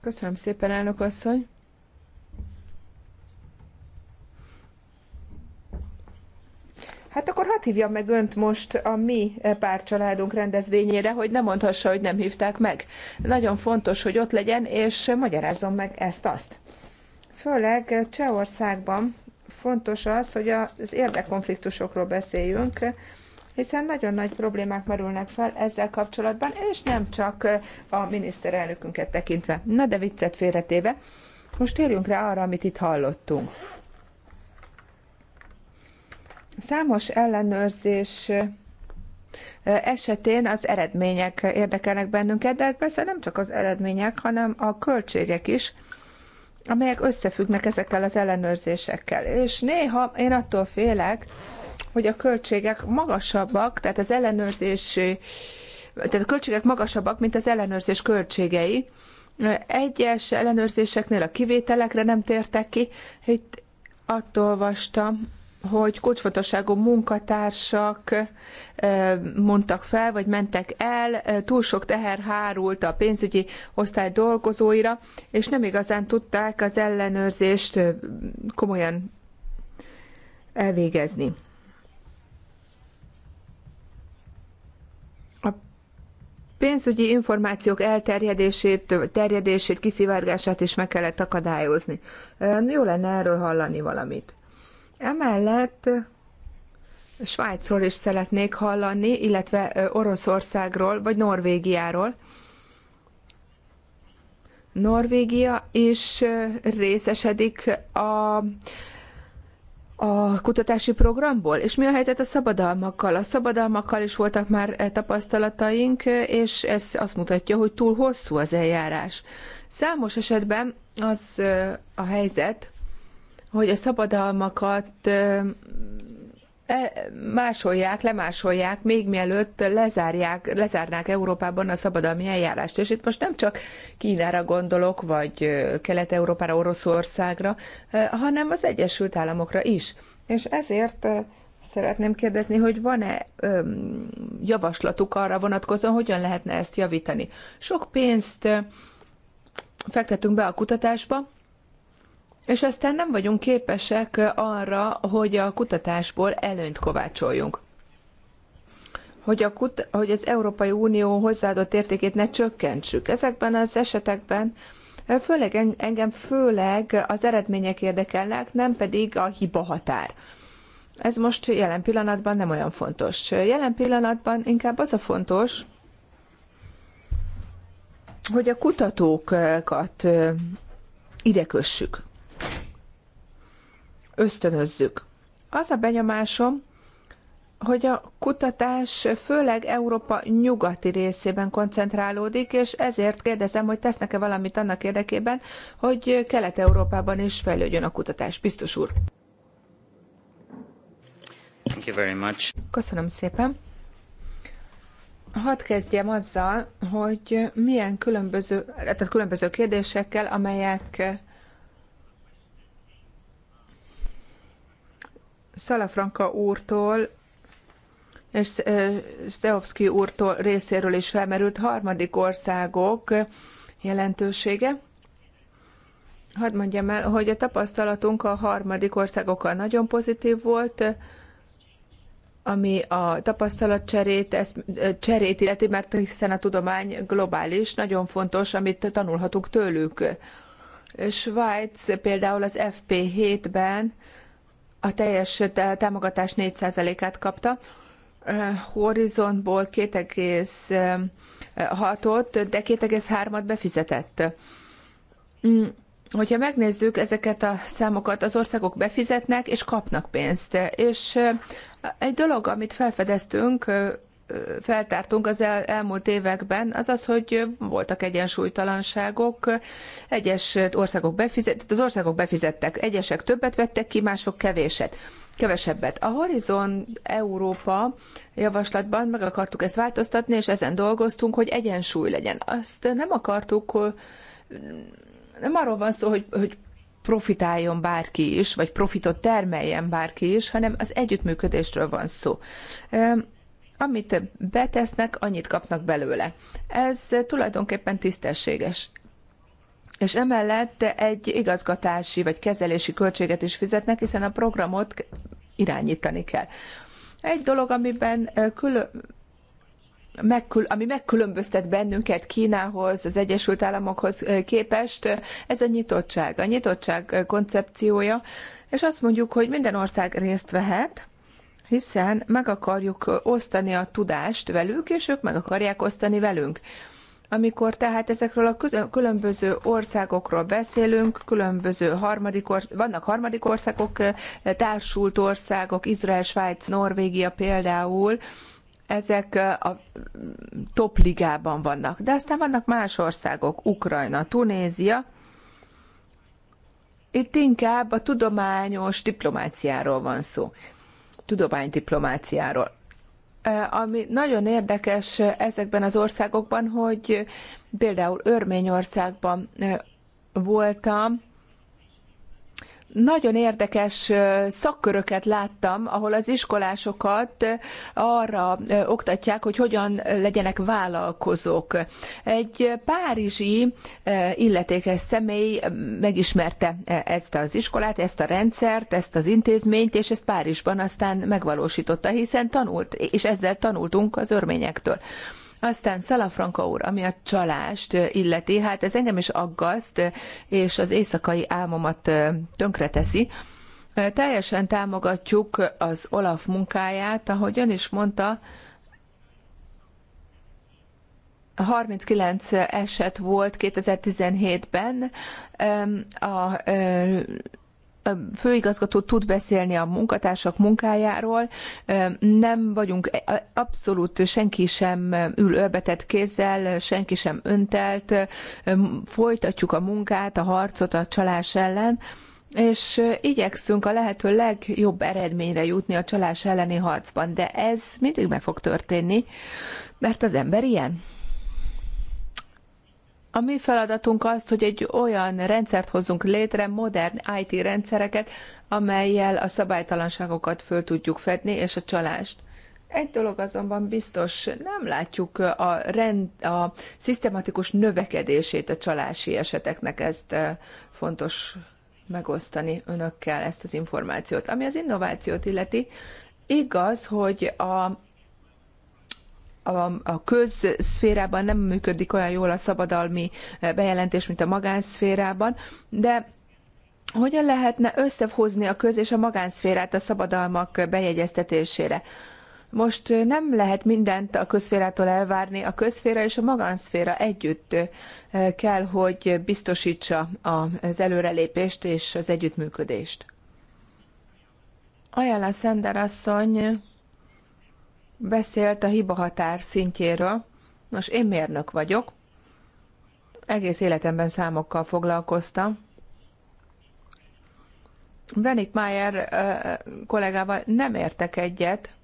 Köszönöm szépen, elnök asszony. Hát akkor hadd hívjam meg önt most a mi eh, párcsaládunk rendezvényére, hogy ne mondhassa, hogy nem hívták meg. Nagyon fontos, hogy ott legyen, és magyarázzon meg ezt-azt. Főleg eh, Csehországban fontos az, hogy az érdekkonfliktusokról beszéljünk, hiszen nagyon nagy problémák merülnek fel ezzel kapcsolatban, és nem csak eh, a miniszterelnökünket tekintve. Na de viccet félretéve, most térjünk rá arra, amit itt hallottunk. Számos ellenőrzés esetén az eredmények érdekelnek bennünket, de persze nem csak az eredmények, hanem a költségek is, amelyek összefüggnek ezekkel az ellenőrzésekkel. És néha én attól félek, hogy a költségek magasabbak, tehát az ellenőrzés, tehát a költségek magasabbak, mint az ellenőrzés költségei. Egyes ellenőrzéseknél a kivételekre nem tértek ki. Itt attól olvastam, hogy kocsfotosságú munkatársak eh, mondtak fel, vagy mentek el, eh, túl sok teher hárult a pénzügyi osztály dolgozóira, és nem igazán tudták az ellenőrzést eh, komolyan elvégezni. pénzügyi információk elterjedését, terjedését, kiszivárgását is meg kellett akadályozni. Jó lenne erről hallani valamit. Emellett Svájcról is szeretnék hallani, illetve Oroszországról vagy Norvégiáról. Norvégia is részesedik a a kutatási programból? És mi a helyzet a szabadalmakkal? A szabadalmakkal is voltak már tapasztalataink, és ez azt mutatja, hogy túl hosszú az eljárás. Számos esetben az a helyzet, hogy a szabadalmakat e, másolják, lemásolják, még mielőtt lezárják, lezárnák Európában a szabadalmi eljárást. És itt most nem csak Kínára gondolok, vagy Kelet-Európára, Oroszországra, hanem az Egyesült Államokra is. És ezért szeretném kérdezni, hogy van-e javaslatuk arra vonatkozóan, hogyan lehetne ezt javítani. Sok pénzt fektetünk be a kutatásba, és aztán nem vagyunk képesek arra, hogy a kutatásból előnyt kovácsoljunk. Hogy, a kut- hogy az Európai Unió hozzáadott értékét ne csökkentsük. Ezekben az esetekben főleg engem főleg az eredmények érdekelnek, nem pedig a hiba határ. Ez most jelen pillanatban nem olyan fontos. Jelen pillanatban inkább az a fontos, hogy a kutatókat ide kössük ösztönözzük. Az a benyomásom, hogy a kutatás főleg Európa nyugati részében koncentrálódik, és ezért kérdezem, hogy tesznek-e valamit annak érdekében, hogy Kelet-Európában is fejlődjön a kutatás. Biztos úr. Thank you very much. Köszönöm szépen. Hadd kezdjem azzal, hogy milyen különböző, tehát különböző kérdésekkel, amelyek Szalafranka úrtól és Szeovszki úrtól részéről is felmerült harmadik országok jelentősége. Hadd mondjam el, hogy a tapasztalatunk a harmadik országokkal nagyon pozitív volt, ami a tapasztalatcserét, ez, cserét illeti, mert hiszen a tudomány globális, nagyon fontos, amit tanulhatunk tőlük. Svájc például az FP7-ben a teljes támogatás 4%-át kapta, Horizontból 2,6-ot, de 2,3-at befizetett. Mm, hogyha megnézzük ezeket a számokat, az országok befizetnek és kapnak pénzt. És egy dolog, amit felfedeztünk feltártunk az el, elmúlt években, az az, hogy voltak egyensúlytalanságok, egyes országok befizettek, az országok befizettek, egyesek többet vettek ki, mások kevéset kevesebbet. A Horizon Európa javaslatban meg akartuk ezt változtatni, és ezen dolgoztunk, hogy egyensúly legyen. Azt nem akartuk, nem arról van szó, hogy, hogy profitáljon bárki is, vagy profitot termeljen bárki is, hanem az együttműködésről van szó. Amit betesznek, annyit kapnak belőle. Ez tulajdonképpen tisztességes. És emellett egy igazgatási vagy kezelési költséget is fizetnek, hiszen a programot irányítani kell. Egy dolog, amiben külön, megkül, ami megkülönböztet bennünket Kínához, az Egyesült Államokhoz képest, ez a nyitottság, a nyitottság koncepciója, és azt mondjuk, hogy minden ország részt vehet, hiszen meg akarjuk osztani a tudást velük, és ők meg akarják osztani velünk. Amikor tehát ezekről a különböző országokról beszélünk, különböző harmadik or- vannak harmadik országok, társult országok, Izrael, Svájc, Norvégia például, ezek a top ligában vannak. De aztán vannak más országok, Ukrajna, Tunézia. Itt inkább a tudományos diplomáciáról van szó tudománydiplomáciáról. Ami nagyon érdekes ezekben az országokban, hogy például Örményországban voltam, nagyon érdekes szakköröket láttam, ahol az iskolásokat arra oktatják, hogy hogyan legyenek vállalkozók. Egy párizsi illetékes személy megismerte ezt az iskolát, ezt a rendszert, ezt az intézményt, és ezt Párizsban aztán megvalósította, hiszen tanult, és ezzel tanultunk az örményektől. Aztán Szalafranka úr, ami a csalást illeti, hát ez engem is aggaszt, és az éjszakai álmomat tönkreteszi. Teljesen támogatjuk az Olaf munkáját, ahogy ön is mondta, 39 eset volt 2017-ben, a főigazgató tud beszélni a munkatársak munkájáról, nem vagyunk abszolút senki sem ül ölbetett kézzel, senki sem öntelt, folytatjuk a munkát, a harcot a csalás ellen, és igyekszünk a lehető legjobb eredményre jutni a csalás elleni harcban, de ez mindig meg fog történni, mert az ember ilyen. A mi feladatunk az, hogy egy olyan rendszert hozzunk létre, modern IT rendszereket, amelyel a szabálytalanságokat föl tudjuk fedni, és a csalást. Egy dolog azonban biztos, nem látjuk a, rend, a szisztematikus növekedését a csalási eseteknek, ezt fontos megosztani önökkel ezt az információt. Ami az innovációt illeti, igaz, hogy a a közszférában nem működik olyan jól a szabadalmi eh, bejelentés, mint a magánszférában, de hogyan lehetne összehozni a köz és a magánszférát a szabadalmak bejegyeztetésére? Most eh, nem lehet mindent a közférától elvárni, a közféra és a magánszféra együtt eh, kell, hogy biztosítsa az előrelépést és az együttműködést. Ajánl a Szender asszony beszélt a határ szintjéről. Most én mérnök vagyok, egész életemben számokkal foglalkoztam. Brenik Mayer kollégával nem értek egyet,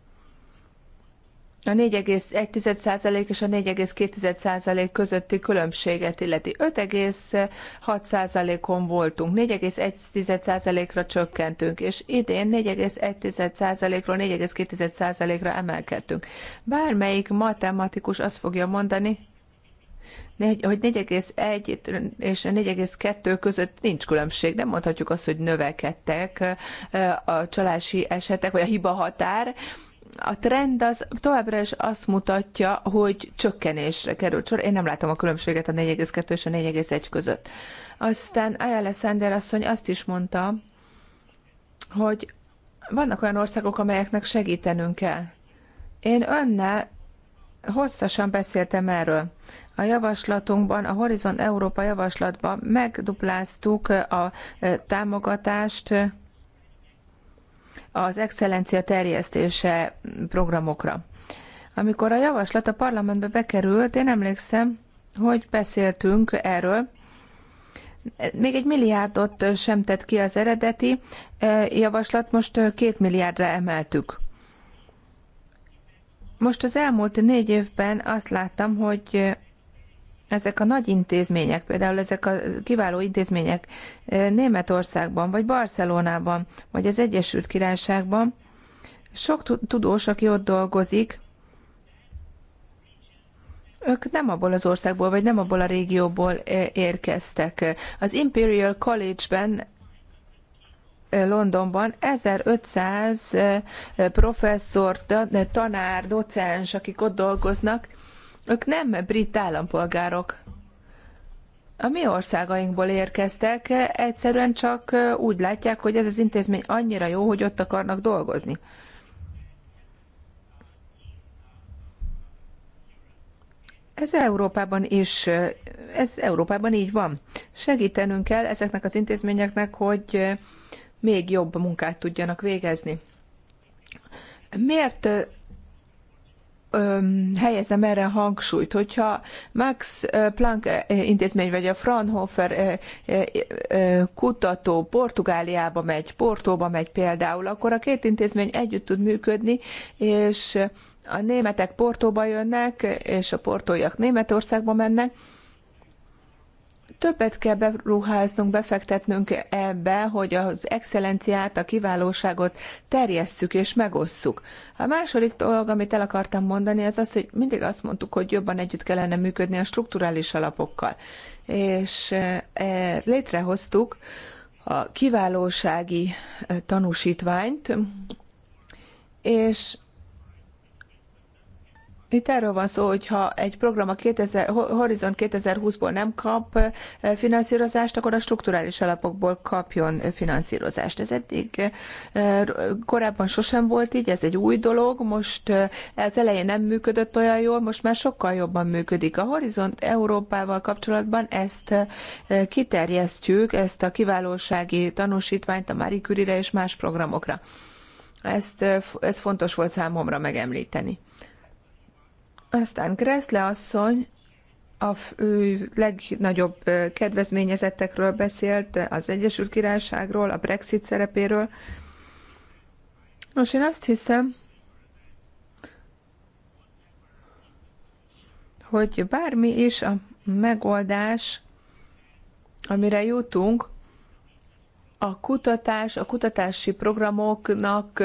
a 4,1% és a 4,2% közötti különbséget illeti. 5,6%-on voltunk, 4,1%-ra csökkentünk, és idén 4,1%-ról 4,2%-ra emelkedtünk. Bármelyik matematikus azt fogja mondani, hogy 4,1 és 4,2 között nincs különbség. Nem mondhatjuk azt, hogy növekedtek a csalási esetek, vagy a hiba határ, a trend az továbbra is azt mutatja, hogy csökkenésre került sor. Én nem látom a különbséget a 4,2 és a 4,1 között. Aztán Ayala Sander asszony azt is mondta, hogy vannak olyan országok, amelyeknek segítenünk kell. Én önnel hosszasan beszéltem erről. A javaslatunkban, a Horizon Európa javaslatban megdupláztuk a e, támogatást az excellencia terjesztése programokra. Amikor a javaslat a parlamentbe bekerült, én emlékszem, hogy beszéltünk erről, még egy milliárdot sem tett ki az eredeti e, javaslat, most két milliárdra emeltük. Most az elmúlt négy évben azt láttam, hogy ezek a nagy intézmények, például ezek a kiváló intézmények Németországban, vagy Barcelonában, vagy az Egyesült Királyságban, sok tudós, aki ott dolgozik, ők nem abból az országból, vagy nem abból a régióból érkeztek. Az Imperial College-ben Londonban 1500 professzor, tanár, docens, akik ott dolgoznak, ők nem brit állampolgárok. A mi országainkból érkeztek, egyszerűen csak úgy látják, hogy ez az intézmény annyira jó, hogy ott akarnak dolgozni. Ez Európában is, ez Európában így van. Segítenünk kell ezeknek az intézményeknek, hogy még jobb munkát tudjanak végezni. Miért helyezem erre hangsúlyt, hogyha Max Planck intézmény vagy a Fraunhofer kutató Portugáliába megy, Portóba megy például, akkor a két intézmény együtt tud működni, és a németek Portóba jönnek, és a portóiak Németországba mennek, Többet kell beruháznunk, befektetnünk ebbe, hogy az excellenciát, a kiválóságot terjesszük és megosszuk. A második dolog, amit el akartam mondani, az az, hogy mindig azt mondtuk, hogy jobban együtt kellene működni a strukturális alapokkal. És eh, létrehoztuk a kiválósági eh, tanúsítványt, és itt arról van szó, hogyha egy program a 2000, Horizont 2020-ból nem kap finanszírozást, akkor a strukturális alapokból kapjon finanszírozást. Ez eddig korábban sosem volt így, ez egy új dolog, most az elején nem működött olyan jól, most már sokkal jobban működik. A Horizont Európával kapcsolatban ezt kiterjesztjük, ezt a kiválósági tanúsítványt a Marie Curie-re és más programokra. Ezt, ez fontos volt számomra megemlíteni. Aztán kreszle asszony a legnagyobb kedvezményezettekről beszélt, az Egyesült Királyságról, a Brexit szerepéről. Nos, én azt hiszem, hogy bármi is a megoldás, amire jutunk, a kutatás, a kutatási programoknak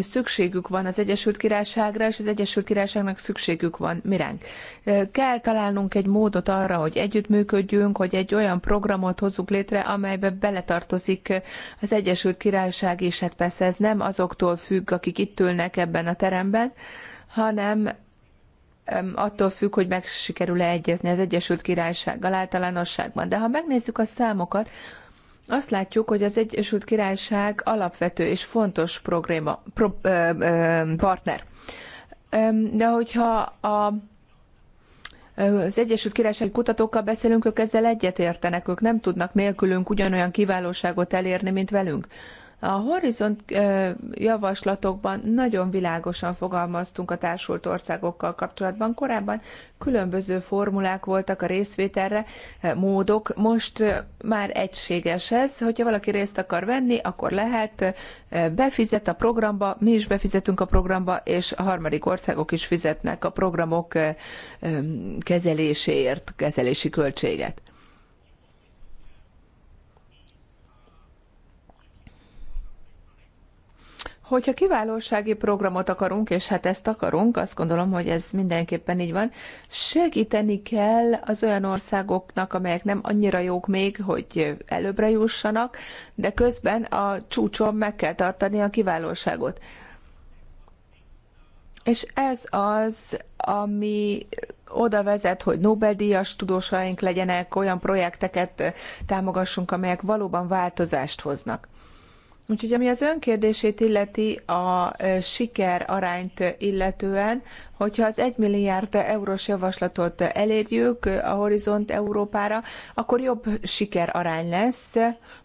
szükségük van az Egyesült Királyságra, és az Egyesült Királyságnak szükségük van miránk. Kell találnunk egy módot arra, hogy együttműködjünk, hogy egy olyan programot hozzunk létre, amelybe beletartozik az Egyesült Királyság is. Hát persze ez nem azoktól függ, akik itt ülnek ebben a teremben, hanem attól függ, hogy meg sikerül-e egyezni az Egyesült Királysággal általánosságban. De ha megnézzük a számokat, azt látjuk, hogy az Egyesült Királyság alapvető és fontos probléma, pro, ö, ö, partner. De hogyha a az Egyesült Királyság kutatókkal beszélünk, ők ezzel egyetértenek, ők nem tudnak nélkülünk ugyanolyan kiválóságot elérni, mint velünk. A Horizont javaslatokban nagyon világosan fogalmaztunk a társult országokkal kapcsolatban. Korábban különböző formulák voltak a részvételre, módok. Most már egységes ez, hogyha valaki részt akar venni, akkor lehet, befizet a programba, mi is befizetünk a programba, és a harmadik országok is fizetnek a programok kezeléséért, kezelési költséget. Hogyha kiválósági programot akarunk, és hát ezt akarunk, azt gondolom, hogy ez mindenképpen így van, segíteni kell az olyan országoknak, amelyek nem annyira jók még, hogy előbbre jussanak, de közben a csúcson meg kell tartani a kiválóságot. És ez az, ami oda vezet, hogy Nobel-díjas tudósaink legyenek, olyan projekteket támogassunk, amelyek valóban változást hoznak. Úgyhogy ami az önkérdését illeti a siker arányt illetően, hogyha az 1 milliárd eurós javaslatot elérjük a Horizont Európára, akkor jobb arány lesz,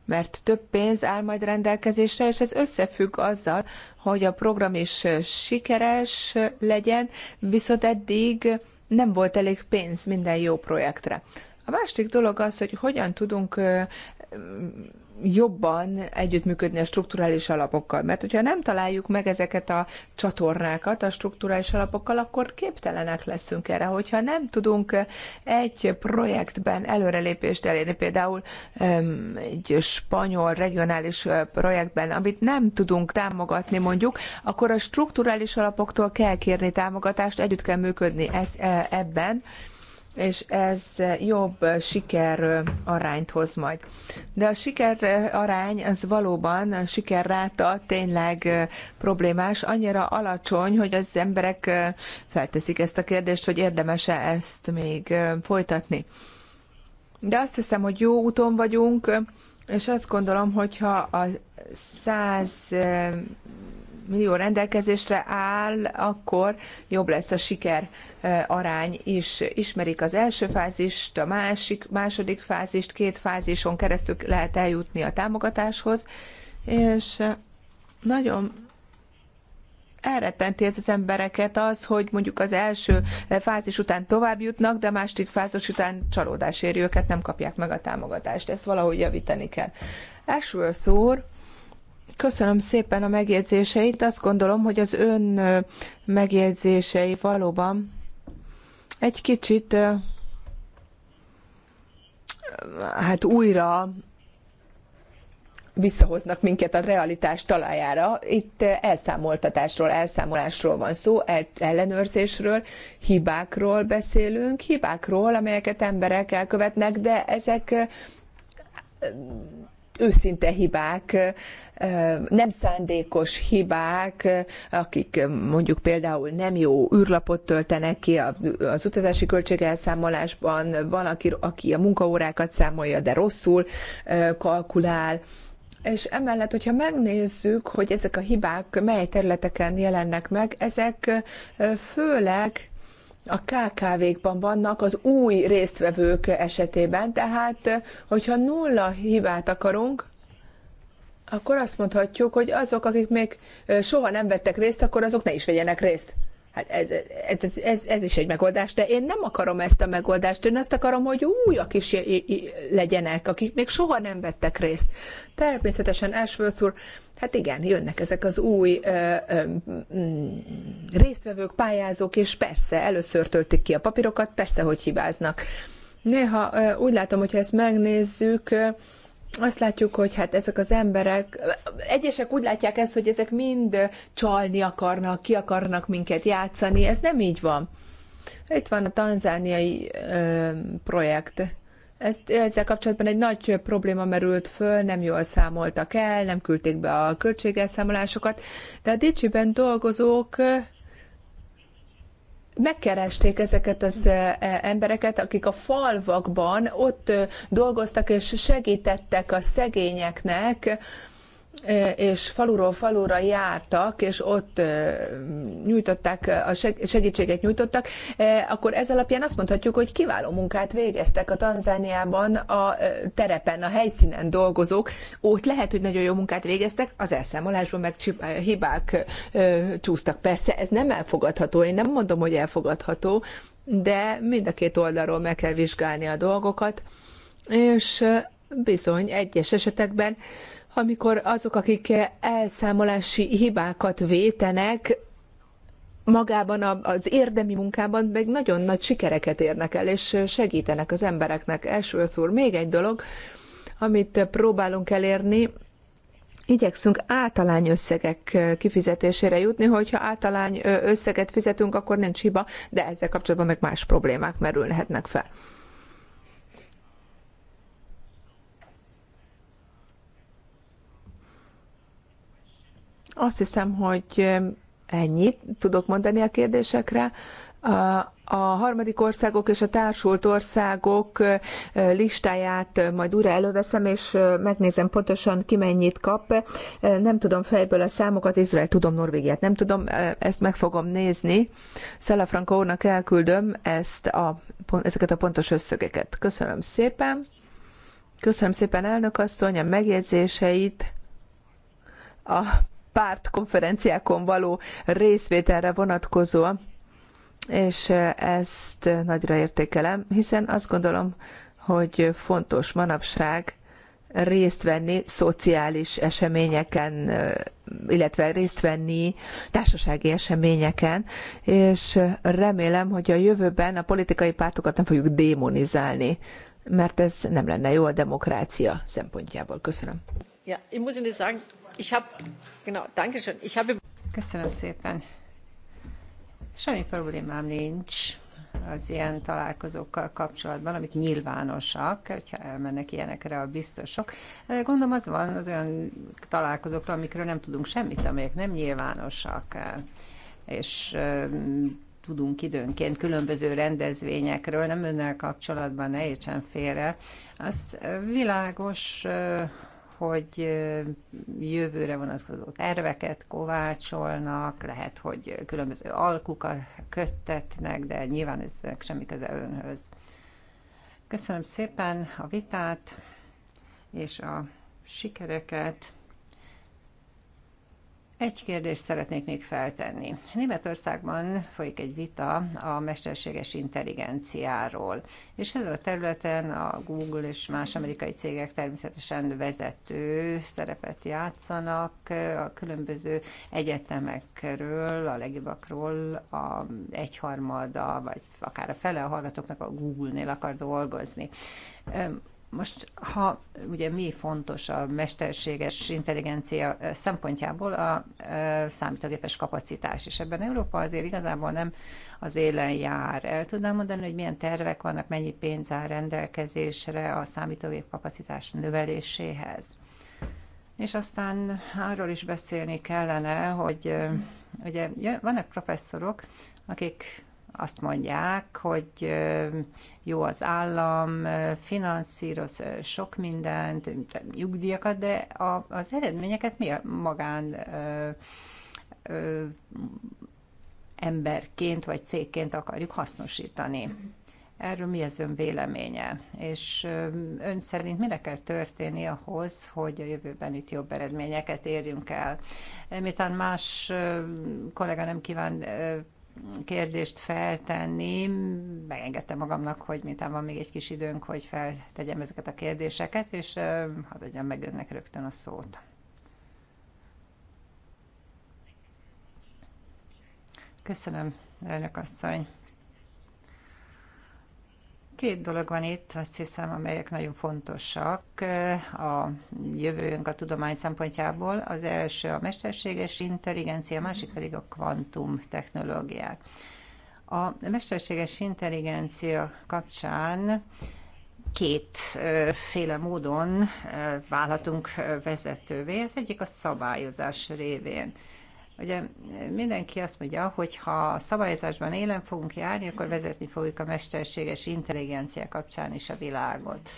mert több pénz áll majd rendelkezésre, és ez összefügg azzal, hogy a program is sikeres legyen, viszont eddig nem volt elég pénz minden jó projektre. A másik dolog az, hogy hogyan tudunk jobban együttműködni a strukturális alapokkal. Mert hogyha nem találjuk meg ezeket a csatornákat a strukturális alapokkal, akkor képtelenek leszünk erre. Hogyha nem tudunk egy projektben előrelépést elérni, például egy spanyol regionális projektben, amit nem tudunk támogatni mondjuk, akkor a strukturális alapoktól kell kérni támogatást, együtt kell működni ez, e, ebben és ez jobb siker arányt hoz majd. De a siker arány az valóban, a sikerráta tényleg problémás, annyira alacsony, hogy az emberek felteszik ezt a kérdést, hogy érdemese ezt még folytatni. De azt hiszem, hogy jó úton vagyunk, és azt gondolom, hogyha a 100 millió rendelkezésre áll, akkor jobb lesz a siker arány is. Ismerik az első fázist, a másik, második fázist, két fázison keresztül lehet eljutni a támogatáshoz, és nagyon elrettenti ez az embereket az, hogy mondjuk az első fázis után tovább jutnak, de a második fázis után csalódás éri őket, nem kapják meg a támogatást. Ezt valahogy javítani kell. Ashworth úr, Köszönöm szépen a megjegyzéseit. Azt gondolom, hogy az ön megjegyzései valóban egy kicsit hát újra visszahoznak minket a realitás talajára. Itt elszámoltatásról, elszámolásról van szó, ellenőrzésről, hibákról beszélünk, hibákról, amelyeket emberek elkövetnek, de ezek őszinte hibák, nem szándékos hibák, akik mondjuk például nem jó űrlapot töltenek ki az utazási költségelszámolásban, valaki, aki a munkaórákat számolja, de rosszul kalkulál, és emellett, hogyha megnézzük, hogy ezek a hibák mely területeken jelennek meg, ezek főleg a KKV-kban vannak az új résztvevők esetében, tehát hogyha nulla hibát akarunk, akkor azt mondhatjuk, hogy azok, akik még soha nem vettek részt, akkor azok ne is vegyenek részt. Hát ez, ez, ez, ez is egy megoldás, de én nem akarom ezt a megoldást, én azt akarom, hogy újak is legyenek, akik még soha nem vettek részt. Természetesen Ashworth úr, hát igen, jönnek ezek az új ö, ö, ö, résztvevők, pályázók, és persze, először töltik ki a papírokat, persze, hogy hibáznak. Néha úgy látom, hogyha ezt megnézzük, azt látjuk, hogy hát ezek az emberek, egyesek úgy látják ezt, hogy ezek mind csalni akarnak, ki akarnak minket játszani, ez nem így van. Itt van a tanzániai ö, projekt. Ezt, ezzel kapcsolatban egy nagy probléma merült föl, nem jól számoltak el, nem küldték be a költségelszámolásokat, de a Dicsiben dolgozók megkeresték ezeket az e, e, embereket, akik a falvakban ott dolgoztak és segítettek a szegényeknek, és faluról falura jártak, és ott nyújtották, a segítséget nyújtottak, akkor ez alapján azt mondhatjuk, hogy kiváló munkát végeztek a Tanzániában a terepen, a helyszínen dolgozók. Ott lehet, hogy nagyon jó munkát végeztek, az elszámolásban meg hibák csúsztak. Persze ez nem elfogadható, én nem mondom, hogy elfogadható, de mind a két oldalról meg kell vizsgálni a dolgokat, és bizony egyes esetekben amikor azok, akik elszámolási hibákat vétenek, magában az érdemi munkában meg nagyon nagy sikereket érnek el, és segítenek az embereknek. Ashworth úr, még egy dolog, amit próbálunk elérni, igyekszünk általány összegek kifizetésére jutni, hogyha általány összeget fizetünk, akkor nincs hiba, de ezzel kapcsolatban meg más problémák merülhetnek fel. Azt hiszem, hogy ennyit tudok mondani a kérdésekre. A harmadik országok és a társult országok listáját majd újra előveszem, és megnézem pontosan ki mennyit kap. Nem tudom fejből a számokat, Izrael tudom, Norvégiát nem tudom, ezt meg fogom nézni. Szelafranka úrnak elküldöm ezt a, ezeket a pontos összegeket. Köszönöm szépen. Köszönöm szépen elnök asszony a megjegyzéseit. A pártkonferenciákon való részvételre vonatkozóan, és ezt nagyra értékelem, hiszen azt gondolom, hogy fontos manapság részt venni szociális eseményeken, illetve részt venni társasági eseményeken, és remélem, hogy a jövőben a politikai pártokat nem fogjuk démonizálni, mert ez nem lenne jó a demokrácia szempontjából. Köszönöm. Ja, ich muss Ihnen sagen, Köszönöm szépen. Semmi problémám nincs az ilyen találkozókkal kapcsolatban, amik nyilvánosak, hogyha elmennek ilyenekre a biztosok. Gondolom az van az olyan találkozókra, amikről nem tudunk semmit, amelyek nem nyilvánosak, és tudunk időnként különböző rendezvényekről, nem önnel kapcsolatban, ne értsen félre. Az világos, hogy jövőre vonatkozó terveket kovácsolnak, lehet, hogy különböző alkukat köttetnek, de nyilván ez semmi köze önhöz. Köszönöm szépen a vitát és a sikereket. Egy kérdést szeretnék még feltenni. Németországban folyik egy vita a mesterséges intelligenciáról, és ezen a területen a Google és más amerikai cégek természetesen vezető szerepet játszanak a különböző egyetemekről, a legjobbakról a egyharmada, vagy akár a fele a hallgatóknak a Google-nél akar dolgozni. Most, ha ugye mi fontos a mesterséges intelligencia eh, szempontjából a eh, számítógépes kapacitás, és ebben Európa azért igazából nem az élen jár. El tudnám mondani, hogy milyen tervek vannak, mennyi pénz áll rendelkezésre a számítógép kapacitás növeléséhez. És aztán arról is beszélni kellene, hogy eh, ugye vannak professzorok, akik azt mondják, hogy jó az állam, finanszíroz sok mindent, nyugdíjakat, de a, az eredményeket mi a magán ö, ö, emberként vagy cégként akarjuk hasznosítani. Erről mi az ön véleménye? És ön szerint mire kell történni ahhoz, hogy a jövőben itt jobb eredményeket érjünk el? Miután más kollega nem kíván kérdést feltenni. Megengedtem magamnak, hogy miután van még egy kis időnk, hogy feltegyem ezeket a kérdéseket, és hadd adjam meg önnek rögtön a szót. Köszönöm, elnök asszony. Két dolog van itt, azt hiszem, amelyek nagyon fontosak eh, a jövőnk a tudomány szempontjából. Az első a mesterséges intelligencia, a másik pedig a kvantum technológiák. A mesterséges intelligencia kapcsán kétféle eh, módon eh, válhatunk vezetővé. Az egyik a szabályozás révén. Ugye mindenki azt mondja, hogy ha a szabályozásban élen fogunk járni, akkor vezetni fogjuk a mesterséges intelligencia kapcsán is a világot.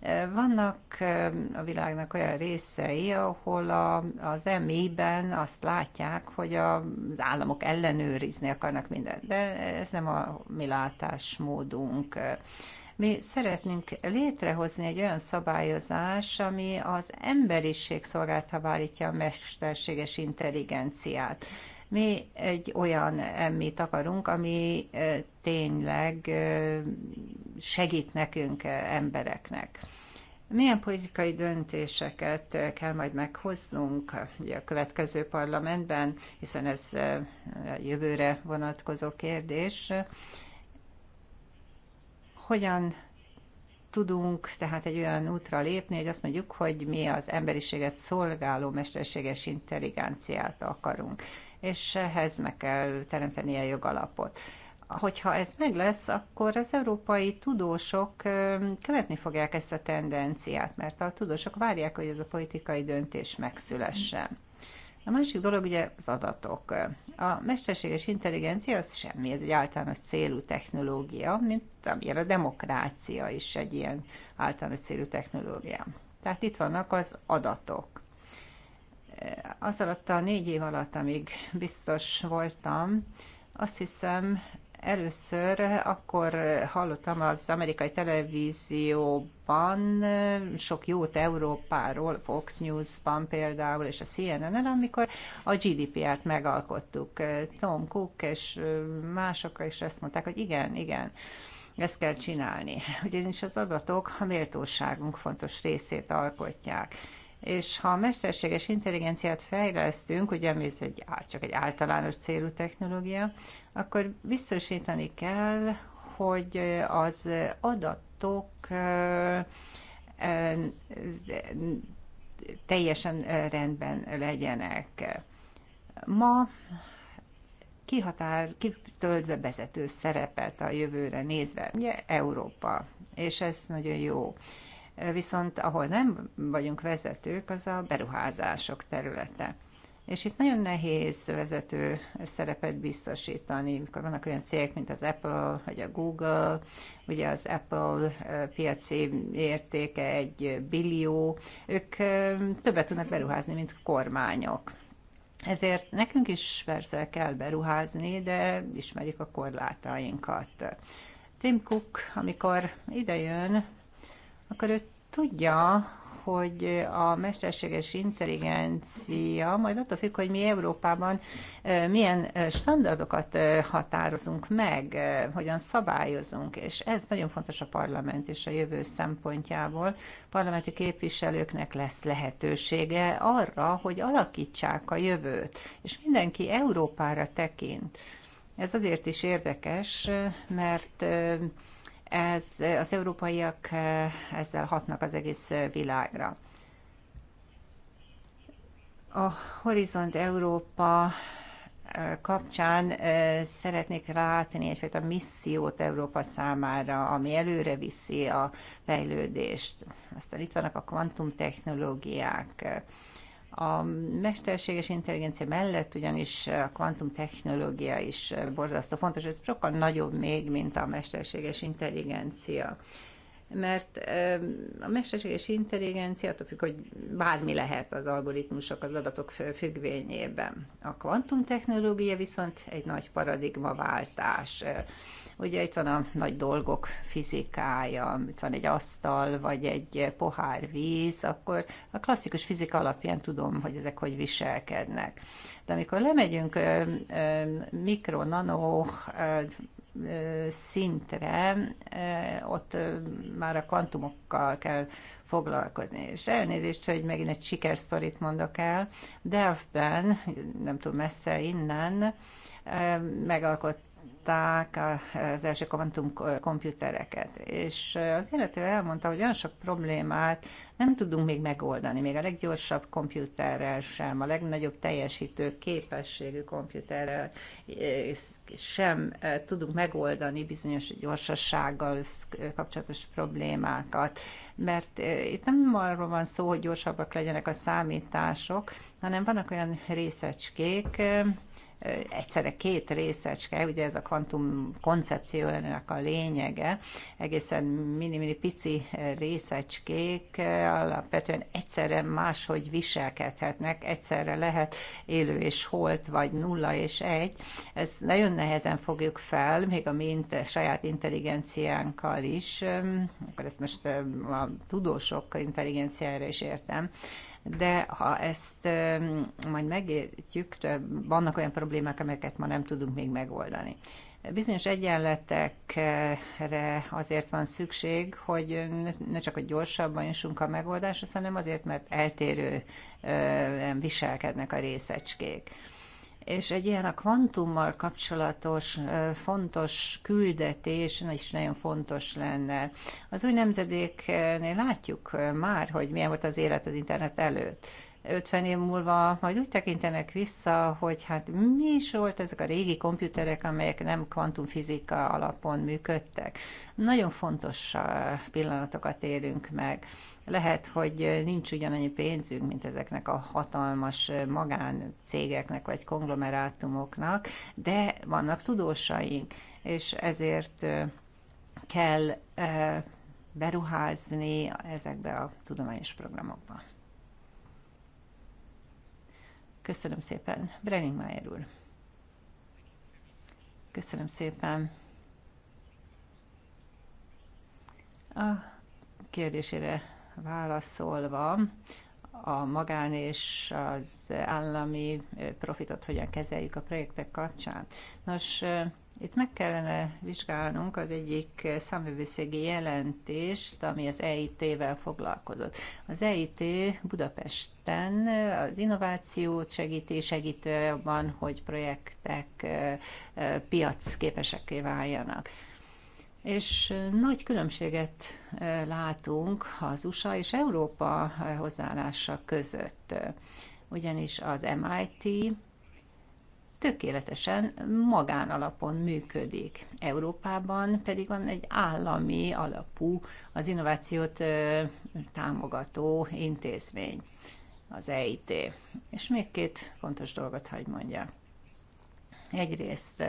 E, vannak e, a világnak olyan részei, ahol a, az MI-ben azt látják, hogy a, az államok ellenőrizni akarnak mindent, de ez nem a mi látásmódunk. Mi szeretnénk létrehozni egy olyan szabályozás, ami az emberiség szolgáltába állítja a mesterséges intelligenciát. Mi egy olyan emmit akarunk, ami tényleg segít nekünk, embereknek. Milyen politikai döntéseket kell majd meghoznunk a következő parlamentben, hiszen ez a jövőre vonatkozó kérdés hogyan tudunk tehát egy olyan útra lépni, hogy azt mondjuk, hogy mi az emberiséget szolgáló mesterséges intelligenciát akarunk, és ehhez meg kell teremteni a jogalapot. Hogyha ez meg lesz, akkor az európai tudósok követni fogják ezt a tendenciát, mert a tudósok várják, hogy ez a politikai döntés megszülessen. A másik dolog ugye az adatok. A mesterséges intelligencia az semmi, ez egy általános célú technológia, mint amilyen a demokrácia is egy ilyen általános célú technológia. Tehát itt vannak az adatok. Az alatt a négy év alatt, amíg biztos voltam, azt hiszem Először akkor hallottam az amerikai televízióban sok jót Európáról, Fox News-ban például, és a CNN-en, amikor a GDPR-t megalkottuk. Tom Cook és mások is ezt mondták, hogy igen, igen, ezt kell csinálni. Ugyanis az adatok a méltóságunk fontos részét alkotják és ha a mesterséges intelligenciát fejlesztünk, ugye ami ez egy, csak egy általános célú technológia, akkor biztosítani kell, hogy az adatok teljesen rendben legyenek. Ma kihatár, kitölt be vezető szerepet a jövőre nézve, ugye Európa, és ez nagyon jó viszont ahol nem vagyunk vezetők, az a beruházások területe. És itt nagyon nehéz vezető szerepet biztosítani, mikor vannak olyan cégek, mint az Apple, vagy a Google. Ugye az Apple piaci értéke egy billió, ők többet tudnak beruházni, mint kormányok. Ezért nekünk is persze kell beruházni, de ismerjük a korlátainkat. Tim Cook, amikor idejön, akkor ő tudja, hogy a mesterséges intelligencia majd attól függ, hogy mi Európában milyen standardokat határozunk meg, hogyan szabályozunk, és ez nagyon fontos a parlament és a jövő szempontjából. Parlamenti képviselőknek lesz lehetősége arra, hogy alakítsák a jövőt, és mindenki Európára tekint. Ez azért is érdekes, mert ez, az európaiak eh, ezzel hatnak az egész világra. A Horizont Európa eh, kapcsán eh, szeretnék látni egyfajta missziót Európa számára, ami előre viszi a fejlődést. Aztán itt vannak a kvantumtechnológiák, a mesterséges intelligencia mellett ugyanis a kvantumtechnológia is borzasztó fontos, ez sokkal nagyobb még, mint a mesterséges intelligencia mert a mesterséges intelligencia attól függ, hogy bármi lehet az algoritmusok, az adatok függvényében. A kvantumtechnológia viszont egy nagy paradigmaváltás. Ugye itt van a nagy dolgok fizikája, itt van egy asztal, vagy egy pohár víz, akkor a klasszikus fizika alapján tudom, hogy ezek hogy viselkednek. De amikor lemegyünk mikro, nano, szintre, ott már a kvantumokkal kell foglalkozni. És elnézést, hogy megint egy sikersztorit mondok el, Delftben, nem tudom messze innen, megalkott hozták az első kvantum komputereket, és az illető elmondta, hogy olyan sok problémát nem tudunk még megoldani, még a leggyorsabb komputerrel sem, a legnagyobb teljesítő képességű komputerrel sem e, tudunk megoldani bizonyos gyorsasággal kapcsolatos problémákat. Mert e, itt nem arról van szó, hogy gyorsabbak legyenek a számítások, hanem vannak olyan részecskék, e, egyszerre két részecske, ugye ez a kvantum koncepciójának a lényege, egészen mini-mini pici részecskék alapvetően egyszerre máshogy viselkedhetnek, egyszerre lehet élő és holt, vagy nulla és egy. Ez nagyon nehezen fogjuk fel, még a mi saját intelligenciánkkal is, akkor ezt most a tudósok intelligenciára is értem, de ha ezt majd megértjük, vannak olyan problémák, amelyeket ma nem tudunk még megoldani. Bizonyos egyenletekre azért van szükség, hogy ne csak, hogy gyorsabban jussunk a megoldáshoz, hanem azért, mert eltérő viselkednek a részecskék és egy ilyen a kvantummal kapcsolatos fontos küldetés is nagyon fontos lenne. Az új nemzedéknél látjuk már, hogy milyen volt az élet az internet előtt. 50 év múlva majd úgy tekintenek vissza, hogy hát mi is volt ezek a régi komputerek, amelyek nem kvantumfizika alapon működtek. Nagyon fontos pillanatokat élünk meg. Lehet, hogy nincs ugyanannyi pénzünk, mint ezeknek a hatalmas magáncégeknek vagy konglomerátumoknak, de vannak tudósaink, és ezért kell beruházni ezekbe a tudományos programokba. Köszönöm szépen. Brenning Mayer úr. Köszönöm szépen. A kérdésére válaszolva, a magán és az állami profitot hogyan kezeljük a projektek kapcsán. Nos, itt meg kellene vizsgálnunk az egyik számövőszegi jelentést, ami az EIT-vel foglalkozott. Az EIT Budapesten az innovációt segíti, segítő abban, hogy projektek piacképesekké váljanak és nagy különbséget látunk az USA és Európa hozzáállása között, ugyanis az MIT tökéletesen magánalapon működik. Európában pedig van egy állami alapú, az innovációt támogató intézmény, az EIT. És még két fontos dolgot hagy mondja. Egyrészt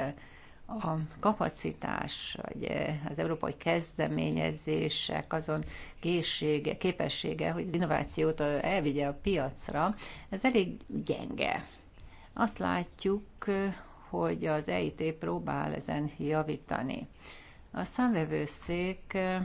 a kapacitás, vagy eh, az európai kezdeményezések azon készsége, képessége, hogy az innovációt eh, elvigye a piacra, ez elég gyenge. Azt látjuk, hogy az EIT próbál ezen javítani. A számvevőszék eh,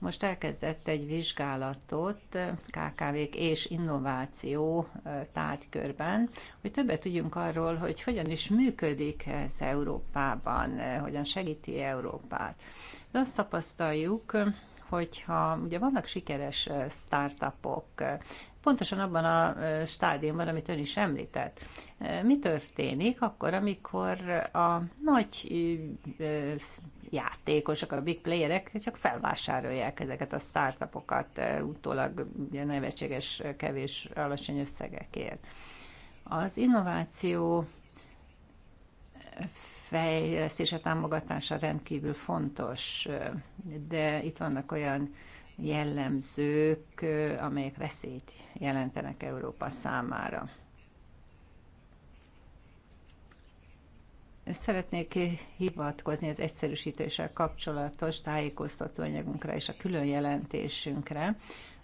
most elkezdett egy vizsgálatot KKV-k és innováció tárgykörben, hogy többet tudjunk arról, hogy hogyan is működik ez Európában, hogyan segíti Európát. De azt tapasztaljuk, hogyha ugye vannak sikeres startupok, pontosan abban a stádiumban, amit ön is említett. Mi történik akkor, amikor a nagy játékosok, a big playerek csak felvásárolják ezeket a startupokat utólag ugye, nevetséges, kevés, alacsony összegekért. Az innováció fejlesztése, támogatása rendkívül fontos, de itt vannak olyan jellemzők, amelyek veszélyt jelentenek Európa számára. Szeretnék hivatkozni az egyszerűsítéssel kapcsolatos tájékoztatóanyagunkra és a külön jelentésünkre.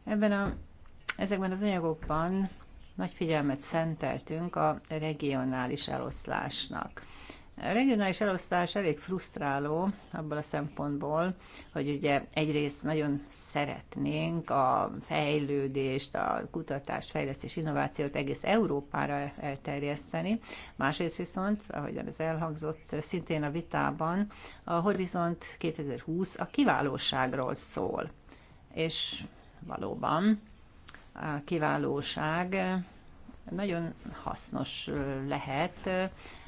Ebben a, ezekben az anyagokban nagy figyelmet szenteltünk a regionális eloszlásnak. A regionális elosztás elég frusztráló abban a szempontból, hogy ugye egyrészt nagyon szeretnénk a fejlődést, a kutatást, fejlesztés, innovációt egész Európára elterjeszteni, másrészt viszont, ahogyan ez elhangzott szintén a vitában, a Horizont 2020 a kiválóságról szól. És valóban a kiválóság nagyon hasznos lehet,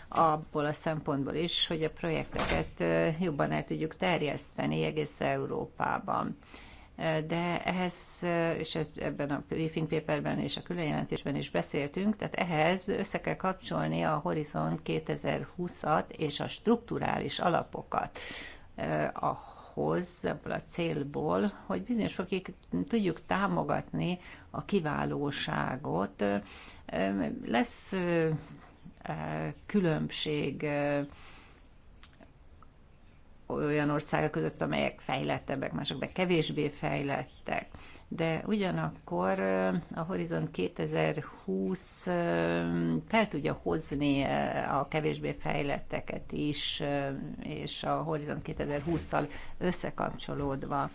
abból a szempontból is, hogy a projekteket jobban el tudjuk terjeszteni egész Európában. De ehhez, és ebben a briefing paperben és a különjelentésben is beszéltünk, tehát ehhez össze kell kapcsolni a Horizon 2020-at és a strukturális alapokat ahhoz, ebből a célból, hogy bizonyos fokig tudjuk támogatni a kiválóságot. Lesz különbség olyan országok között, amelyek fejlettebbek, mások meg kevésbé fejlettek. De ugyanakkor a Horizon 2020 fel tudja hozni a kevésbé fejletteket is, és a Horizon 2020-szal összekapcsolódva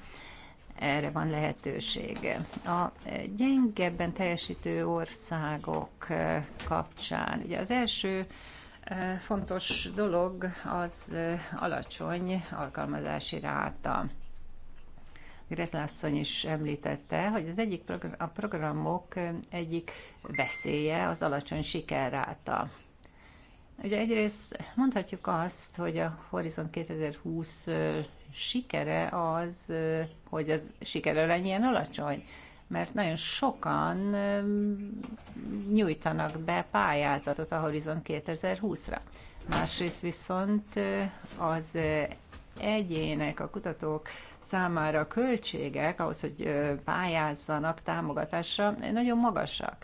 erre van lehetősége. A gyengebben teljesítő országok eh, kapcsán, ugye az első eh, fontos dolog az eh, alacsony alkalmazási ráta. Grezlászony is említette, hogy az egyik progr- a programok egyik veszélye az alacsony sikerráta. Ugye egyrészt mondhatjuk azt, hogy a Horizon 2020 sikere az, hogy az sikererány ilyen alacsony, mert nagyon sokan nyújtanak be pályázatot a Horizon 2020-ra. Másrészt viszont az egyének, a kutatók számára a költségek ahhoz, hogy pályázzanak támogatásra, nagyon magasak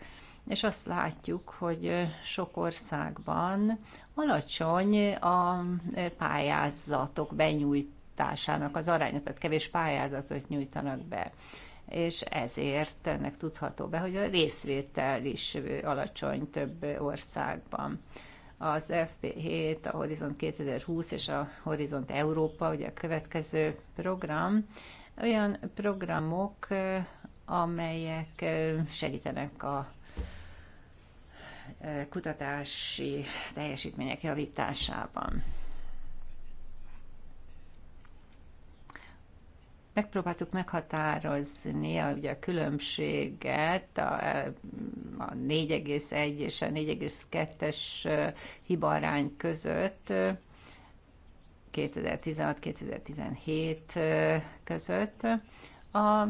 és azt látjuk, hogy sok országban alacsony a pályázatok benyújtásának az aránya, tehát kevés pályázatot nyújtanak be és ezért ennek tudható be, hogy a részvétel is alacsony több országban. Az FP7, a Horizont 2020 és a Horizont Európa, ugye a következő program, olyan programok, amelyek segítenek a kutatási teljesítmények javításában. megpróbáltuk meghatározni a, ugye, a különbséget a, a 4,1 és a 4,2-es hibarány között 2016-2017 között. A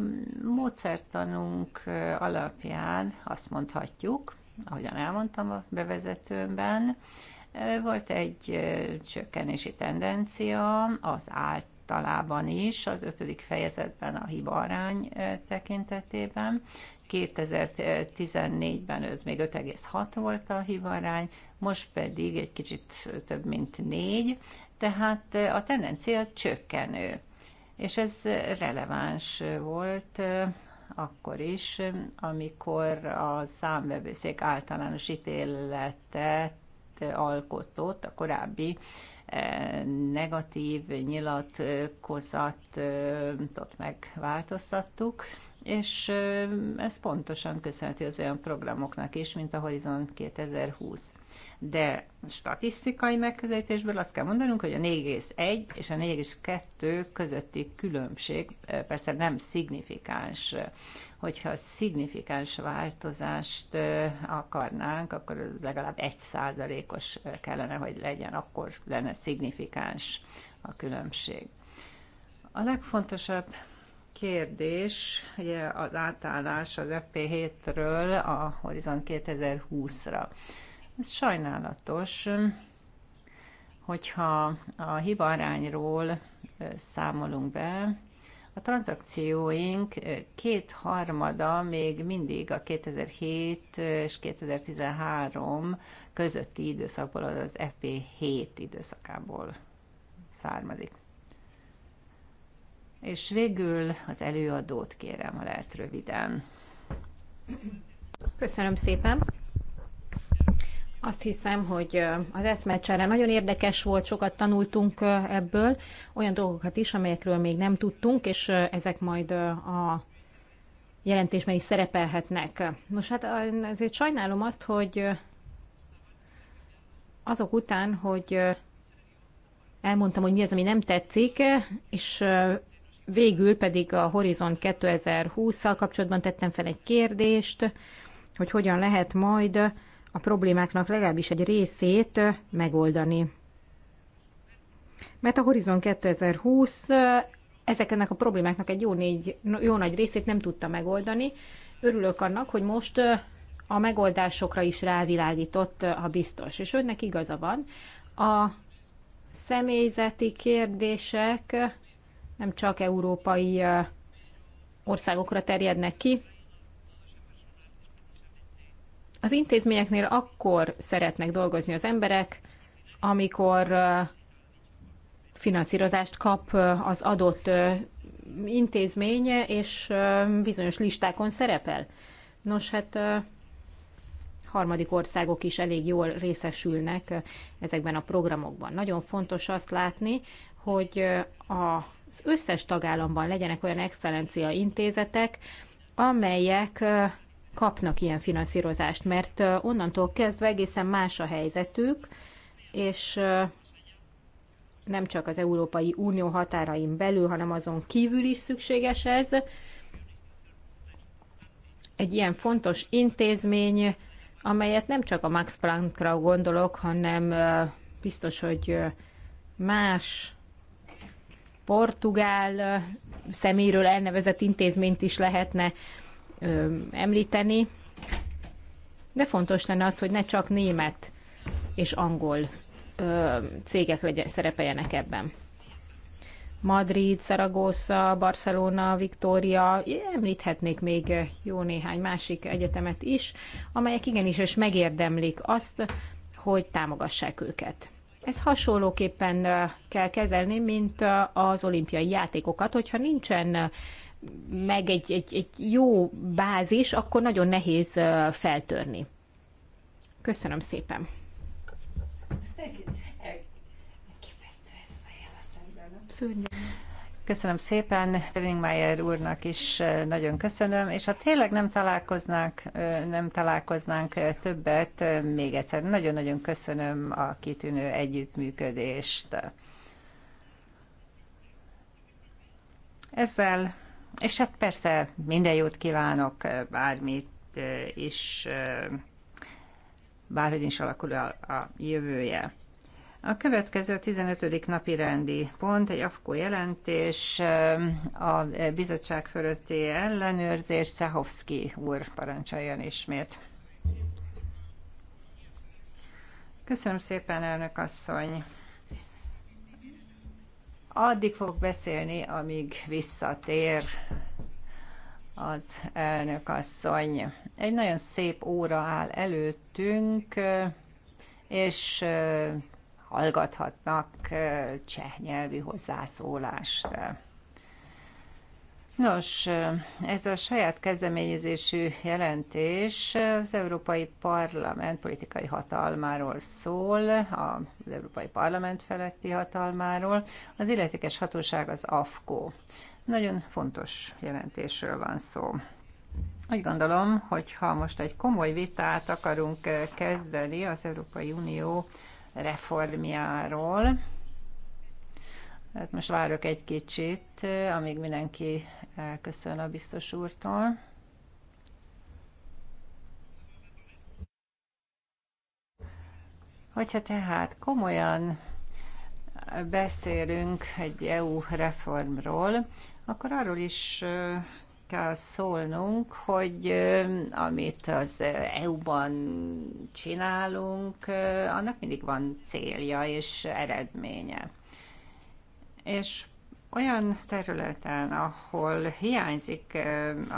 módszertanunk alapján azt mondhatjuk, ahogyan elmondtam a bevezetőmben, volt egy csökkenési tendencia az általában is, az ötödik fejezetben a hibarány tekintetében. 2014-ben ez még 5,6 volt a hibarány, most pedig egy kicsit több mint 4, tehát a tendencia csökkenő. És ez releváns volt akkor is, amikor a számvevőszék általános ítéletet alkotott a korábbi eh, negatív nyilatkozatot megváltoztattuk, és eh, ez pontosan köszönhető az olyan programoknak is, mint a Horizon 2020 de statisztikai megközelítésből azt kell mondanunk, hogy a 4,1 és a 4,2 közötti különbség persze nem szignifikáns. Hogyha szignifikáns változást akarnánk, akkor legalább 1 százalékos kellene, hogy legyen, akkor lenne szignifikáns a különbség. A legfontosabb kérdés, ugye az átállás az FP7-ről a Horizon 2020-ra. Ez sajnálatos, hogyha a arányról számolunk be, a tranzakcióink kétharmada még mindig a 2007 és 2013 közötti időszakból, az, az FP7 időszakából származik. És végül az előadót kérem, ha lehet röviden. Köszönöm szépen. Azt hiszem, hogy az eszmecsere nagyon érdekes volt, sokat tanultunk ebből, olyan dolgokat is, amelyekről még nem tudtunk, és ezek majd a jelentésben is szerepelhetnek. Nos, hát azért sajnálom azt, hogy azok után, hogy elmondtam, hogy mi az, ami nem tetszik, és végül pedig a Horizon 2020-szal kapcsolatban tettem fel egy kérdést, hogy hogyan lehet majd a problémáknak legalábbis egy részét megoldani. Mert a Horizon 2020 ezeknek a problémáknak egy jó, négy, jó nagy részét nem tudta megoldani. Örülök annak, hogy most a megoldásokra is rávilágított a biztos, és önnek igaza van. A személyzeti kérdések nem csak európai országokra terjednek ki, az intézményeknél akkor szeretnek dolgozni az emberek, amikor finanszírozást kap az adott intézmény, és bizonyos listákon szerepel. Nos, hát harmadik országok is elég jól részesülnek ezekben a programokban. Nagyon fontos azt látni, hogy az összes tagállamban legyenek olyan excellencia intézetek, amelyek kapnak ilyen finanszírozást, mert onnantól kezdve egészen más a helyzetük, és nem csak az Európai Unió határain belül, hanem azon kívül is szükséges ez. Egy ilyen fontos intézmény, amelyet nem csak a Max Planckra gondolok, hanem biztos, hogy más portugál szeméről elnevezett intézményt is lehetne említeni, de fontos lenne az, hogy ne csak német és angol cégek legyen, szerepeljenek ebben. Madrid, Zaragoza, Barcelona, Victoria, említhetnék még jó néhány másik egyetemet is, amelyek igenis és megérdemlik azt, hogy támogassák őket. Ez hasonlóképpen kell kezelni, mint az olimpiai játékokat, hogyha nincsen meg egy, egy, egy jó bázis, akkor nagyon nehéz feltörni. Köszönöm szépen! Köszönöm szépen Mayer úrnak is nagyon köszönöm, és ha tényleg nem találkoznánk, nem találkoznánk többet, még egyszer nagyon-nagyon köszönöm a kitűnő együttműködést. Ezzel és hát persze minden jót kívánok, bármit is, bárhogy is alakul a, a jövője. A következő 15. napi rendi pont egy AFKO jelentés, a bizottság fölötti ellenőrzés, Szahovszki úr parancsoljon ismét. Köszönöm szépen, elnök asszony! Addig fogok beszélni, amíg visszatér az elnök asszony. Egy nagyon szép óra áll előttünk, és hallgathatnak cseh nyelvi hozzászólást. Nos, ez a saját kezdeményezésű jelentés az Európai Parlament politikai hatalmáról szól, az Európai Parlament feletti hatalmáról. Az illetékes hatóság az AFKO. Nagyon fontos jelentésről van szó. Úgy gondolom, hogy ha most egy komoly vitát akarunk kezdeni az Európai Unió reformjáról, Hát most várok egy kicsit, amíg mindenki elköszön a biztos úrtól. Hogyha tehát komolyan beszélünk egy EU reformról, akkor arról is kell szólnunk, hogy amit az EU-ban csinálunk, annak mindig van célja és eredménye. És olyan területen, ahol hiányzik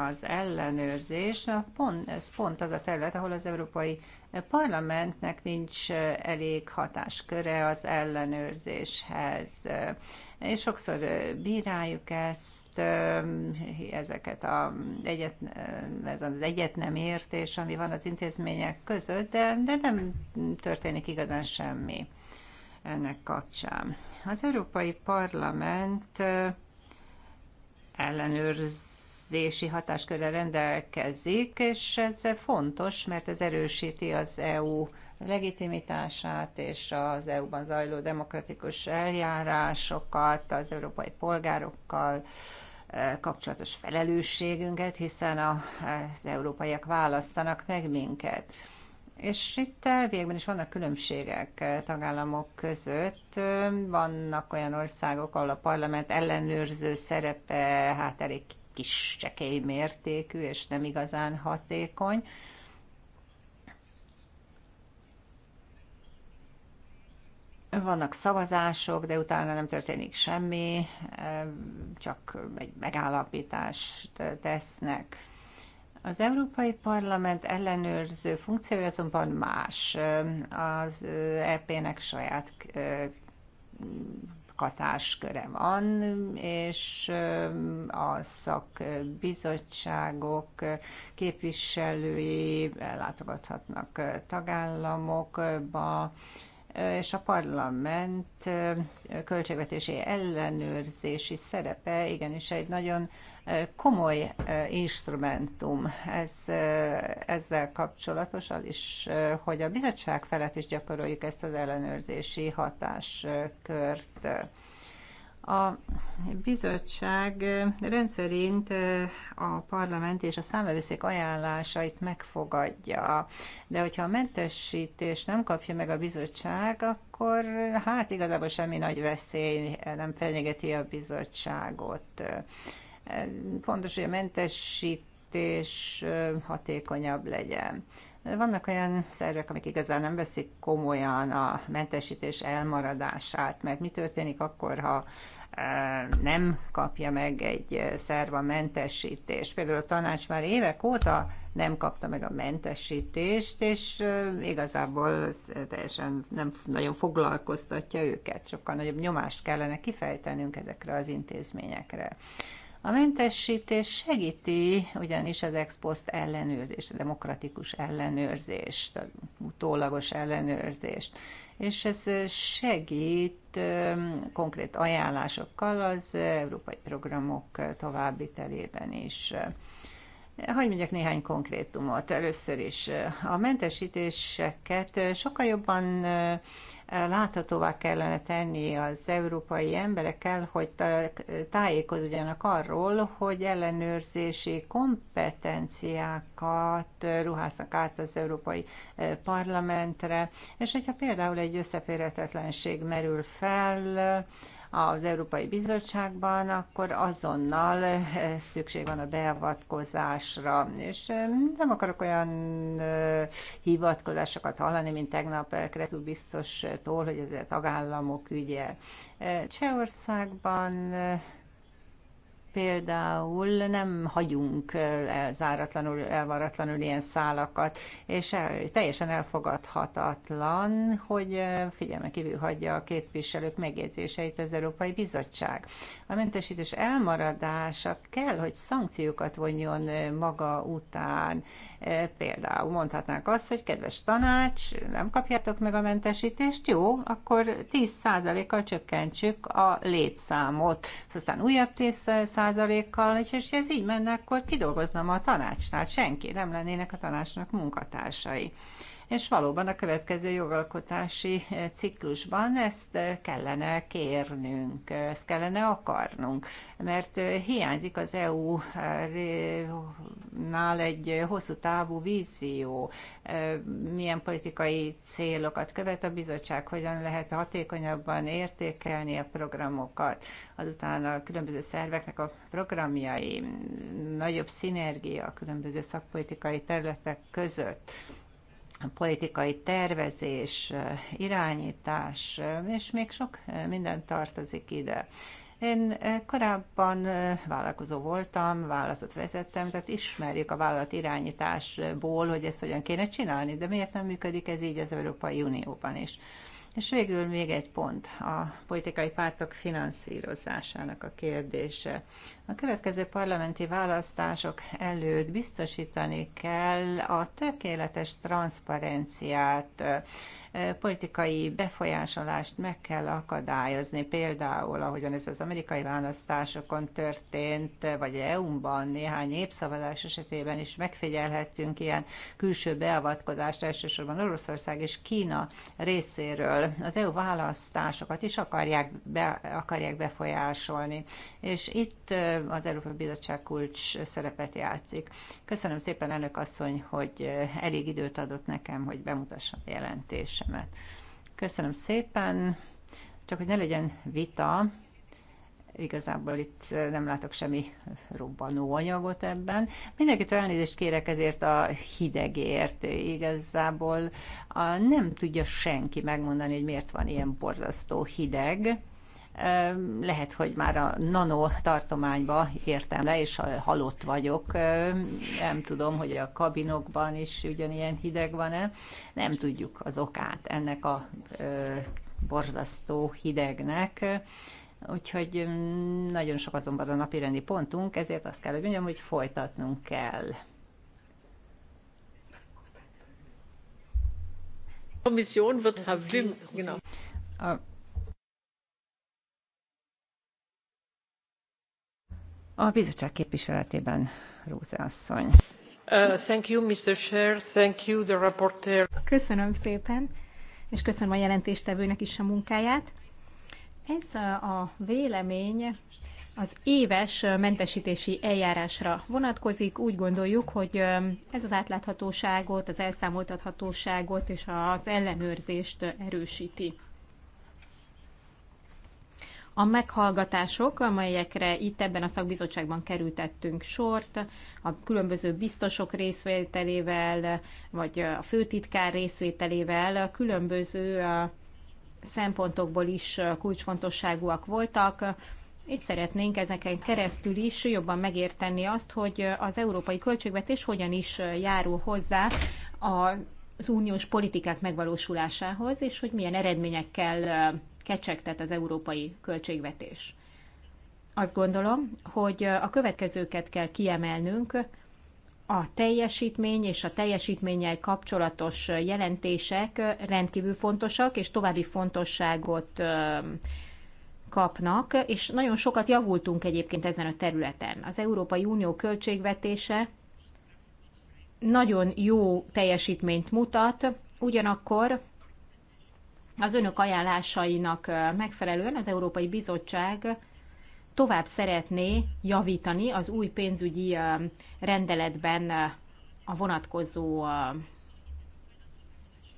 az ellenőrzés, pont, ez pont az a terület, ahol az Európai Parlamentnek nincs elég hatásköre az ellenőrzéshez. És sokszor bíráljuk ezt, ezeket a egyet, ez az egyet nem értés, ami van az intézmények között, de, de nem történik igazán semmi ennek kapcsán. Az Európai Parlament ellenőrzési hatáskörre rendelkezik, és ez fontos, mert ez erősíti az EU legitimitását és az EU-ban zajló demokratikus eljárásokat az európai polgárokkal, kapcsolatos felelősségünket, hiszen az európaiak választanak meg minket. És itt elvégben is vannak különbségek eh, tagállamok között. Eh, vannak olyan országok, ahol a parlament ellenőrző szerepe hát elég kis csekély mértékű, és nem igazán hatékony. Vannak szavazások, de utána nem történik semmi, eh, csak egy megállapítást tesznek. Az Európai Parlament ellenőrző funkciója azonban más. Az EP-nek saját hatásköre van, és a szakbizottságok képviselői látogathatnak tagállamokba, és a parlament költségvetési ellenőrzési szerepe igenis egy nagyon komoly instrumentum ez, ezzel kapcsolatos az is, hogy a bizottság felett is gyakoroljuk ezt az ellenőrzési hatáskört. A bizottság rendszerint a parlament és a számvevőszék ajánlásait megfogadja, de hogyha a mentesítés nem kapja meg a bizottság, akkor hát igazából semmi nagy veszély nem fenyegeti a bizottságot. Fontos, hogy a mentesítés hatékonyabb legyen. Vannak olyan szervek, amik igazán nem veszik komolyan a mentesítés elmaradását, mert mi történik akkor, ha nem kapja meg egy szerva mentesítést. Például a tanács már évek óta nem kapta meg a mentesítést, és igazából teljesen nem nagyon foglalkoztatja őket. Sokkal nagyobb nyomást kellene kifejtenünk ezekre az intézményekre. A mentesítés segíti ugyanis az exposzt post ellenőrzést, a demokratikus ellenőrzést, a utólagos ellenőrzést, és ez segít konkrét ajánlásokkal az európai programok telében is. Hagy mondjak néhány konkrétumot. Először is eh, a mentesítéseket eh, sokkal jobban eh, láthatóvá kellene tenni az európai emberekkel, hogy tájékozódjanak arról, hogy ellenőrzési kompetenciákat ruháznak át az Európai Parlamentre, és hogyha például egy összeférhetetlenség merül fel, az Európai Bizottságban, akkor azonnal eh, szükség van a beavatkozásra. És eh, nem akarok olyan eh, hivatkozásokat hallani, mint tegnap Kretú biztostól, hogy ez a tagállamok ügye. Csehországban például nem hagyunk elzáratlanul, elvaratlanul ilyen szálakat, és el, teljesen elfogadhatatlan, hogy figyelme kívül hagyja a képviselők megjegyzéseit az Európai Bizottság a mentesítés elmaradása kell, hogy szankciókat vonjon maga után. Például mondhatnánk azt, hogy kedves tanács, nem kapjátok meg a mentesítést, jó, akkor 10%-kal csökkentsük a létszámot, aztán újabb 10%-kal, és ha ez így menne, akkor kidolgoznám a tanácsnál, senki, nem lennének a tanácsnak munkatársai és valóban a következő jogalkotási eh, ciklusban ezt eh, kellene kérnünk, ezt kellene akarnunk, mert eh, hiányzik az EU-nál egy hosszú távú vízió, milyen politikai célokat követ a bizottság, hogyan lehet hatékonyabban értékelni a programokat, azután a különböző szerveknek a programjai, nagyobb szinergia a különböző szakpolitikai területek között politikai tervezés, irányítás, és még sok minden tartozik ide. Én eh, korábban eh, vállalkozó voltam, vállalatot vezettem, tehát ismerjük a vállalat irányításból, hogy ezt hogyan kéne csinálni, de miért nem működik ez így az Európai Unióban is. És végül még egy pont, a politikai pártok finanszírozásának a kérdése. A következő parlamenti választások előtt biztosítani kell a tökéletes transzparenciát, politikai befolyásolást meg kell akadályozni, például ahogyan ez az amerikai választásokon történt, vagy EU-ban néhány népszavazás esetében is megfigyelhettünk ilyen külső beavatkozást, elsősorban Oroszország és Kína részéről. Az EU választásokat is akarják, be, akarják befolyásolni, és itt az Európai Bizottság kulcs szerepet játszik. Köszönöm szépen, elnök asszony, hogy elég időt adott nekem, hogy bemutassam a jelentésemet. Köszönöm szépen, csak hogy ne legyen vita, igazából itt nem látok semmi robbanó anyagot ebben. Mindenkitől elnézést kérek ezért a hidegért. Igazából a, nem tudja senki megmondani, hogy miért van ilyen borzasztó hideg lehet, hogy már a nano tartományba értem le, és halott vagyok. Nem tudom, hogy a kabinokban is ugyanilyen hideg van-e. Nem tudjuk az okát ennek a borzasztó hidegnek. Úgyhogy nagyon sok azonban a napirendi pontunk, ezért azt kell, hogy mondjam, hogy folytatnunk kell. A A bizottság képviseletében Róze asszony. Uh, thank you, Mr. Chair. Thank you, the rapporteur. Köszönöm szépen, és köszönöm a jelentéstevőnek is a munkáját. Ez a vélemény az éves mentesítési eljárásra vonatkozik. Úgy gondoljuk, hogy um, ez az átláthatóságot, az elszámoltathatóságot és az ellenőrzést erősíti a meghallgatások, amelyekre itt ebben a szakbizottságban kerültettünk sort, a különböző biztosok részvételével, vagy a főtitkár részvételével, a különböző szempontokból is kulcsfontosságúak voltak, és szeretnénk ezeken keresztül is jobban megérteni azt, hogy az európai költségvetés hogyan is járul hozzá az uniós politikák megvalósulásához, és hogy milyen eredményekkel kecsegtet az európai költségvetés. Azt gondolom, hogy a következőket kell kiemelnünk, a teljesítmény és a teljesítménnyel kapcsolatos jelentések rendkívül fontosak, és további fontosságot kapnak, és nagyon sokat javultunk egyébként ezen a területen. Az Európai Unió költségvetése nagyon jó teljesítményt mutat, ugyanakkor az önök ajánlásainak megfelelően az Európai Bizottság tovább szeretné javítani az új pénzügyi rendeletben a vonatkozó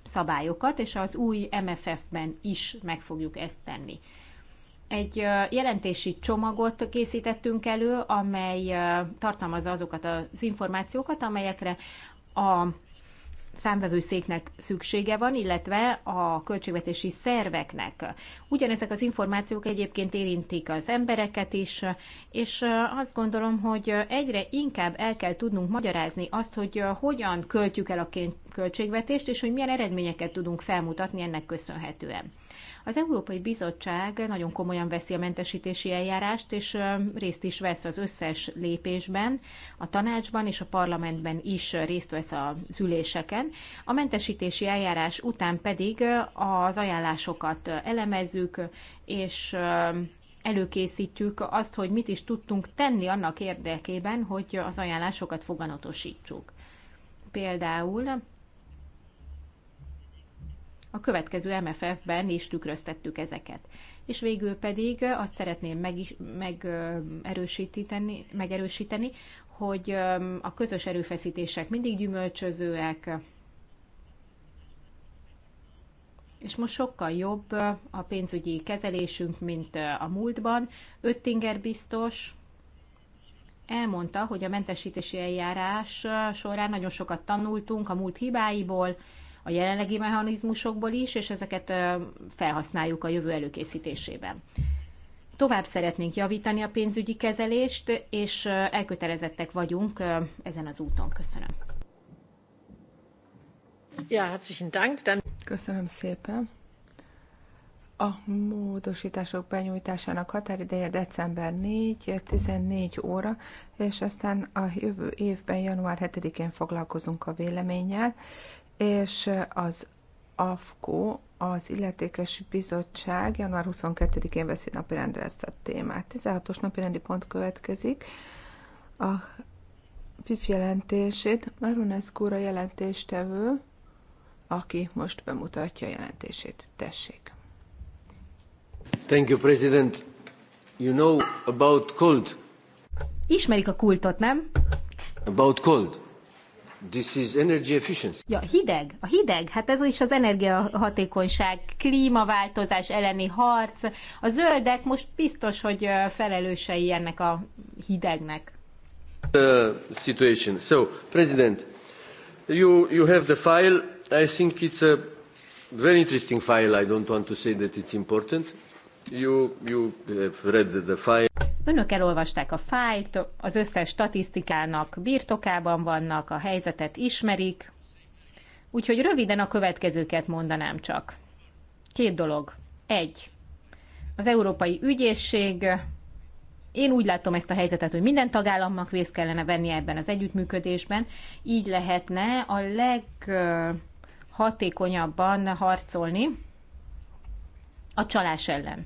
szabályokat, és az új MFF-ben is meg fogjuk ezt tenni. Egy jelentési csomagot készítettünk elő, amely tartalmazza azokat az információkat, amelyekre a számvevőszéknek szüksége van, illetve a költségvetési szerveknek. Ugyanezek az információk egyébként érintik az embereket is, és azt gondolom, hogy egyre inkább el kell tudnunk magyarázni azt, hogy hogyan költjük el a költségvetést, és hogy milyen eredményeket tudunk felmutatni ennek köszönhetően. Az Európai Bizottság nagyon komolyan veszi a mentesítési eljárást, és részt is vesz az összes lépésben, a tanácsban és a parlamentben is részt vesz az üléseken. A mentesítési eljárás után pedig az ajánlásokat elemezzük, és előkészítjük azt, hogy mit is tudtunk tenni annak érdekében, hogy az ajánlásokat foganatosítsuk. Például a következő MFF-ben is tükröztettük ezeket. És végül pedig azt szeretném meg, meg, erősíteni, megerősíteni, hogy a közös erőfeszítések mindig gyümölcsözőek, és most sokkal jobb a pénzügyi kezelésünk, mint a múltban. Öttinger biztos elmondta, hogy a mentesítési eljárás során nagyon sokat tanultunk a múlt hibáiból, a jelenlegi mechanizmusokból is, és ezeket felhasználjuk a jövő előkészítésében. Tovább szeretnénk javítani a pénzügyi kezelést, és elkötelezettek vagyunk ezen az úton. Köszönöm. Ja, herzlichen Dank. Köszönöm szépen. A módosítások benyújtásának határideje december 4, 14 óra, és aztán a jövő évben, január 7-én foglalkozunk a véleménnyel, és az AFKO, az illetékes bizottság január 22-én veszi napirendre ezt a témát. 16-os napirendi pont következik. A PIF jelentését Marunescu-ra jelentéstevő, aki most bemutatja a jelentését. Tessék! Thank you, President. You know about cold. Ismerik a kultot, nem? About cold. This is energy efficiency. Ja, hideg, a hideg, hát ez is az energiahatékonyság, klímaváltozás elleni harc. A zöldek most biztos, hogy felelősei ennek a hidegnek. Uh, situation. So, President, you, you have the file. I think it's a very interesting file. I don't want to say that it's important. You, you have read the file. Önök elolvasták a fájlt, az összes statisztikának birtokában vannak, a helyzetet ismerik, úgyhogy röviden a következőket mondanám csak. Két dolog. Egy. Az Európai Ügyészség én úgy látom ezt a helyzetet, hogy minden tagállamnak részt kellene venni ebben az együttműködésben, így lehetne a leghatékonyabban harcolni a csalás ellen.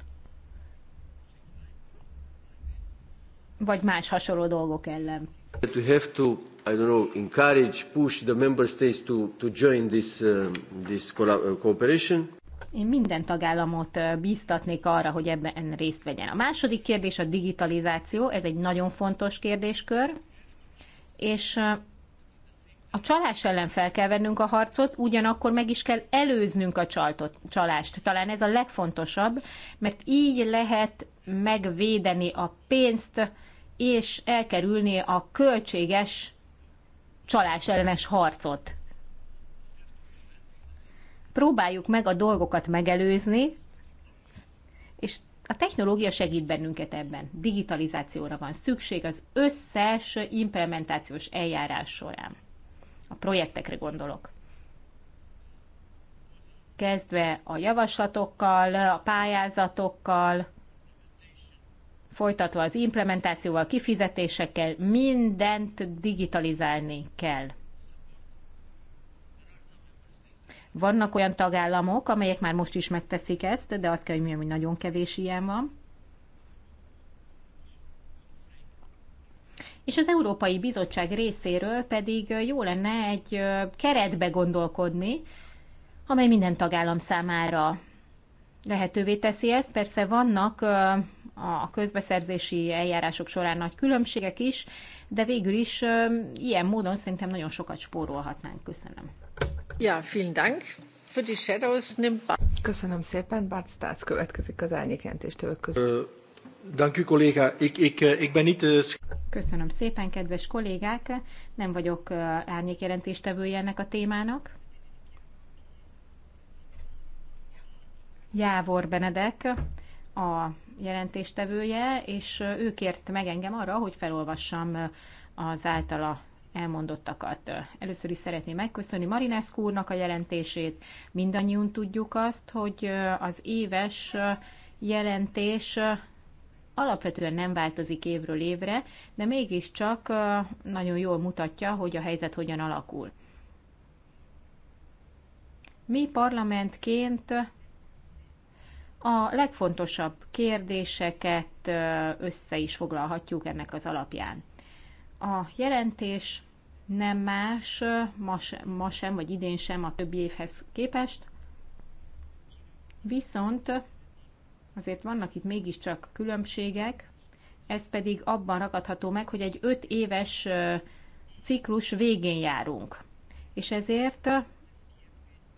vagy más hasonló dolgok ellen. We have to, I don't know, encourage, push the member states to, to join this, um, uh, this cooperation. Én minden tagállamot uh, bíztatnék arra, hogy ebben részt vegyen. A második kérdés a digitalizáció, ez egy nagyon fontos kérdéskör, és uh, a csalás ellen fel kell vennünk a harcot, ugyanakkor meg is kell előznünk a csaltot, csalást. Talán ez a legfontosabb, mert így lehet megvédeni a pénzt, és elkerülni a költséges csalás ellenes harcot. Próbáljuk meg a dolgokat megelőzni, és a technológia segít bennünket ebben. Digitalizációra van szükség az összes implementációs eljárás során. A projektekre gondolok. Kezdve a javaslatokkal, a pályázatokkal, folytatva az implementációval, kifizetésekkel, mindent digitalizálni kell. Vannak olyan tagállamok, amelyek már most is megteszik ezt, de azt kell, hogy mondjam, hogy nagyon kevés ilyen van. És az Európai Bizottság részéről pedig jó lenne egy keretbe gondolkodni, amely minden tagállam számára lehetővé teszi ezt. Persze vannak a közbeszerzési eljárások során nagy különbségek is, de végül is ilyen módon szerintem nagyon sokat spórolhatnánk. Köszönöm. Ja, vielen Dank. Für die Shadows nimmt Köszönöm szépen. Bart Stász következik az elnyékentéstől közül. Eh, eh, Köszönöm szépen, kedves kollégák. Nem vagyok árnyékjelentéstevője ennek a témának. Jávor Benedek, a jelentéstevője, és ő kért meg engem arra, hogy felolvassam az általa elmondottakat. Először is szeretném megköszönni Marinescu úrnak a jelentését. Mindannyiunk tudjuk azt, hogy az éves jelentés alapvetően nem változik évről évre, de mégiscsak nagyon jól mutatja, hogy a helyzet hogyan alakul. Mi parlamentként a legfontosabb kérdéseket össze is foglalhatjuk ennek az alapján. A jelentés nem más, ma, sem, ma sem, vagy idén sem a többi évhez képest, viszont azért vannak itt mégiscsak különbségek, ez pedig abban ragadható meg, hogy egy öt éves ciklus végén járunk. És ezért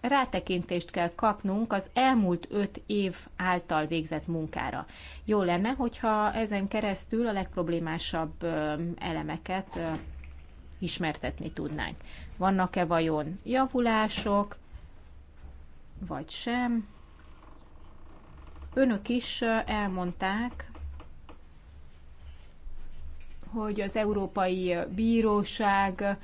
rátekintést kell kapnunk az elmúlt öt év által végzett munkára. Jó lenne, hogyha ezen keresztül a legproblémásabb elemeket ismertetni tudnánk. Vannak-e vajon javulások, vagy sem? Önök is elmondták, hogy az Európai Bíróság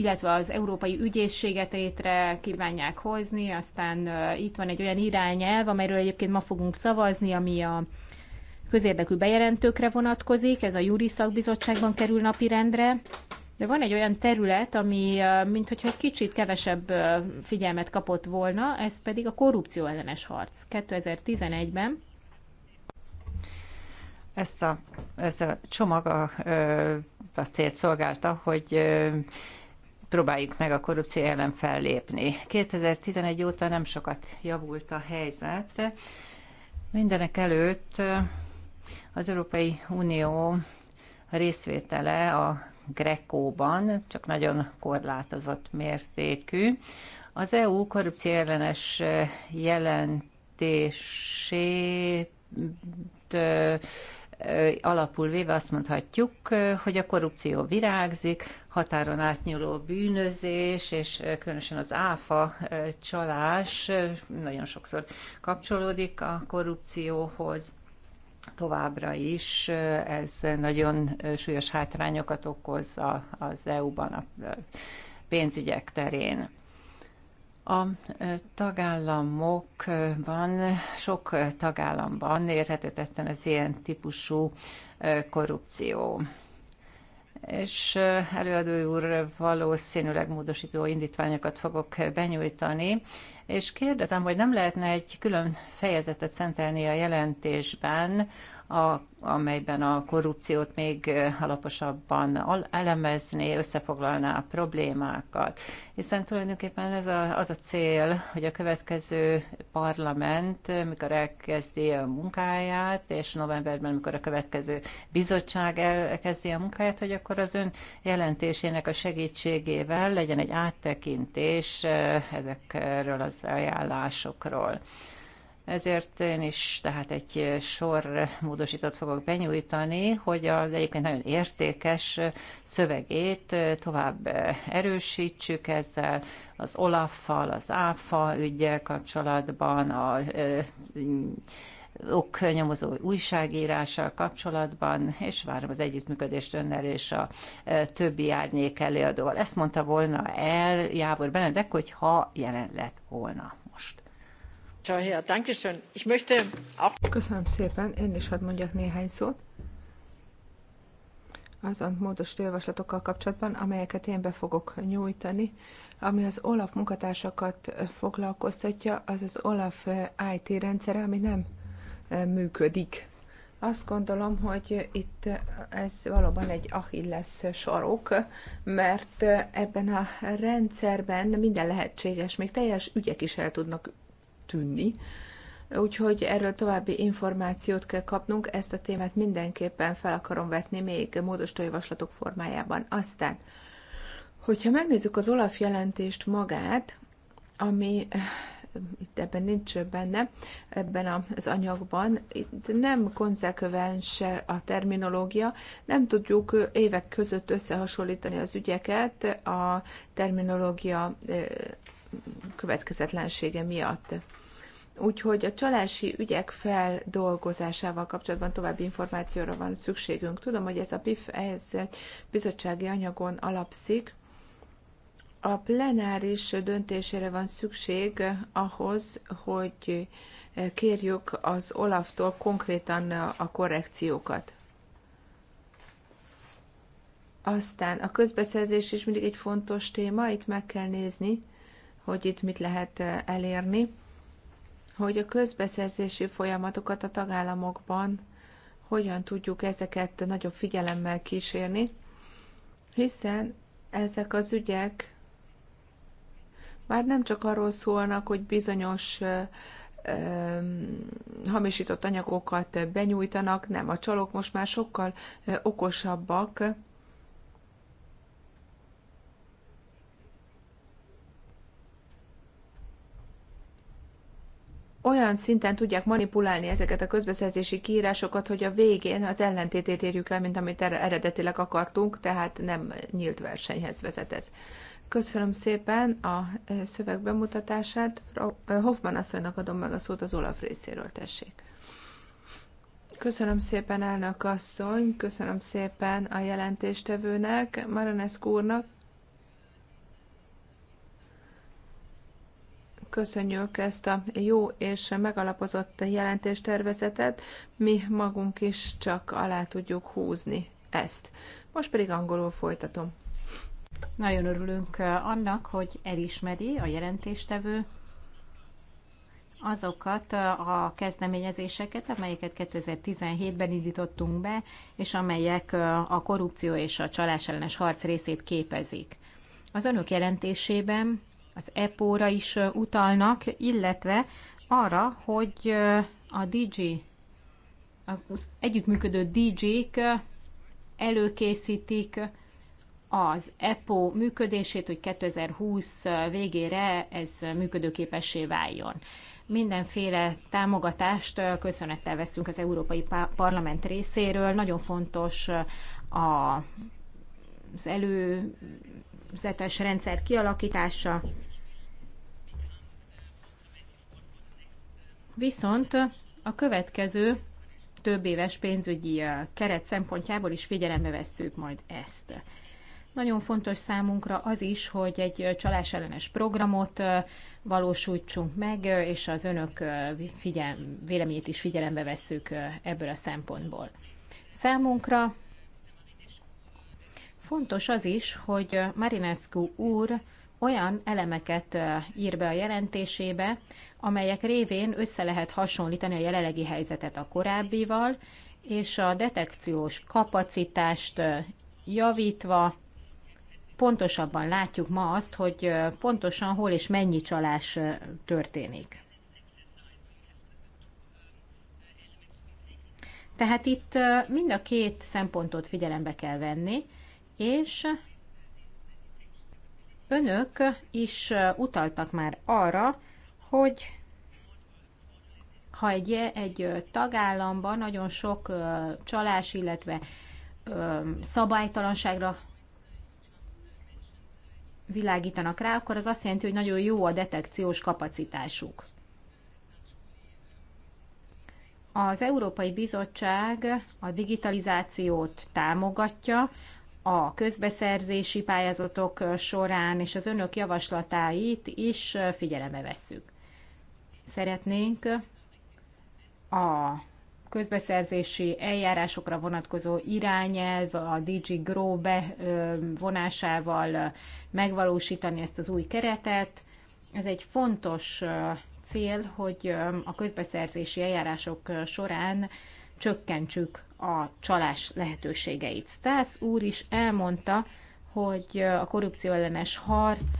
illetve az Európai Ügyészséget létre kívánják hozni, aztán itt van egy olyan irányelv, amelyről egyébként ma fogunk szavazni, ami a közérdekű bejelentőkre vonatkozik, ez a júri szakbizottságban kerül napirendre, de van egy olyan terület, ami minthogyha egy kicsit kevesebb figyelmet kapott volna, ez pedig a korrupció ellenes harc. 2011-ben ezt a, ez a csomag a, azt célt szolgálta, hogy próbáljuk meg a korrupció ellen fellépni. 2011 óta nem sokat javult a helyzet. Mindenek előtt az Európai Unió részvétele a Grekóban, csak nagyon korlátozott mértékű. Az EU korrupció ellenes jelentését alapul véve azt mondhatjuk, hogy a korrupció virágzik, határon átnyúló bűnözés, és különösen az áfa csalás nagyon sokszor kapcsolódik a korrupcióhoz továbbra is. Ez nagyon súlyos hátrányokat okoz az EU-ban a pénzügyek terén. A tagállamokban, sok tagállamban érhető tetten az ilyen típusú korrupció és előadó úr valószínűleg módosító indítványokat fogok benyújtani, és kérdezem, hogy nem lehetne egy külön fejezetet szentelni a jelentésben a, amelyben a korrupciót még alaposabban elemezné, összefoglalná a problémákat. Hiszen tulajdonképpen ez a, az a cél, hogy a következő parlament, mikor elkezdi a munkáját, és novemberben, mikor a következő bizottság elkezdi a munkáját, hogy akkor az ön jelentésének a segítségével legyen egy áttekintés ezekről az ajánlásokról. Ezért én is tehát egy sor módosítót fogok benyújtani, hogy az egyébként nagyon értékes szövegét tovább erősítsük ezzel, az Olaffal, az ÁFA ügyel kapcsolatban, a oknyomozó újságírással kapcsolatban, és várom az együttműködést önnel és a többi árnyék előadóval. Ezt mondta volna el Jávor Benedek, ha jelen lett volna most. Köszönöm szépen, én is hadd mondjak néhány szót azon módos javaslatokkal kapcsolatban, amelyeket én be fogok nyújtani, ami az OLAF munkatársakat foglalkoztatja, az az OLAF eh, IT rendszere, ami nem eh, működik. Azt gondolom, hogy itt eh, ez valóban egy Achilles sarok, mert ebben a rendszerben minden lehetséges, még teljes ügyek is el tudnak tűnni. Úgyhogy erről további információt kell kapnunk, ezt a témát mindenképpen fel akarom vetni még módosító javaslatok formájában. Aztán, hogyha megnézzük az Olaf jelentést magát, ami eh, itt ebben nincs benne, ebben az anyagban. Itt nem konzekvens a terminológia, nem tudjuk évek között összehasonlítani az ügyeket a terminológia eh, következetlensége miatt. Úgyhogy a csalási ügyek feldolgozásával kapcsolatban további információra van szükségünk. Tudom, hogy ez a PIF, ez bizottsági anyagon alapszik. A plenáris döntésére van szükség ahhoz, hogy kérjük az Olaftól konkrétan a korrekciókat. Aztán a közbeszerzés is mindig egy fontos téma, itt meg kell nézni, hogy itt mit lehet elérni hogy a közbeszerzési folyamatokat a tagállamokban hogyan tudjuk ezeket nagyobb figyelemmel kísérni, hiszen ezek az ügyek már nem csak arról szólnak, hogy bizonyos hamisított anyagokat benyújtanak, nem, a csalók most már sokkal okosabbak, olyan szinten tudják manipulálni ezeket a közbeszerzési kiírásokat, hogy a végén az ellentétét érjük el, mint amit er- eredetileg akartunk, tehát nem nyílt versenyhez vezet ez. Köszönöm szépen a e, szöveg bemutatását. E, Hoffman asszonynak adom meg a szót az Olaf részéről, tessék. Köszönöm szépen, elnök asszony, köszönöm szépen a jelentéstevőnek, Maranesz úrnak, köszönjük ezt a jó és megalapozott jelentéstervezetet. Mi magunk is csak alá tudjuk húzni ezt. Most pedig angolul folytatom. Nagyon örülünk eh, annak, hogy elismeri a jelentéstevő azokat eh, a kezdeményezéseket, amelyeket 2017-ben indítottunk be, és amelyek eh, a korrupció és a csalás ellenes harc részét képezik. Az önök jelentésében az EPO-ra is utalnak, illetve arra, hogy a DJ, az együttműködő DJ-k előkészítik az EPO működését, hogy 2020 végére ez működőképessé váljon. Mindenféle támogatást köszönettel veszünk az Európai Parlament részéről. Nagyon fontos a, az elő előzetes rendszer kialakítása. Viszont a következő több éves pénzügyi keret szempontjából is figyelembe vesszük majd ezt. Nagyon fontos számunkra az is, hogy egy csalás ellenes programot valósítsunk meg, és az önök figyel- véleményét is figyelembe vesszük ebből a szempontból. Számunkra Fontos az is, hogy Marinescu úr olyan elemeket ír be a jelentésébe, amelyek révén össze lehet hasonlítani a jelenlegi helyzetet a korábbival, és a detekciós kapacitást javítva pontosabban látjuk ma azt, hogy pontosan hol és mennyi csalás történik. Tehát itt mind a két szempontot figyelembe kell venni, és önök is utaltak már arra, hogy ha egy, egy tagállamban nagyon sok csalás, illetve szabálytalanságra világítanak rá, akkor az azt jelenti, hogy nagyon jó a detekciós kapacitásuk. Az Európai Bizottság a digitalizációt támogatja, a közbeszerzési pályázatok során, és az önök javaslatáit is figyelembe vesszük. Szeretnénk a közbeszerzési eljárásokra vonatkozó irányelv a DG Grow bevonásával megvalósítani ezt az új keretet. Ez egy fontos cél, hogy a közbeszerzési eljárások során csökkentsük a csalás lehetőségeit. Stász úr is elmondta, hogy a korrupció ellenes harc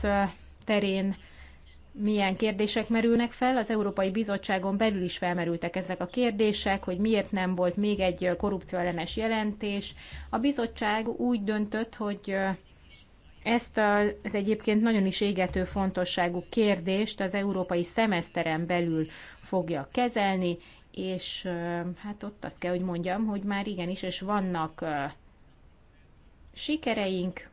terén milyen kérdések merülnek fel. Az Európai Bizottságon belül is felmerültek ezek a kérdések, hogy miért nem volt még egy korrupció ellenes jelentés. A bizottság úgy döntött, hogy ezt az egyébként nagyon is égető fontosságú kérdést az európai szemeszteren belül fogja kezelni, és hát ott azt kell, hogy mondjam, hogy már igenis, és vannak sikereink,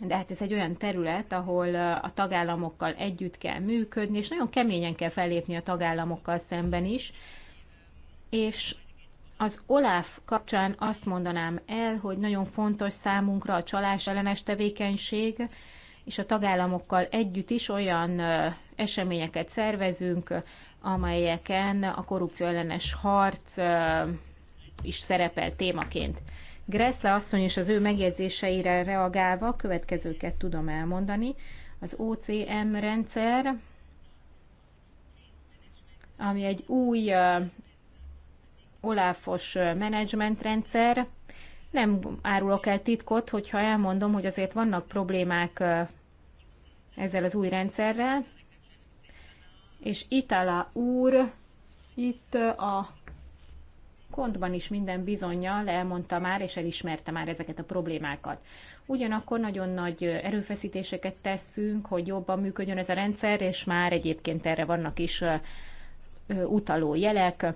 de hát ez egy olyan terület, ahol a tagállamokkal együtt kell működni, és nagyon keményen kell fellépni a tagállamokkal szemben is. És az OLAF kapcsán azt mondanám el, hogy nagyon fontos számunkra a csalás ellenes tevékenység, és a tagállamokkal együtt is olyan eseményeket szervezünk, amelyeken a korrupció ellenes harc is szerepel témaként. Gressle asszony és az ő megjegyzéseire reagálva következőket tudom elmondani. Az OCM rendszer, ami egy új oláfos menedzsmentrendszer. Nem árulok el titkot, hogyha elmondom, hogy azért vannak problémák ezzel az új rendszerrel, és Itala úr itt a kontban is minden bizonyal elmondta már, és elismerte már ezeket a problémákat. Ugyanakkor nagyon nagy erőfeszítéseket teszünk, hogy jobban működjön ez a rendszer, és már egyébként erre vannak is utaló jelek,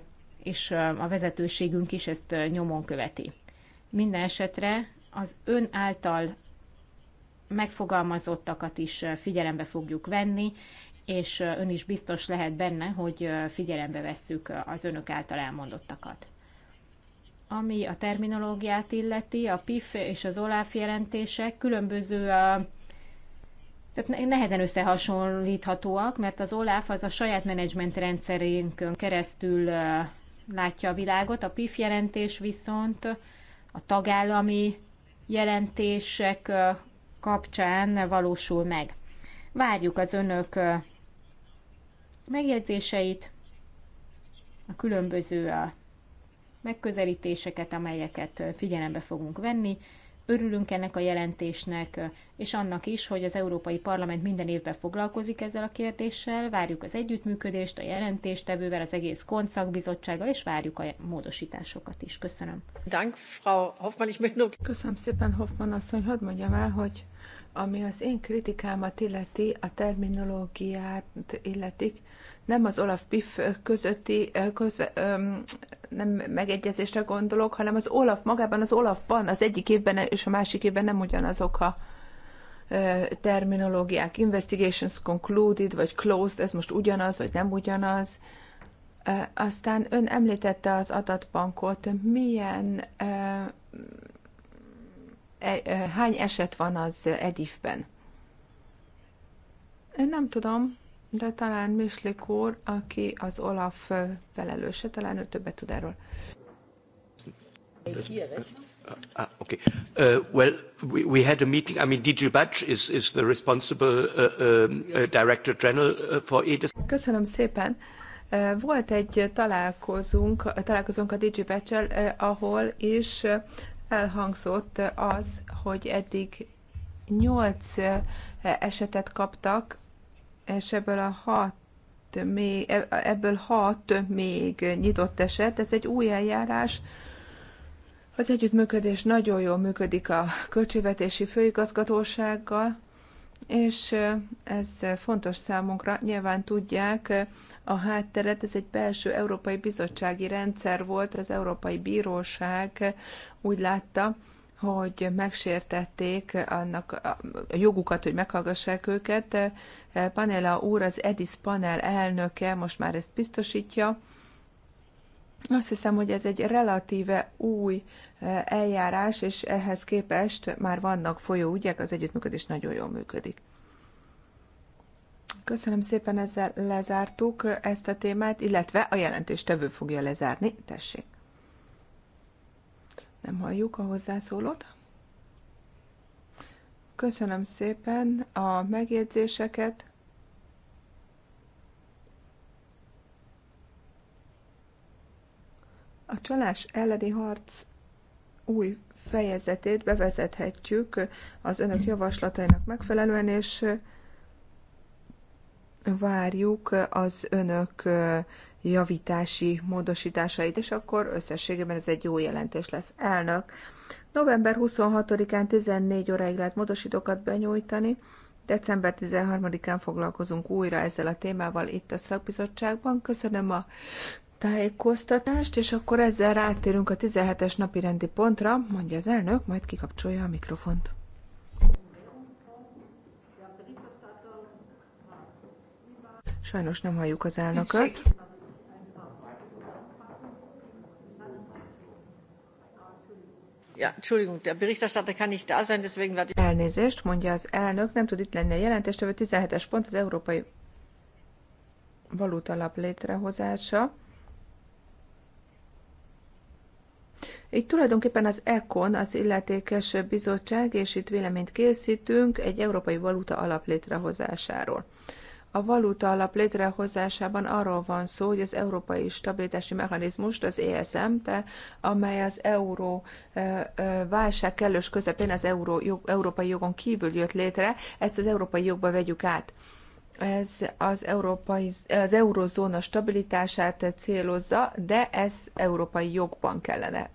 és a vezetőségünk is ezt nyomon követi. Minden esetre az ön által megfogalmazottakat is figyelembe fogjuk venni, és ön is biztos lehet benne, hogy figyelembe vesszük az önök által elmondottakat. Ami a terminológiát illeti, a PIF és az OLAF jelentések különböző tehát nehezen összehasonlíthatóak, mert az OLAF az a saját menedzsment rendszerünkön keresztül látja a világot, a PIF jelentés viszont a tagállami jelentések kapcsán valósul meg. Várjuk az önök megjegyzéseit, a különböző a megközelítéseket, amelyeket figyelembe fogunk venni. Örülünk ennek a jelentésnek, és annak is, hogy az Európai Parlament minden évben foglalkozik ezzel a kérdéssel. Várjuk az együttműködést a jelentéstevővel, az egész koncakbizottsággal, és várjuk a módosításokat is. Köszönöm. Dank, Frau Hoffmann, ich möchte Köszönöm szépen, Hoffmann asszony. Hadd mondjam el, hogy ami az én kritikámat illeti, a terminológiát illetik, nem az Olaf PIF közötti közve, nem megegyezésre gondolok, hanem az Olaf magában, az Olafban az egyik évben és a másik évben nem ugyanazok a terminológiák. Investigations concluded, vagy closed, ez most ugyanaz, vagy nem ugyanaz. Aztán ön említette az adatbankot, milyen e, hány eset van az edif Én nem tudom de talán Mislik úr, aki az Olaf felelőse, talán ő többet tud erről. Ah, okay. Uh, well, we, we had a meeting. I mean, DG Batch is, is the responsible uh, um, uh, director general for EDIS. Köszönöm szépen. Volt egy találkozunk, találkozunk a DG batch ahol is elhangzott az, hogy eddig nyolc esetet kaptak és ebből a hat még, e- ebből hat még nyitott eset, ez egy új eljárás, az együttműködés nagyon jól működik a költségvetési főigazgatósággal, és ez fontos számunkra. Nyilván tudják a hátteret, ez egy belső Európai Bizottsági rendszer volt, az Európai Bíróság úgy látta, hogy megsértették annak a jogukat, hogy meghallgassák őket. Panela úr, az EDIS panel elnöke most már ezt biztosítja. Azt hiszem, hogy ez egy relatíve új e, eljárás, és ehhez képest már vannak folyó ügyek, az együttműködés nagyon jól működik. Köszönöm szépen, ezzel lezártuk ezt a témát, illetve a jelentéstevő fogja lezárni. Tessék! Nem halljuk a hozzászólót. Köszönöm szépen a megjegyzéseket. A csalás elleni harc új fejezetét bevezethetjük az önök hmm. javaslatainak megfelelően, és várjuk az önök javítási módosításait, és akkor összességében ez egy jó jelentés lesz. Elnök, november 26-án 14 óráig lehet módosítókat benyújtani, december 13-án foglalkozunk újra ezzel a témával itt a szakbizottságban. Köszönöm a tájékoztatást, és akkor ezzel rátérünk a 17-es napi rendi pontra, mondja az elnök, majd kikapcsolja a mikrofont. Sajnos nem halljuk az elnököt. Elnézést, mondja az elnök, nem tud itt lenni a jelentéstevő. 17-es pont az Európai Valutalap létrehozása. Itt tulajdonképpen az ECON, az illetékes bizottság, és itt véleményt készítünk egy európai valuta alap létrehozásáról. A valuta alap létrehozásában arról van szó, hogy az Európai Stabilitási Mechanizmust, az ESM-t, amely az euró válság kellős közepén az euró, jog, európai jogon kívül jött létre, ezt az európai jogba vegyük át. Ez az, európai, az eurozóna stabilitását célozza, de ez európai jogban kellene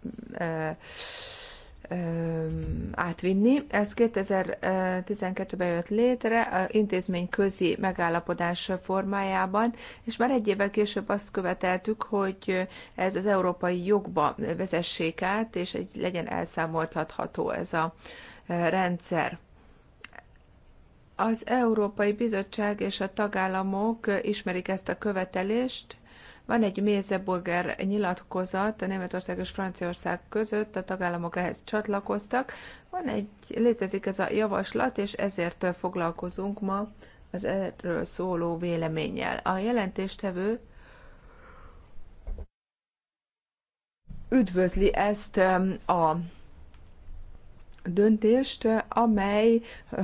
átvinni. Ez 2012-ben jött létre intézmény közi megállapodás formájában, és már egy évvel később azt követeltük, hogy ez az európai jogba vezessék át, és egy, legyen elszámoltatható ez a rendszer. Az Európai Bizottság és a tagállamok ismerik ezt a követelést, van egy Mézeburger nyilatkozat a Németország és Franciaország között, a tagállamok ehhez csatlakoztak. Van egy, létezik ez a javaslat, és ezért foglalkozunk ma az erről szóló véleménnyel. A jelentéstevő üdvözli ezt a döntést, amely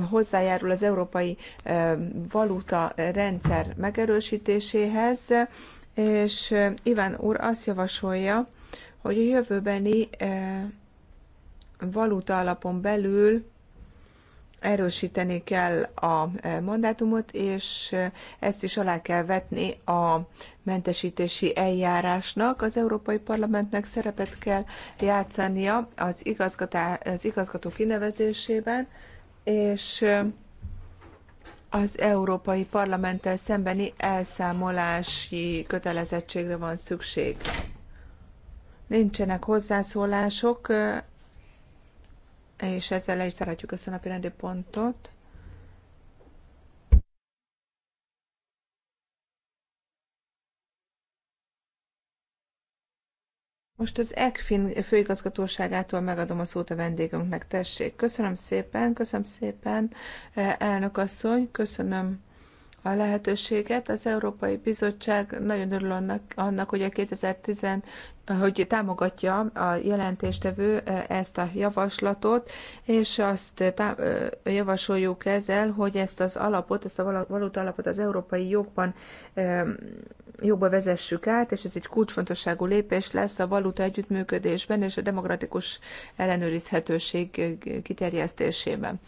hozzájárul az európai valuta rendszer megerősítéséhez, és Iván úr azt javasolja, hogy a jövőbeni valuta alapon belül erősíteni kell a mandátumot, és ezt is alá kell vetni a mentesítési eljárásnak. Az Európai Parlamentnek szerepet kell játszania az, igazgatá, az igazgató kinevezésében, és az Európai Parlamenttel szembeni elszámolási kötelezettségre van szükség. Nincsenek hozzászólások, és ezzel le is ezt a napi rendi pontot. Most az ECFIN főigazgatóságától megadom a szót a vendégünknek. Tessék, köszönöm szépen, köszönöm szépen, eh, elnök asszony, köszönöm a lehetőséget. Az Európai Bizottság nagyon örül annak, annak hogy a 2010 hogy támogatja a jelentéstevő e, ezt a javaslatot, és azt e, e, javasoljuk ezzel, hogy ezt az alapot, ezt a valóta alapot az európai jogban jobba vezessük át, és ez egy kulcsfontosságú lépés lesz a valuta együttműködésben és a demokratikus ellenőrizhetőség kiterjesztésében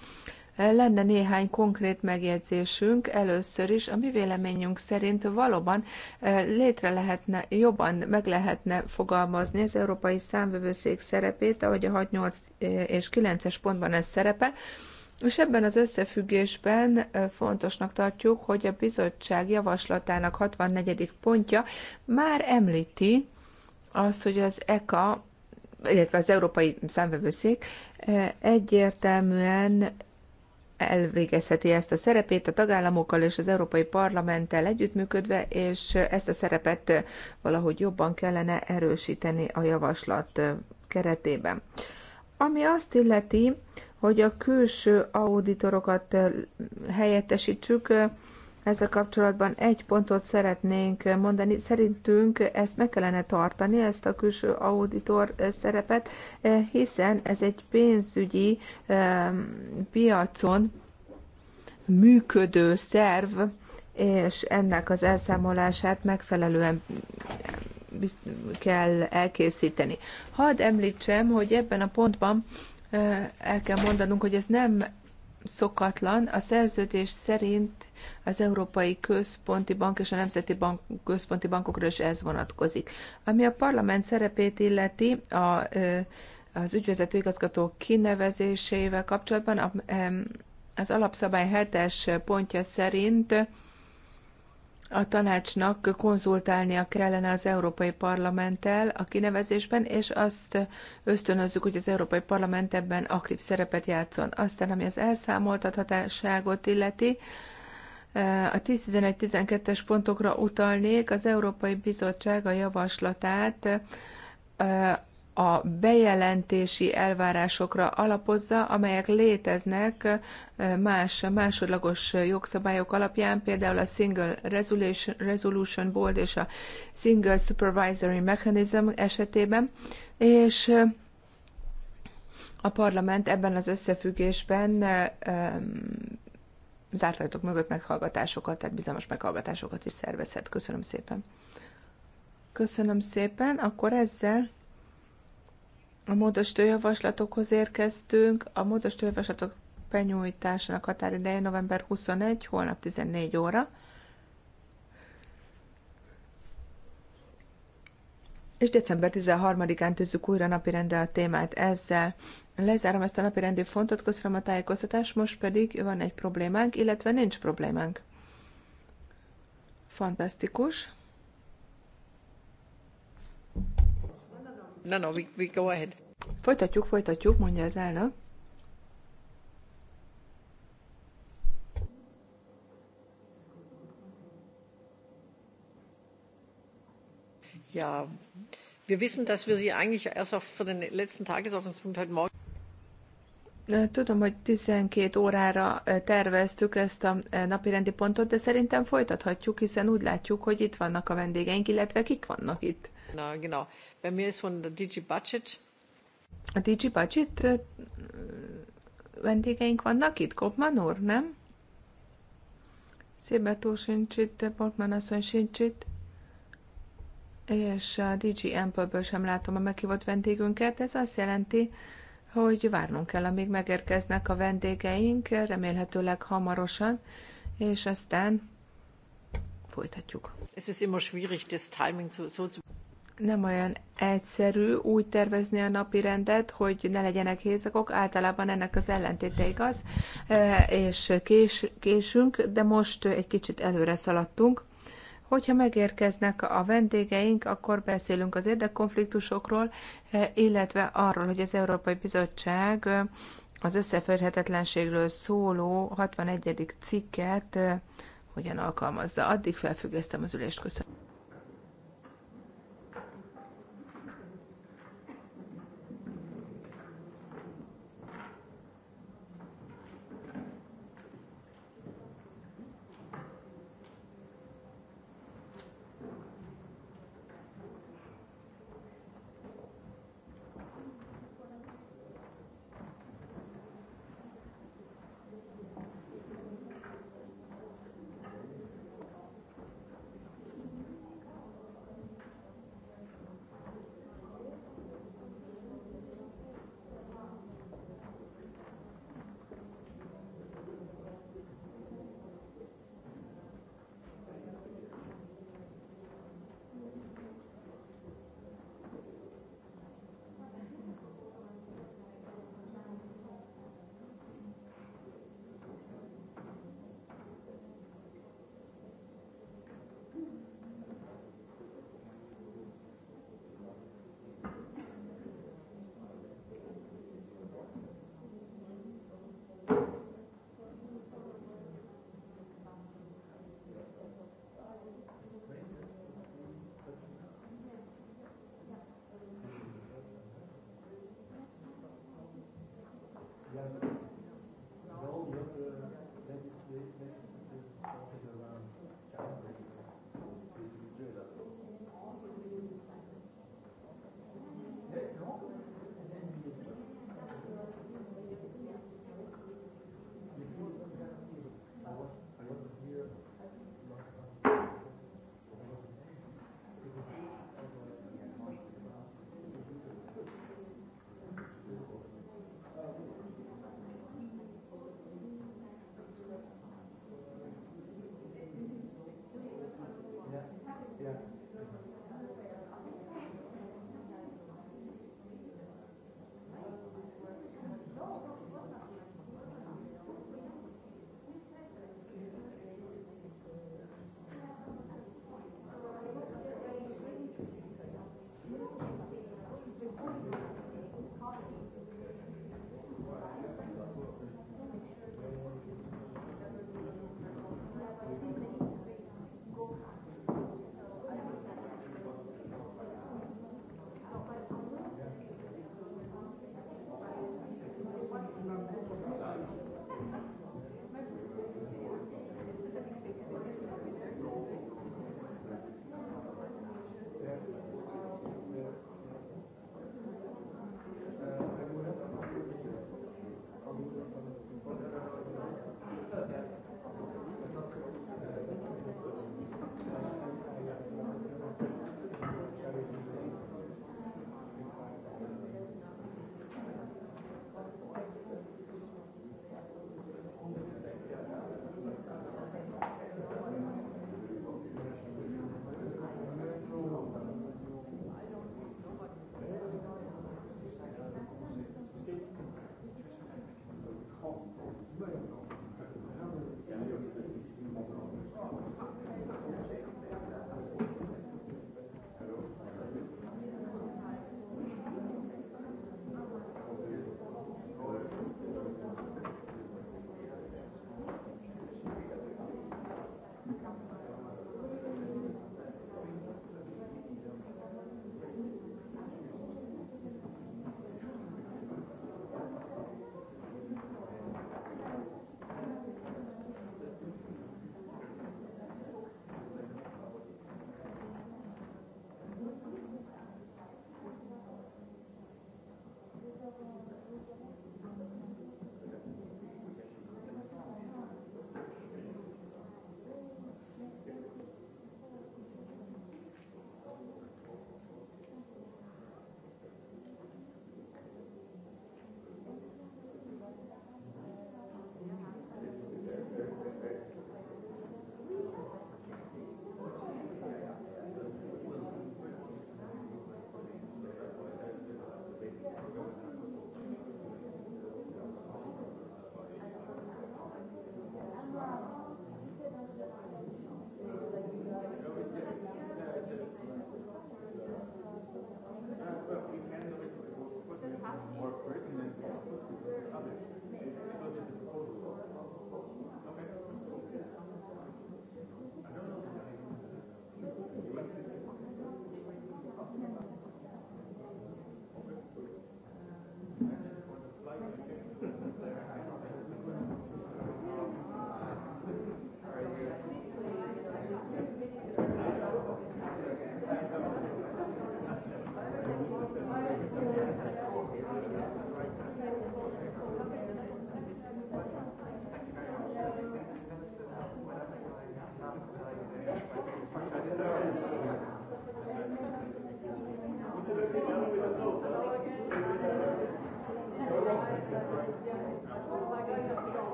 lenne néhány konkrét megjegyzésünk először is. A mi véleményünk szerint valóban eh, létre lehetne, jobban meg lehetne fogalmazni az Európai Számvevőszék szerepét, ahogy a 6-8 eh, és 9-es pontban ez szerepe, és ebben az összefüggésben eh, fontosnak tartjuk, hogy a bizottság javaslatának 64. pontja már említi azt, hogy az ECA, illetve az Európai Számvevőszék egyértelműen elvégezheti ezt a szerepét a tagállamokkal és az Európai Parlamenttel együttműködve, és ezt a szerepet valahogy jobban kellene erősíteni a javaslat keretében. Ami azt illeti, hogy a külső auditorokat helyettesítsük, ezzel kapcsolatban egy pontot szeretnénk mondani. Szerintünk ezt meg kellene tartani, ezt a külső auditor szerepet, hiszen ez egy pénzügyi piacon működő szerv, és ennek az elszámolását megfelelően kell elkészíteni. Hadd említsem, hogy ebben a pontban eh, el kell mondanunk, hogy ez nem szokatlan, a szerződés szerint az Európai Központi Bank és a Nemzeti Bank, Központi Bankokra is ez vonatkozik. Ami a parlament szerepét illeti, a, az ügyvezető igazgató kinevezésével kapcsolatban a, az alapszabály 7-es pontja szerint a tanácsnak konzultálnia kellene az Európai Parlamenttel a kinevezésben, és azt ösztönözzük, hogy az Európai Parlament ebben aktív szerepet játszon. Aztán, ami az elszámoltathatóságot illeti, a 10-11-12-es pontokra utalnék, az Európai Bizottság a javaslatát a bejelentési elvárásokra alapozza, amelyek léteznek más másodlagos jogszabályok alapján, például a Single Resolution Board és a Single Supervisory Mechanism esetében, és a parlament ebben az összefüggésben zárt ajtók mögött meghallgatásokat, tehát bizalmas meghallgatásokat is szervezhet. Köszönöm szépen. Köszönöm szépen. Akkor ezzel a módosító javaslatokhoz érkeztünk. A módosító javaslatok benyújtásának határideje november 21, holnap 14 óra. És december 13-án tűzzük újra napirendre a témát. Ezzel Lezárom ezt a napi rendi fontot, köszönöm a tájékoztatást, most pedig van egy problémánk, illetve nincs problémánk. Fantasztikus. No, no, we, we go ahead. Folytatjuk, folytatjuk, mondja az elnök. Ja, wir wissen, dass wir Sie eigentlich erst auf für den letzten Tagesordnungspunkt heute Morgen. Tudom, hogy 12 órára terveztük ezt a napirendi pontot, de szerintem folytathatjuk, hiszen úgy látjuk, hogy itt vannak a vendégeink, illetve kik vannak itt. Na, genau. Bei mir ist von der DG Budget. A DJ Budget vendégeink vannak itt? Kopman úr, nem? Szébetó sincs itt, Portman asszony sincs itt. És a DG Ample-ből sem látom a meghívott vendégünket. Ez azt jelenti, hogy várnunk kell, amíg megérkeznek a vendégeink, remélhetőleg hamarosan, és aztán folytatjuk. Es ist immer schwierig, das Timing zu, so zu nem olyan egyszerű úgy tervezni a napi rendet, hogy ne legyenek hézakok, általában ennek az ellentéte igaz, eh, és kés, késünk, de most egy kicsit előre szaladtunk. Hogyha megérkeznek a vendégeink, akkor beszélünk az érdekkonfliktusokról, eh, illetve arról, hogy az Európai Bizottság eh, az összeférhetetlenségről szóló 61. cikket eh, hogyan alkalmazza. Addig felfüggesztem az ülést. Köszönöm.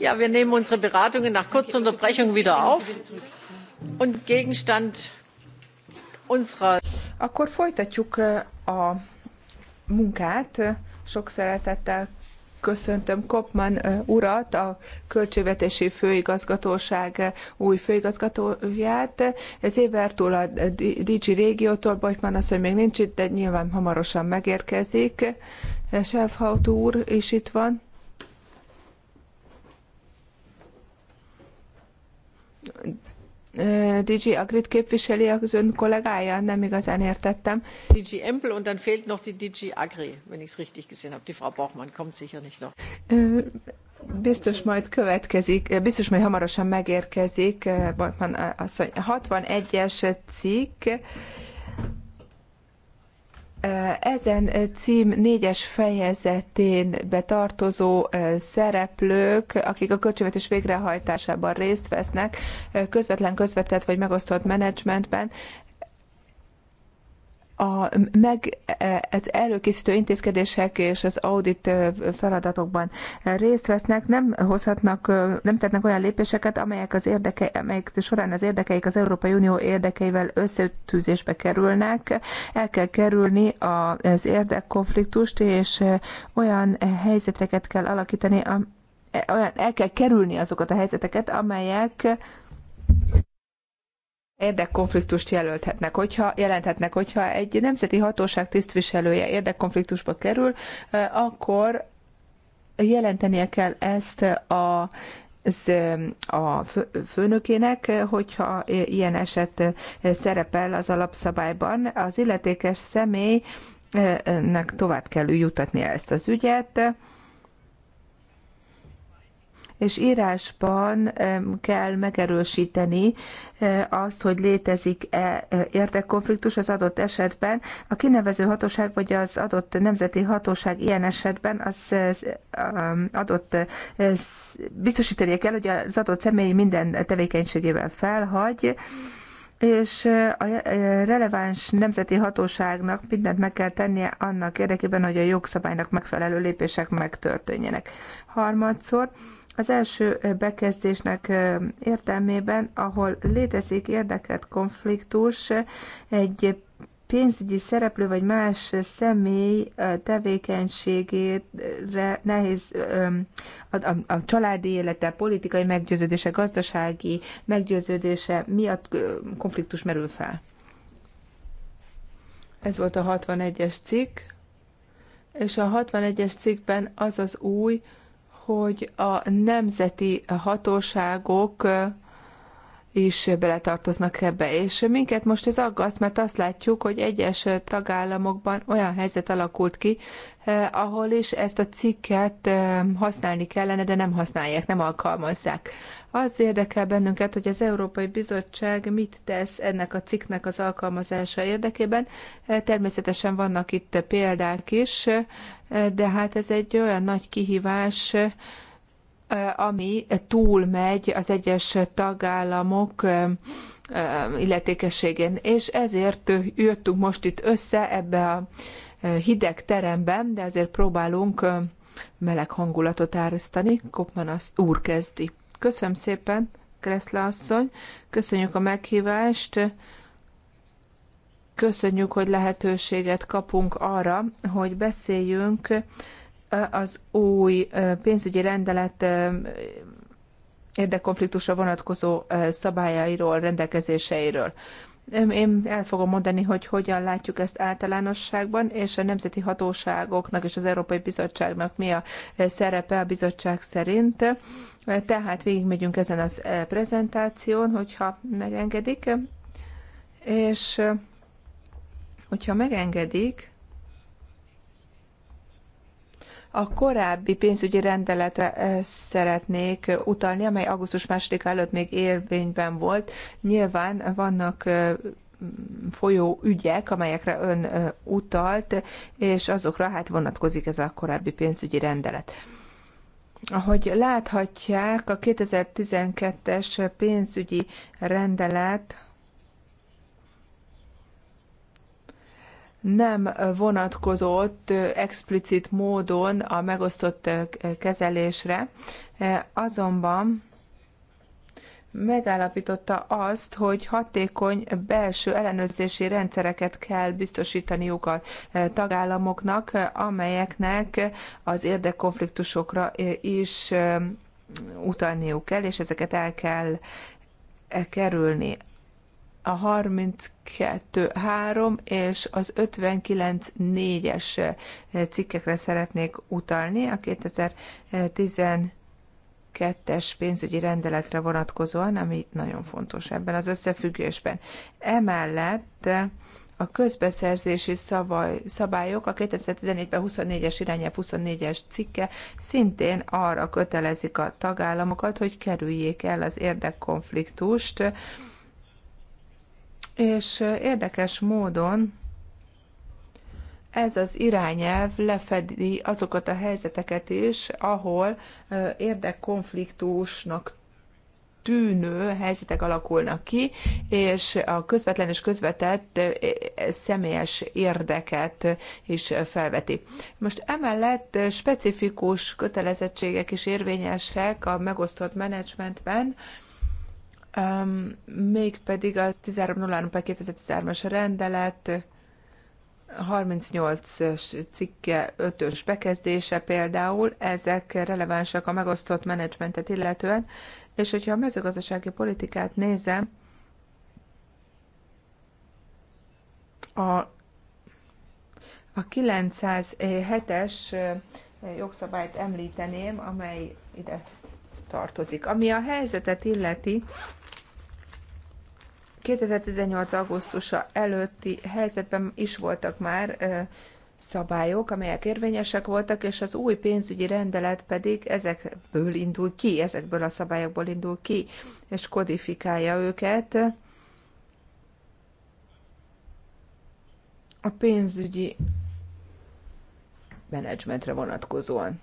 Ja, wir nehmen unsere Beratungen nach kurzer Unterbrechung wieder auf. Und Gegenstand unserer. Akkor folytatjuk eh, a munkát. Sok szeretettel köszöntöm Kopman eh, urat, a Költségvetési Főigazgatóság eh, új főigazgatóját. Zébertól a DG régiótól, Bojtman azt, hogy még nincs itt, de nyilván hamarosan megérkezik. Sefhaut úr is itt van. DG Agrit képviseli az ön kollégája? Nem igazán értettem. DG Empel und dann fehlt noch die DG Agri, wenn ich es richtig gesehen habe. Die Frau Bauchmann kommt sicher nicht noch. Biztos majd következik, biztos majd hamarosan megérkezik, Bauchmann asszony. 61-es cikk, ezen cím négyes fejezetén betartozó szereplők, akik a költségvetés végrehajtásában részt vesznek, közvetlen közvetett vagy megosztott menedzsmentben, a, meg, az e, előkészítő intézkedések és az audit e, feladatokban részt vesznek, nem hozhatnak, e, nem tettnek olyan lépéseket, amelyek, az érdeke, amelyek során az érdekeik az Európai Unió érdekeivel összetűzésbe kerülnek. El kell kerülni az érdekkonfliktust, és olyan helyzeteket kell alakítani, olyan, el kell kerülni azokat a helyzeteket, amelyek érdekkonfliktust jelölhetnek, hogyha, jelenthetnek, hogyha egy nemzeti hatóság tisztviselője érdekkonfliktusba kerül, eh, akkor jelentenie kell ezt a ez eh, a főnökének, eh, hogyha ilyen eset szerepel az alapszabályban, az illetékes személynek tovább kell jutatnia ezt az ügyet, és írásban kell megerősíteni azt, hogy létezik-e érdekkonfliktus az adott esetben. A kinevező hatóság vagy az adott nemzeti hatóság ilyen esetben az adott biztosítani kell, hogy az adott személy minden tevékenységével felhagy, és a releváns nemzeti hatóságnak mindent meg kell tennie annak érdekében, hogy a jogszabálynak megfelelő lépések megtörténjenek. Harmadszor, az első bekezdésnek értelmében, ahol létezik érdekelt konfliktus, egy pénzügyi szereplő vagy más személy tevékenységére nehéz a, a, a családi élete, politikai meggyőződése, gazdasági meggyőződése miatt konfliktus merül fel. Ez volt a 61-es cikk, és a 61-es cikkben az az új, hogy a nemzeti hatóságok is beletartoznak ebbe. És minket most ez aggaszt, mert azt látjuk, hogy egyes tagállamokban olyan helyzet alakult ki, eh, ahol is ezt a cikket eh, használni kellene, de nem használják, nem alkalmazzák. Az érdekel bennünket, hogy az Európai Bizottság mit tesz ennek a cikknek az alkalmazása érdekében. E, természetesen vannak itt példák is, e, de hát ez egy olyan nagy kihívás, e, ami túlmegy az egyes tagállamok illetékességén. És ezért jöttünk most itt össze ebbe a hideg teremben, de azért próbálunk meleg hangulatot árasztani. Kopman az úr kezdi. Köszönöm szépen, Kreszle asszony, köszönjük a meghívást, köszönjük, hogy lehetőséget kapunk arra, hogy beszéljünk az új pénzügyi rendelet érdekkonfliktusra vonatkozó szabályairól, rendelkezéseiről. Én el fogom mondani, hogy hogyan látjuk ezt általánosságban, és a nemzeti hatóságoknak és az Európai Bizottságnak mi a szerepe a bizottság szerint tehát végigmegyünk ezen az eh, prezentáción, hogyha megengedik, és eh, hogyha megengedik, a korábbi pénzügyi rendeletre eh, szeretnék utalni, amely augusztus 2 előtt még érvényben volt. Nyilván vannak folyó ügyek, amelyekre ön utalt, és azokra hát vonatkozik ez a korábbi pénzügyi rendelet. Ahogy láthatják, a 2012-es pénzügyi rendelet nem vonatkozott explicit módon a megosztott kezelésre, azonban megállapította azt, hogy hatékony belső ellenőrzési rendszereket kell biztosítaniuk a e, tagállamoknak, amelyeknek az érdekkonfliktusokra e, is e, utalniuk kell, és ezeket el kell kerülni. A 32.3 és az 59.4-es cikkekre szeretnék utalni a 2010 kettes pénzügyi rendeletre vonatkozóan, ami nagyon fontos ebben az összefüggésben. Emellett a közbeszerzési szabály, szabályok, a 2014-ben 24-es irányelv 24-es cikke szintén arra kötelezik a tagállamokat, hogy kerüljék el az érdekkonfliktust, és érdekes módon ez az irányelv lefedi azokat a helyzeteket is, ahol érdekkonfliktusnak tűnő helyzetek alakulnak ki, és a közvetlen és közvetett személyes érdeket is felveti. Most emellett specifikus kötelezettségek is érvényesek a megosztott menedzsmentben, mégpedig a 13.03.2013-as rendelet 38 cikke 5-ös bekezdése például, ezek relevánsak a megosztott menedzsmentet illetően, és hogyha a mezőgazdasági politikát nézem, a, a 907-es jogszabályt említeném, amely ide tartozik. Ami a helyzetet illeti, 2018. augusztusa előtti helyzetben is voltak már szabályok, amelyek érvényesek voltak, és az új pénzügyi rendelet pedig ezekből indul ki, ezekből a szabályokból indul ki, és kodifikálja őket. A pénzügyi menedzsmentre vonatkozóan.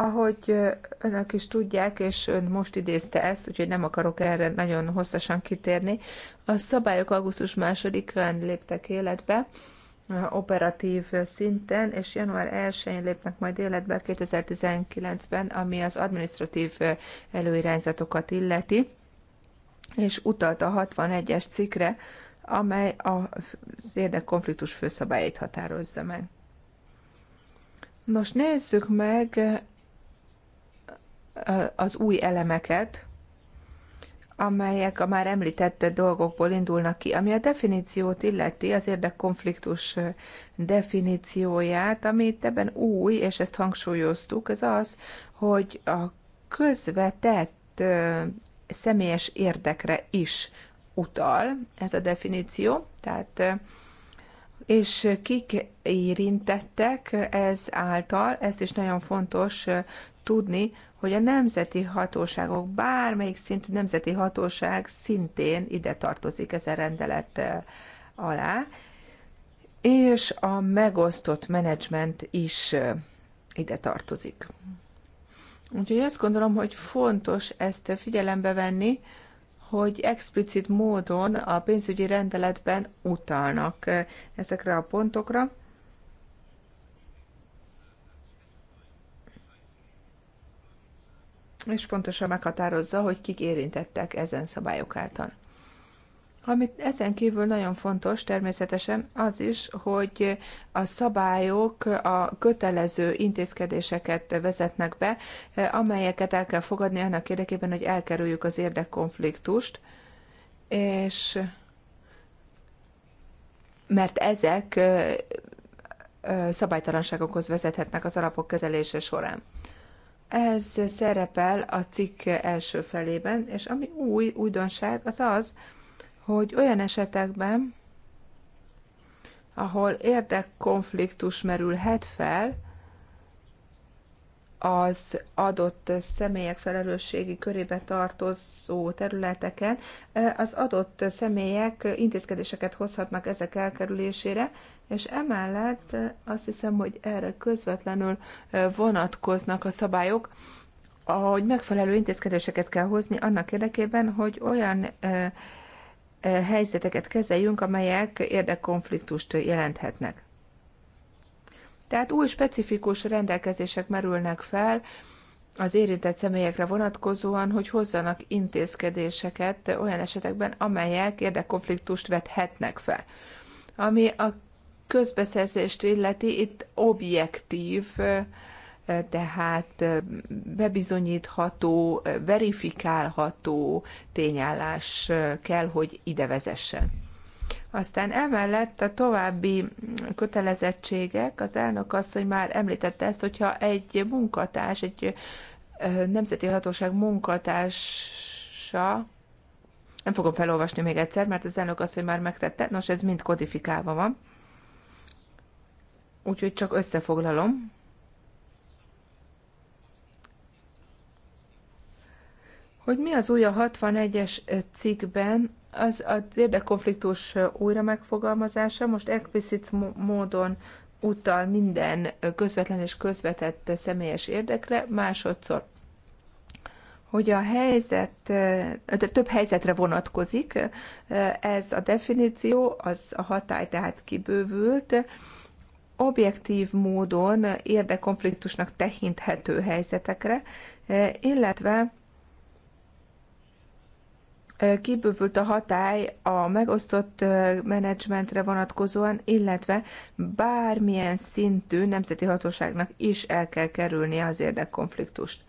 Ahogy önök is tudják, és ön most idézte ezt, úgyhogy nem akarok erre nagyon hosszasan kitérni, a szabályok augusztus másodikán léptek életbe, operatív szinten, és január 1-én lépnek majd életbe 2019-ben, ami az administratív előirányzatokat illeti, és utalt a 61-es cikkre, amely az érdekkonfliktus főszabályait határozza meg. Nos, nézzük meg az új elemeket, amelyek a már említett dolgokból indulnak ki. Ami a definíciót illeti, az érdekkonfliktus definícióját, amit ebben új, és ezt hangsúlyoztuk, Ez az, hogy a közvetett személyes érdekre is utal ez a definíció, tehát és kik érintettek ez által, ezt is nagyon fontos tudni, hogy a nemzeti hatóságok, bármelyik szintű nemzeti hatóság szintén ide tartozik ezen rendelet alá, és a megosztott menedzsment is ide tartozik. Úgyhogy azt gondolom, hogy fontos ezt figyelembe venni, hogy explicit módon a pénzügyi rendeletben utalnak ezekre a pontokra, és pontosan meghatározza, hogy kik érintettek ezen szabályok által. Amit ezen kívül nagyon fontos természetesen az is, hogy a szabályok a kötelező intézkedéseket vezetnek be, amelyeket el kell fogadni annak érdekében, hogy elkerüljük az érdekkonfliktust, és mert ezek szabálytalanságokhoz vezethetnek az alapok kezelése során. Ez szerepel a cikk első felében, és ami új újdonság az az, hogy olyan esetekben, ahol érdekkonfliktus merülhet fel, az adott személyek felelősségi körébe tartozó területeken eh, az adott személyek intézkedéseket hozhatnak ezek elkerülésére, és emellett eh, azt hiszem, hogy erre közvetlenül eh, vonatkoznak a szabályok, ahogy megfelelő intézkedéseket kell hozni annak érdekében, hogy olyan eh, helyzeteket kezeljünk, amelyek érdekkonfliktust jelenthetnek. Tehát új specifikus rendelkezések merülnek fel az érintett személyekre vonatkozóan, hogy hozzanak intézkedéseket olyan esetekben, amelyek érdekkonfliktust vethetnek fel. Ami a közbeszerzést illeti, itt objektív, tehát bebizonyítható, verifikálható tényállás kell, hogy ide vezessen. Aztán emellett a további kötelezettségek, az elnök az hogy már említette ezt, hogyha egy munkatárs, egy nemzeti hatóság munkatársa, nem fogom felolvasni még egyszer, mert az elnök hogy már megtette, nos ez mind kodifikálva van, Úgyhogy csak összefoglalom. Hogy mi az új a 61-es cikkben, az az érdekkonfliktus újra megfogalmazása, most explicit módon utal minden közvetlen és közvetett személyes érdekre, másodszor hogy a helyzet, de több helyzetre vonatkozik, ez a definíció, az a hatály tehát kibővült, objektív módon érdekonfliktusnak tekinthető helyzetekre, eh, illetve eh, kibővült a hatály a megosztott eh, menedzsmentre vonatkozóan, illetve bármilyen szintű nemzeti hatóságnak is el kell kerülnie az érdekkonfliktust.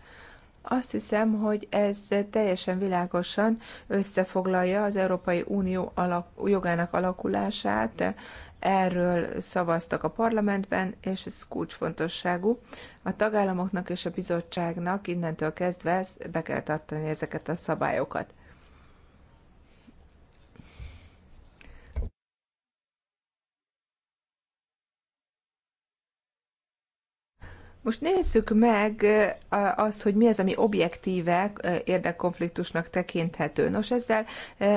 Azt hiszem, hogy ez teljesen világosan összefoglalja az Európai Unió alak, jogának alakulását, Erről szavaztak a parlamentben, és ez kulcsfontosságú. A tagállamoknak és a bizottságnak innentől kezdve be kell tartani ezeket a szabályokat. Most nézzük meg azt, hogy mi az, ami objektíve érdekkonfliktusnak tekinthető. Nos, ezzel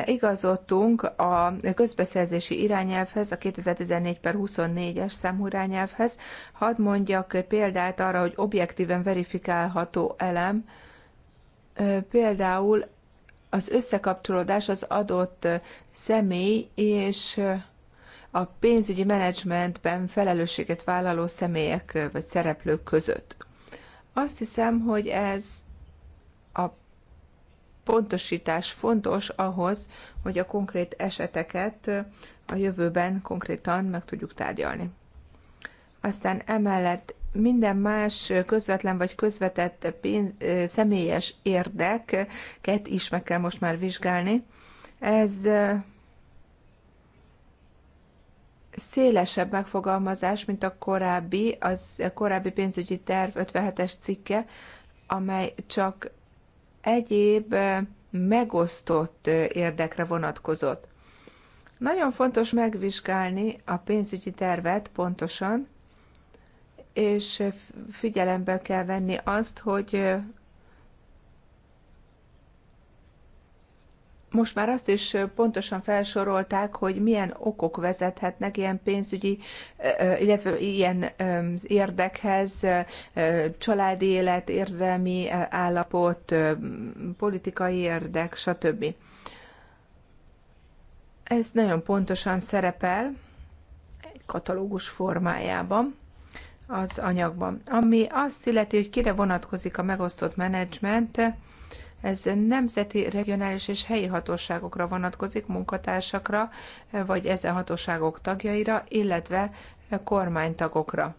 igazodtunk a közbeszerzési irányelvhez, a 2014 per 24-es számú irányelvhez. Hadd mondjak példát arra, hogy objektíven verifikálható elem, például az összekapcsolódás az adott személy és a pénzügyi menedzsmentben felelősséget vállaló személyek vagy szereplők között. Azt hiszem, hogy ez a pontosítás fontos ahhoz, hogy a konkrét eseteket a jövőben konkrétan meg tudjuk tárgyalni. Aztán emellett minden más közvetlen vagy közvetett pénz, személyes érdeket is meg kell most már vizsgálni. Ez szélesebb megfogalmazás, mint a korábbi, az a korábbi pénzügyi terv 57-es cikke, amely csak egyéb megosztott érdekre vonatkozott. Nagyon fontos megvizsgálni a pénzügyi tervet pontosan, és figyelembe kell venni azt, hogy most már azt is pontosan felsorolták, hogy milyen okok vezethetnek ilyen pénzügyi, illetve ilyen érdekhez, családi élet, érzelmi állapot, politikai érdek, stb. Ez nagyon pontosan szerepel katalógus formájában az anyagban. Ami azt illeti, hogy kire vonatkozik a megosztott menedzsment, ez nemzeti, regionális és helyi hatóságokra vonatkozik, munkatársakra, vagy ezen hatóságok tagjaira, illetve kormánytagokra.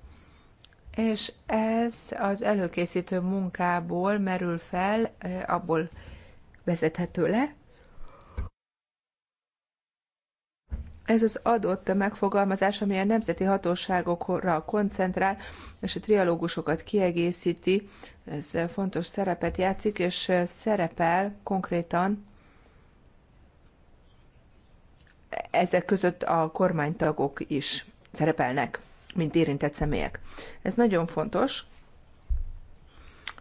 És ez az előkészítő munkából merül fel, eh, abból vezethető le, Ez az adott megfogalmazás, ami a nemzeti hatóságokra koncentrál, és a trialógusokat kiegészíti, ez fontos szerepet játszik, és szerepel konkrétan ezek között a kormánytagok is szerepelnek, mint érintett személyek. Ez nagyon fontos,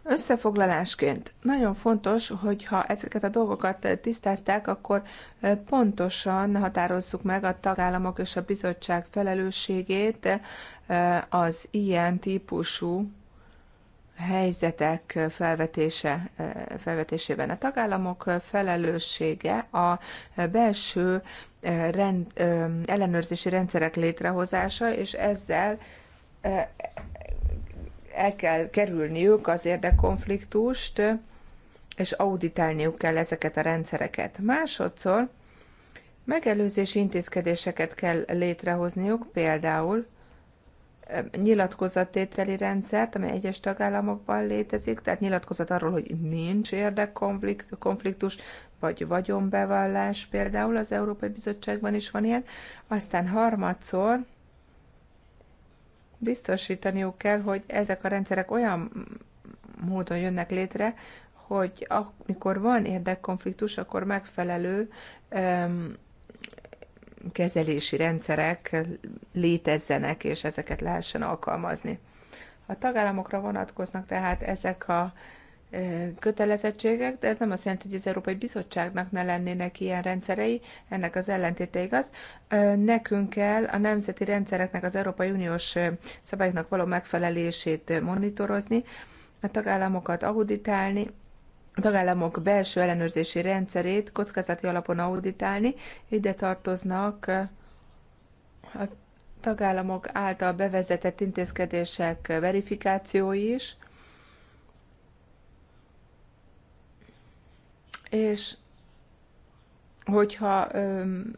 Összefoglalásként nagyon fontos, hogyha ezeket a dolgokat eh, tisztázták, akkor eh, pontosan határozzuk meg a tagállamok és a bizottság felelősségét eh, az ilyen típusú helyzetek felvetése, felvetésében. A tagállamok felelőssége a belső rend, ellenőrzési rendszerek létrehozása, és ezzel el kell kerülniük az érdekkonfliktust, és auditálniuk kell ezeket a rendszereket. Másodszor megelőzési intézkedéseket kell létrehozniuk, például nyilatkozattételi rendszert, amely egyes tagállamokban létezik, tehát nyilatkozat arról, hogy nincs érdekkonfliktus, vagy vagyonbevallás például az Európai Bizottságban is van ilyen. Aztán harmadszor biztosítaniuk kell, hogy ezek a rendszerek olyan módon jönnek létre, hogy amikor van érdekkonfliktus, akkor megfelelő um, kezelési rendszerek létezzenek, és ezeket lehessen alkalmazni. A tagállamokra vonatkoznak tehát ezek a kötelezettségek, de ez nem azt jelenti, hogy az Európai Bizottságnak ne lennének ilyen rendszerei, ennek az ellentéte igaz. Nekünk kell a nemzeti rendszereknek az Európai Uniós szabályoknak való megfelelését monitorozni, a tagállamokat auditálni, a tagállamok belső ellenőrzési rendszerét kockázati alapon auditálni, ide tartoznak a tagállamok által bevezetett intézkedések verifikációi is, és hogyha öm,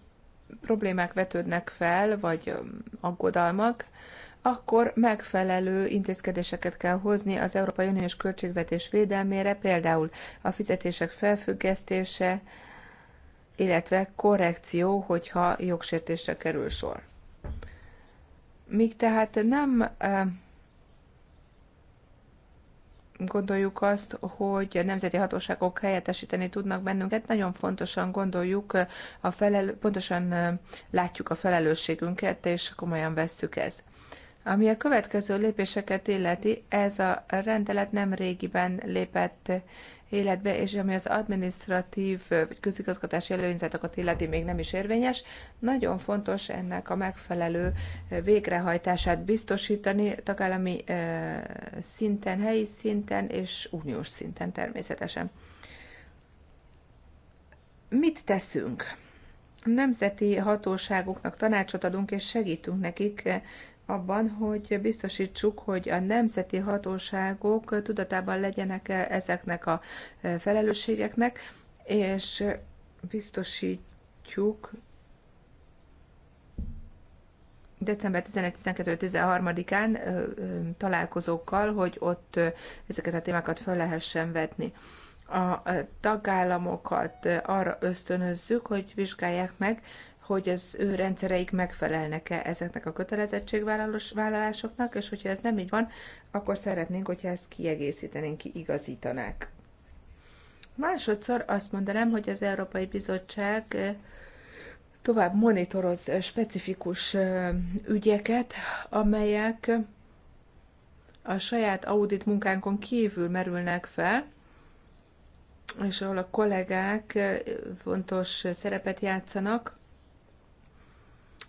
problémák vetődnek fel, vagy öm, aggodalmak, akkor megfelelő intézkedéseket kell hozni az Európai Uniós költségvetés védelmére, például a fizetések felfüggesztése, illetve korrekció, hogyha jogsértésre kerül sor. Míg tehát nem öm, gondoljuk azt, hogy a nemzeti hatóságok helyettesíteni tudnak bennünket. Nagyon fontosan gondoljuk, eh, a felel, pontosan eh, látjuk a felelősségünket, és komolyan vesszük ezt. Ami a következő lépéseket illeti, ez a rendelet nem régiben lépett életbe, és ami az administratív vagy közigazgatási előnyzetokat illeti még nem is érvényes. Nagyon fontos ennek a megfelelő végrehajtását biztosítani tagállami szinten, helyi szinten és uniós szinten természetesen. Mit teszünk? nemzeti hatóságoknak tanácsot adunk és segítünk nekik abban, hogy biztosítsuk, hogy a nemzeti hatóságok tudatában legyenek ezeknek a e, felelősségeknek, és biztosítjuk december 11-12-13-án e, e, találkozókkal, hogy ott ezeket a témákat fel lehessen vetni. A tagállamokat arra ösztönözzük, hogy vizsgálják meg, hogy az ő rendszereik megfelelnek-e ezeknek a kötelezettségvállalásoknak, és hogyha ez nem így van, akkor szeretnénk, hogyha ezt kiegészítenénk, kiigazítanák. Másodszor azt mondanám, hogy az Európai Bizottság eh, tovább monitoroz eh, specifikus eh, ügyeket, amelyek a saját audit munkánkon kívül merülnek fel, és ahol a kollégák fontos szerepet játszanak,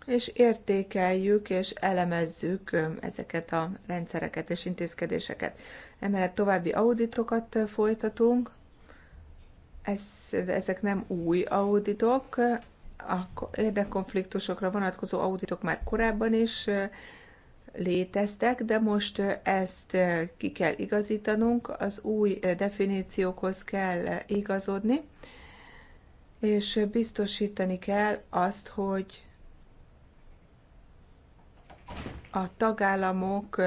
és értékeljük és elemezzük ezeket a rendszereket és intézkedéseket. Emellett további auditokat folytatunk, ez, ezek nem új auditok, a érdekkonfliktusokra vonatkozó auditok már korábban is léteztek, de most ezt ki kell igazítanunk, az új definíciókhoz kell igazodni, és biztosítani kell azt, hogy a tagállamok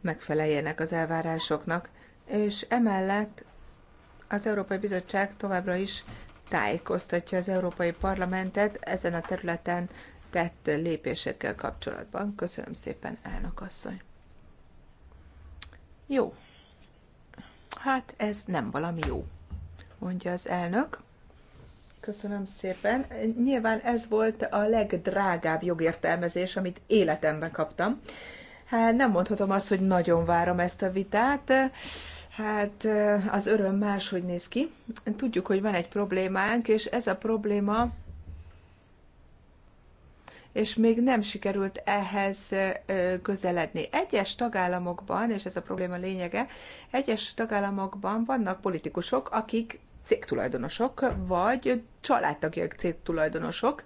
megfeleljenek az elvárásoknak, és emellett az Európai Bizottság továbbra is tájékoztatja az Európai Parlamentet ezen a területen tett lépésekkel kapcsolatban. Köszönöm szépen, elnök asszony. Jó. Hát ez nem valami jó, mondja az elnök. Köszönöm szépen. Nyilván ez volt a legdrágább jogértelmezés, amit életemben kaptam. Hát nem mondhatom azt, hogy nagyon várom ezt a vitát. Hát eh, az öröm máshogy néz ki. Tudjuk, hogy van egy problémánk, és ez a probléma és még nem sikerült ehhez eh, közeledni. Egyes tagállamokban, és ez a probléma lényege, egyes tagállamokban vannak politikusok, akik cégtulajdonosok, vagy családtagjaik cégtulajdonosok,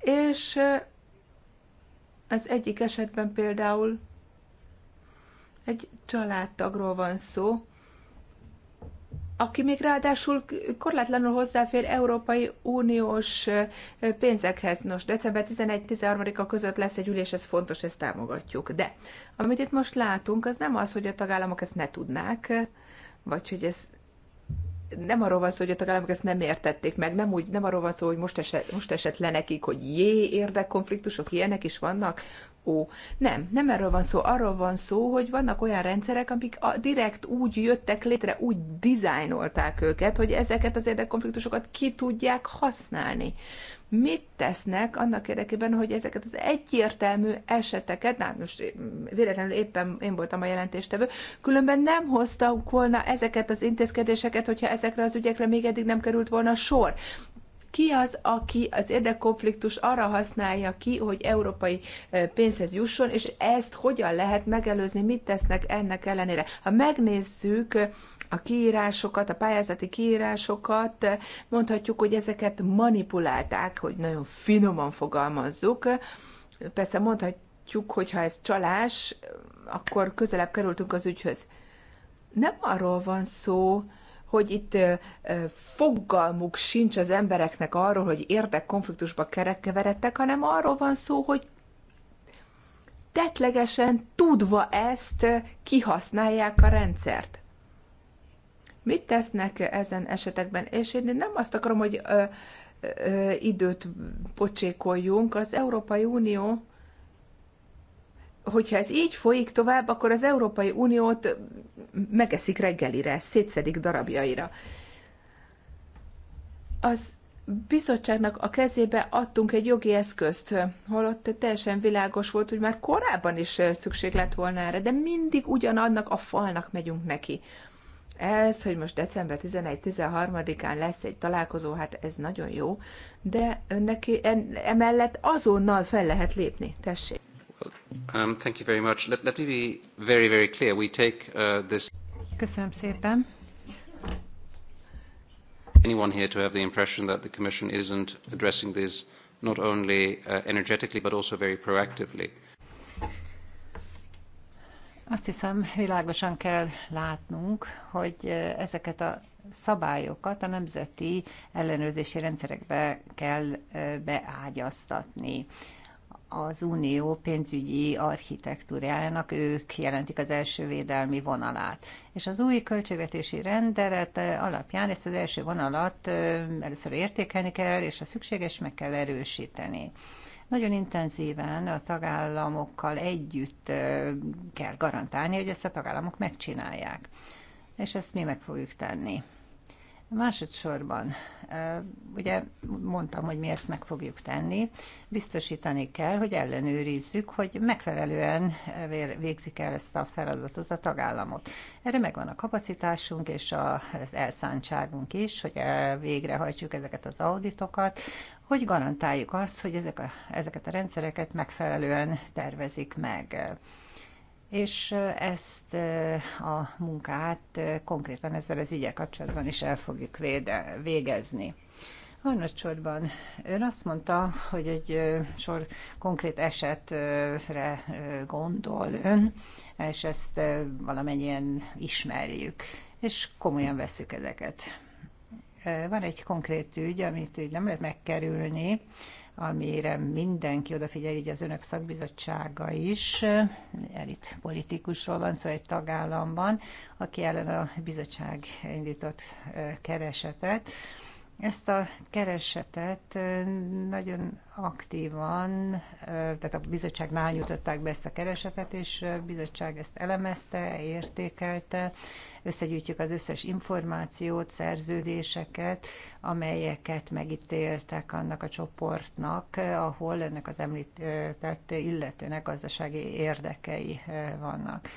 és eh, az egyik esetben például egy családtagról van szó, aki még ráadásul korlátlanul hozzáfér Európai Uniós eh, pénzekhez. Nos, december 11-13-a között lesz egy ülés, ez fontos, ezt támogatjuk. De amit itt most látunk, az nem az, hogy a tagállamok ezt ne tudnák, vagy hogy ez nem arról van szó, hogy a tagállamok ezt nem értették meg, nem, úgy, nem arról van szó, hogy most esett, most esett le nekik, hogy jé, érdekkonfliktusok, ilyenek is vannak, ó. Nem, nem erről van szó. Arról van szó, hogy vannak olyan rendszerek, amik a, direkt úgy jöttek létre, úgy dizájnolták őket, hogy ezeket az érdekkonfliktusokat ki tudják használni. Mit tesznek annak érdekében, hogy ezeket az egyértelmű eseteket, na most véletlenül éppen én voltam a jelentéstevő, különben nem hoztak volna ezeket az intézkedéseket, hogyha ezekre az ügyekre még eddig nem került volna sor ki az, aki az érdekkonfliktus arra használja ki, hogy európai pénzhez jusson, és ezt hogyan lehet megelőzni, mit tesznek ennek ellenére? Ha megnézzük a kiírásokat, a pályázati kiírásokat, mondhatjuk, hogy ezeket manipulálták, hogy nagyon finoman fogalmazzuk. Persze mondhatjuk, hogy ha ez csalás, akkor közelebb kerültünk az ügyhöz. Nem arról van szó, hogy itt fogalmuk sincs az embereknek arról, hogy érdekkonfliktusba keveredtek, hanem arról van szó, hogy tetlegesen tudva ezt kihasználják a rendszert. Mit tesznek ezen esetekben? És én nem azt akarom, hogy ö, ö, időt pocsékoljunk. Az Európai Unió hogyha ez így folyik tovább, akkor az Európai Uniót megeszik reggelire, szétszedik darabjaira. Az bizottságnak a kezébe adtunk egy jogi eszközt, holott teljesen világos volt, hogy már korábban is szükség lett volna erre, de mindig ugyanannak a falnak megyünk neki. Ez, hogy most december 11-13-án lesz egy találkozó, hát ez nagyon jó, de neki emellett azonnal fel lehet lépni, tessék. Um, thank you very much. Let, let me be very, very clear. We take uh, this... Köszönöm szépen. Anyone here to have the impression that the Commission isn't addressing this not only uh, energetically but also very proactively. Azt hiszem, világosan kell látnunk, hogy uh, ezeket a szabályokat a nemzeti ellenőrzési rendszerekbe kell uh, beágyaztatni az unió pénzügyi architektúrájának ők jelentik az első védelmi vonalát. És az új költségvetési rendelet alapján ezt az első vonalat először értékelni kell, és a szükséges meg kell erősíteni. Nagyon intenzíven a tagállamokkal együtt kell garantálni, hogy ezt a tagállamok megcsinálják. És ezt mi meg fogjuk tenni. Másodszorban, ugye mondtam, hogy mi ezt meg fogjuk tenni, biztosítani kell, hogy ellenőrizzük, hogy megfelelően végzik el ezt a feladatot a tagállamot. Erre megvan a kapacitásunk és az elszántságunk is, hogy végrehajtsuk ezeket az auditokat, hogy garantáljuk azt, hogy ezek a, ezeket a rendszereket megfelelően tervezik meg és ezt a munkát konkrétan ezzel az ügyek kapcsolatban is el fogjuk véde, végezni. Harmadsorban ön azt mondta, hogy egy sor konkrét esetre gondol ön, és ezt valamennyien ismerjük, és komolyan veszük ezeket. Van egy konkrét ügy, amit így nem lehet megkerülni, amire mindenki odafigyel, így az önök szakbizottsága is, elit politikusról van szó szóval egy tagállamban, aki ellen a bizottság indított keresetet. Ezt a keresetet nagyon aktívan, tehát a bizottságnál nyújtották be ezt a keresetet, és a bizottság ezt elemezte, értékelte, összegyűjtjük az összes információt, szerződéseket, amelyeket megítéltek annak a csoportnak, ahol ennek az említett illetőnek gazdasági érdekei eh, vannak.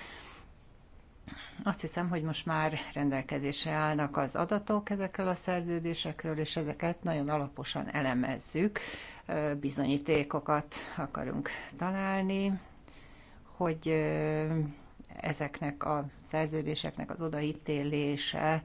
Azt hiszem, hogy most már rendelkezésre állnak az adatok ezekről a szerződésekről, és ezeket nagyon alaposan elemezzük, eh, bizonyítékokat akarunk találni, hogy eh, ezeknek a szerződéseknek az odaítélése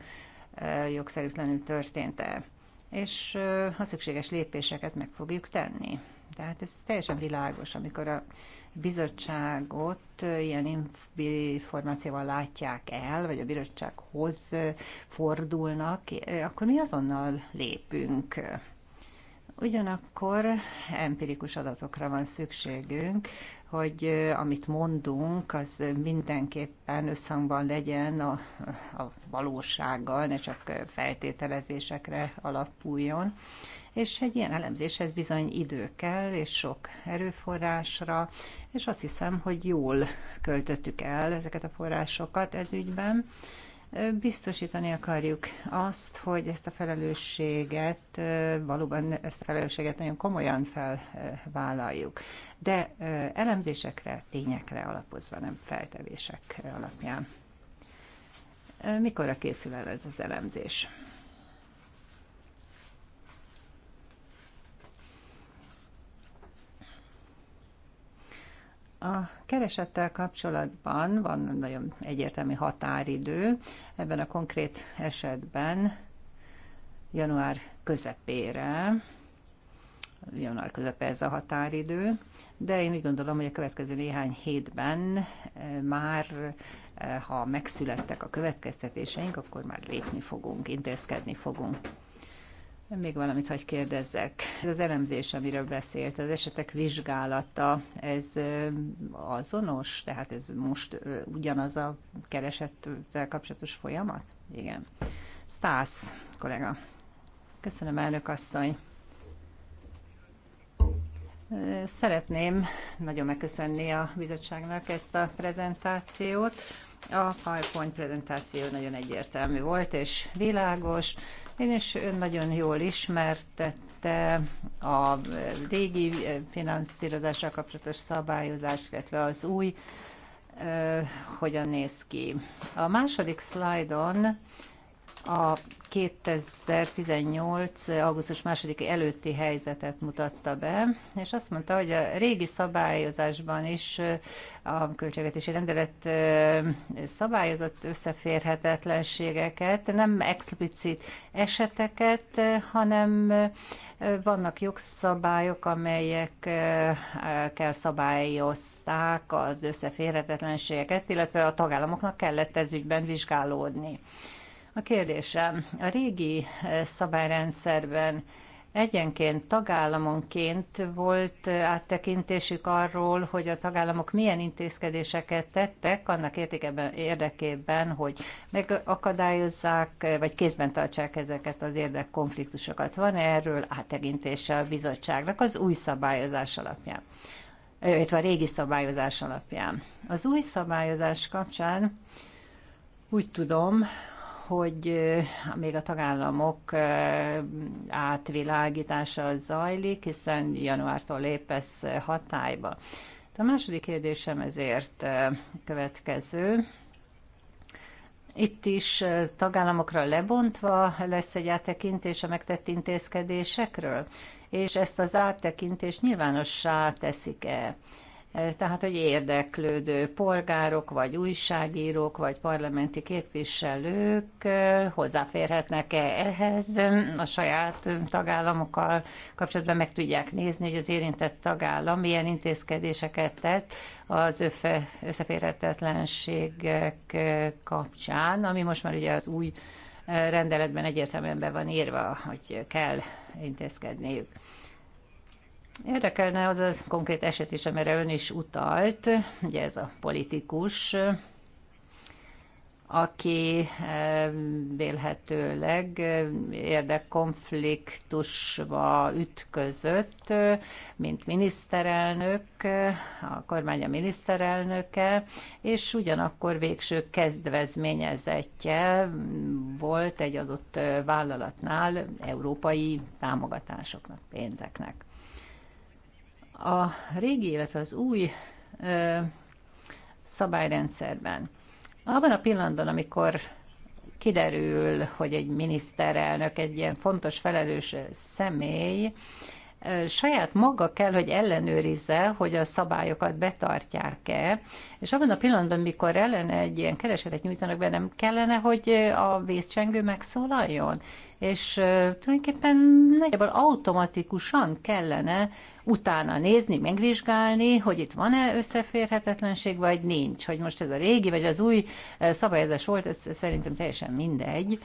jogszerűtlenül történt-e. És ha szükséges lépéseket meg fogjuk tenni. Tehát ez teljesen világos, amikor a bizottságot ilyen információval látják el, vagy a bizottsághoz fordulnak, akkor mi azonnal lépünk. Ugyanakkor empirikus adatokra van szükségünk, hogy amit mondunk, az mindenképpen összhangban legyen a, a valósággal, ne csak feltételezésekre alapuljon. És egy ilyen elemzéshez bizony idő kell, és sok erőforrásra, és azt hiszem, hogy jól költöttük el ezeket a forrásokat ez ügyben. Biztosítani akarjuk azt, hogy ezt a felelősséget, valóban ezt a felelősséget nagyon komolyan felvállaljuk, de elemzésekre, tényekre alapozva, nem feltevések alapján. Mikorra készül el ez az elemzés? A keresettel kapcsolatban van nagyon egyértelmű határidő, ebben a konkrét esetben január közepére, január közepe ez a határidő, de én úgy gondolom, hogy a következő néhány hétben eh, már, eh, ha megszülettek a következtetéseink, akkor már lépni fogunk, intézkedni fogunk. Még valamit hagy kérdezzek. Ez az elemzés, amiről beszélt, az esetek vizsgálata, ez azonos? Tehát ez most ugyanaz a keresettel kapcsolatos folyamat? Igen. Stász, kollega. Köszönöm, elnök asszony. Szeretném nagyon megköszönni a bizottságnak ezt a prezentációt. A PowerPoint prezentáció nagyon egyértelmű volt és világos, én is ön nagyon jól ismertette a régi eh, finanszírozással kapcsolatos szabályozást, illetve az új, eh, hogyan néz ki. A második szlájdon a 2018. augusztus 2 előtti helyzetet mutatta be, és azt mondta, hogy a régi szabályozásban is a költségvetési rendelet szabályozott összeférhetetlenségeket, nem explicit eseteket, hanem vannak jogszabályok, amelyek kell szabályozták az összeférhetetlenségeket, illetve a tagállamoknak kellett ezügyben vizsgálódni. A kérdésem, a régi eh, szabályrendszerben egyenként, tagállamonként volt eh, áttekintésük arról, hogy a tagállamok milyen intézkedéseket tettek annak érdekében, hogy megakadályozzák, eh, vagy kézben tartsák ezeket az érdekkonfliktusokat. Van -e erről áttekintése a bizottságnak az új szabályozás alapján? illetve a régi szabályozás alapján. Az új szabályozás kapcsán úgy tudom, hogy még a tagállamok átvilágítása zajlik, hiszen januártól lépesz hatályba. De a második kérdésem ezért következő. Itt is tagállamokra lebontva lesz egy áttekintés a megtett intézkedésekről, és ezt az áttekintést nyilvánossá teszik-e? E, tehát hogy érdeklődő polgárok, vagy újságírók, vagy parlamenti képviselők e, hozzáférhetnek-e ehhez a saját tagállamokkal kapcsolatban meg tudják nézni, hogy az érintett tagállam milyen intézkedéseket tett az összeférhetetlenségek e, kapcsán, ami most már ugye az új rendeletben egyértelműen be van írva, hogy kell intézkedniük. Érdekelne az a konkrét eset is, amire ön is utalt, ugye ez a politikus, aki eh, vélhetőleg eh, érdekkonfliktusba ütközött, eh, mint miniszterelnök, a kormánya miniszterelnöke, és ugyanakkor végső kezdvezményezetje volt egy adott vállalatnál európai támogatásoknak, pénzeknek a régi, illetve az új ö, szabályrendszerben. Abban a pillanatban, amikor kiderül, hogy egy miniszterelnök, egy ilyen fontos felelős személy saját maga kell, hogy ellenőrizze, hogy a szabályokat betartják-e, és abban a pillanatban, mikor ellene egy ilyen keresetet nyújtanak be, nem kellene, hogy a vészcsengő megszólaljon, és tulajdonképpen nagyjából automatikusan kellene utána nézni, megvizsgálni, hogy itt van-e összeférhetetlenség, vagy nincs. Hogy most ez a régi, vagy az új szabályozás volt, ez szerintem teljesen mindegy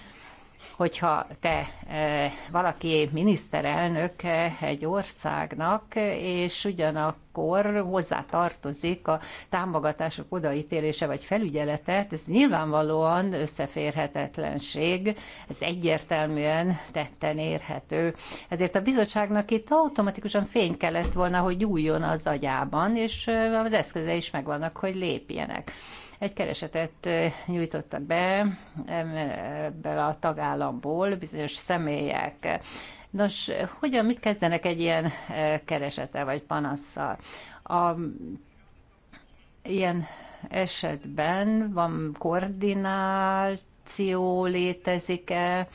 hogyha te e, valaki miniszterelnök e, egy országnak, és ugyanakkor hozzá tartozik a támogatások odaítélése vagy felügyelete, ez nyilvánvalóan összeférhetetlenség, ez egyértelműen tetten érhető. Ezért a bizottságnak itt automatikusan fény kellett volna, hogy gyújjon az agyában, és e, az eszköze is megvannak, hogy lépjenek. Egy keresetet nyújtotta be ebből a tagállamból bizonyos személyek. Nos, hogyan, mit kezdenek egy ilyen keresete vagy panasszal? A, ilyen esetben van koordináció, létezik-e,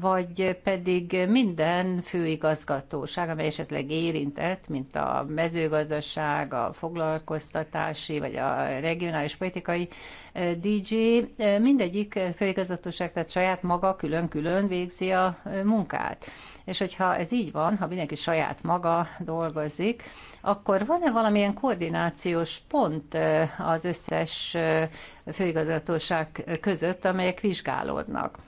vagy pedig minden főigazgatóság, amely esetleg érintett, mint a mezőgazdaság, a foglalkoztatási, vagy a regionális politikai eh, DJ, eh, mindegyik főigazgatóság, tehát saját maga külön-külön végzi a eh, munkát. És hogyha ez így van, ha mindenki saját maga dolgozik, akkor van-e valamilyen koordinációs pont az összes főigazgatóság között, amelyek vizsgálódnak?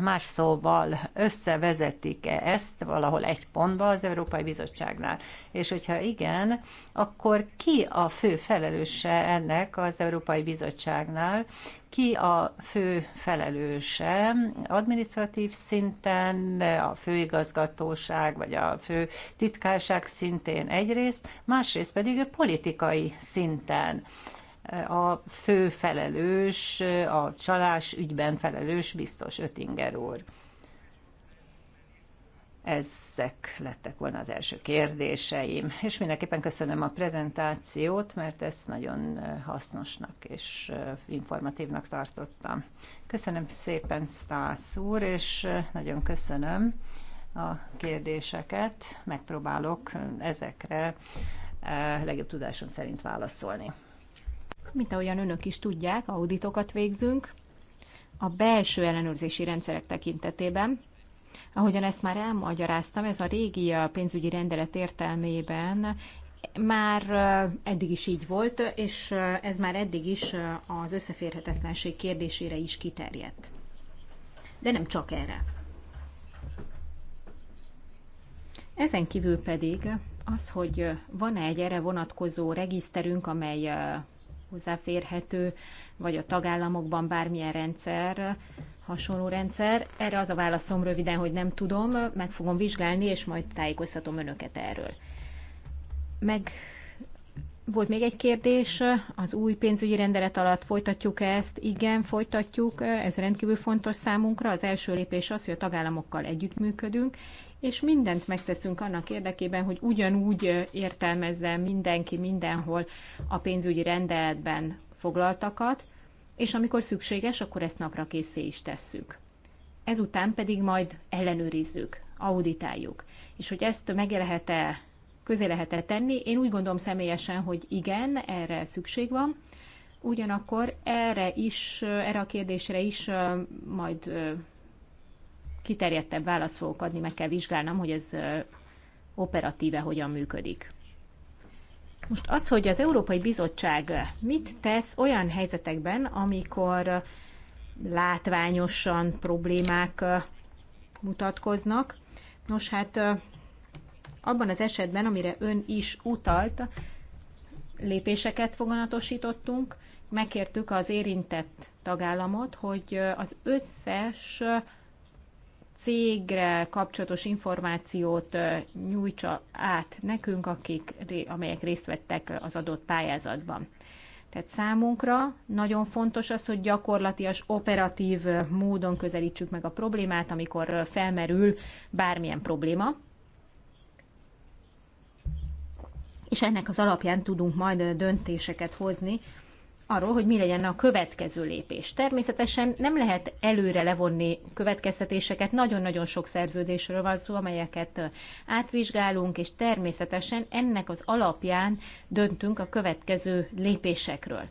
Más szóval összevezetik-e ezt valahol egy pontba az Európai Bizottságnál? És hogyha igen, akkor ki a fő felelőse ennek az Európai Bizottságnál? Ki a fő felelőse adminisztratív szinten, a főigazgatóság vagy a fő titkárság szintén egyrészt, másrészt pedig a politikai szinten? a fő felelős, a csalás ügyben felelős biztos Ötinger úr. Ezek lettek volna az első kérdéseim. És mindenképpen köszönöm a prezentációt, mert ezt nagyon hasznosnak és informatívnak tartottam. Köszönöm szépen, Stász úr, és nagyon köszönöm a kérdéseket. Megpróbálok ezekre legjobb tudásom szerint válaszolni mint ahogyan önök is tudják, auditokat végzünk a belső ellenőrzési rendszerek tekintetében. Ahogyan ezt már elmagyaráztam, ez a régi pénzügyi rendelet értelmében már eddig is így volt, és ez már eddig is az összeférhetetlenség kérdésére is kiterjedt. De nem csak erre. Ezen kívül pedig az, hogy van-e egy erre vonatkozó regiszterünk, amely hozzáférhető, vagy a tagállamokban bármilyen rendszer, hasonló rendszer. Erre az a válaszom röviden, hogy nem tudom, meg fogom vizsgálni, és majd tájékoztatom önöket erről. Meg volt még egy kérdés, az új pénzügyi rendelet alatt folytatjuk -e ezt? Igen, folytatjuk, ez rendkívül fontos számunkra. Az első lépés az, hogy a tagállamokkal együttműködünk, és mindent megteszünk annak érdekében, hogy ugyanúgy értelmezze mindenki mindenhol a pénzügyi rendeletben foglaltakat, és amikor szükséges, akkor ezt napra készé is tesszük. Ezután pedig majd ellenőrizzük, auditáljuk. És hogy ezt meg lehet-e közé lehet-e tenni. Én úgy gondolom személyesen, hogy igen, erre szükség van. Ugyanakkor erre is, erre a kérdésre is majd kiterjedtebb választ fogok adni, meg kell vizsgálnom, hogy ez operatíve hogyan működik. Most az, hogy az Európai Bizottság mit tesz olyan helyzetekben, amikor látványosan problémák mutatkoznak. Nos, hát abban az esetben, amire ön is utalt, lépéseket foganatosítottunk, megkértük az érintett tagállamot, hogy az összes cégre kapcsolatos információt nyújtsa át nekünk, akik, amelyek részt vettek az adott pályázatban. Tehát számunkra nagyon fontos az, hogy gyakorlatias, operatív módon közelítsük meg a problémát, amikor felmerül bármilyen probléma, és ennek az alapján tudunk majd döntéseket hozni arról, hogy mi legyen a következő lépés. Természetesen nem lehet előre levonni következtetéseket, nagyon-nagyon sok szerződésről van szó, amelyeket átvizsgálunk, és természetesen ennek az alapján döntünk a következő lépésekről.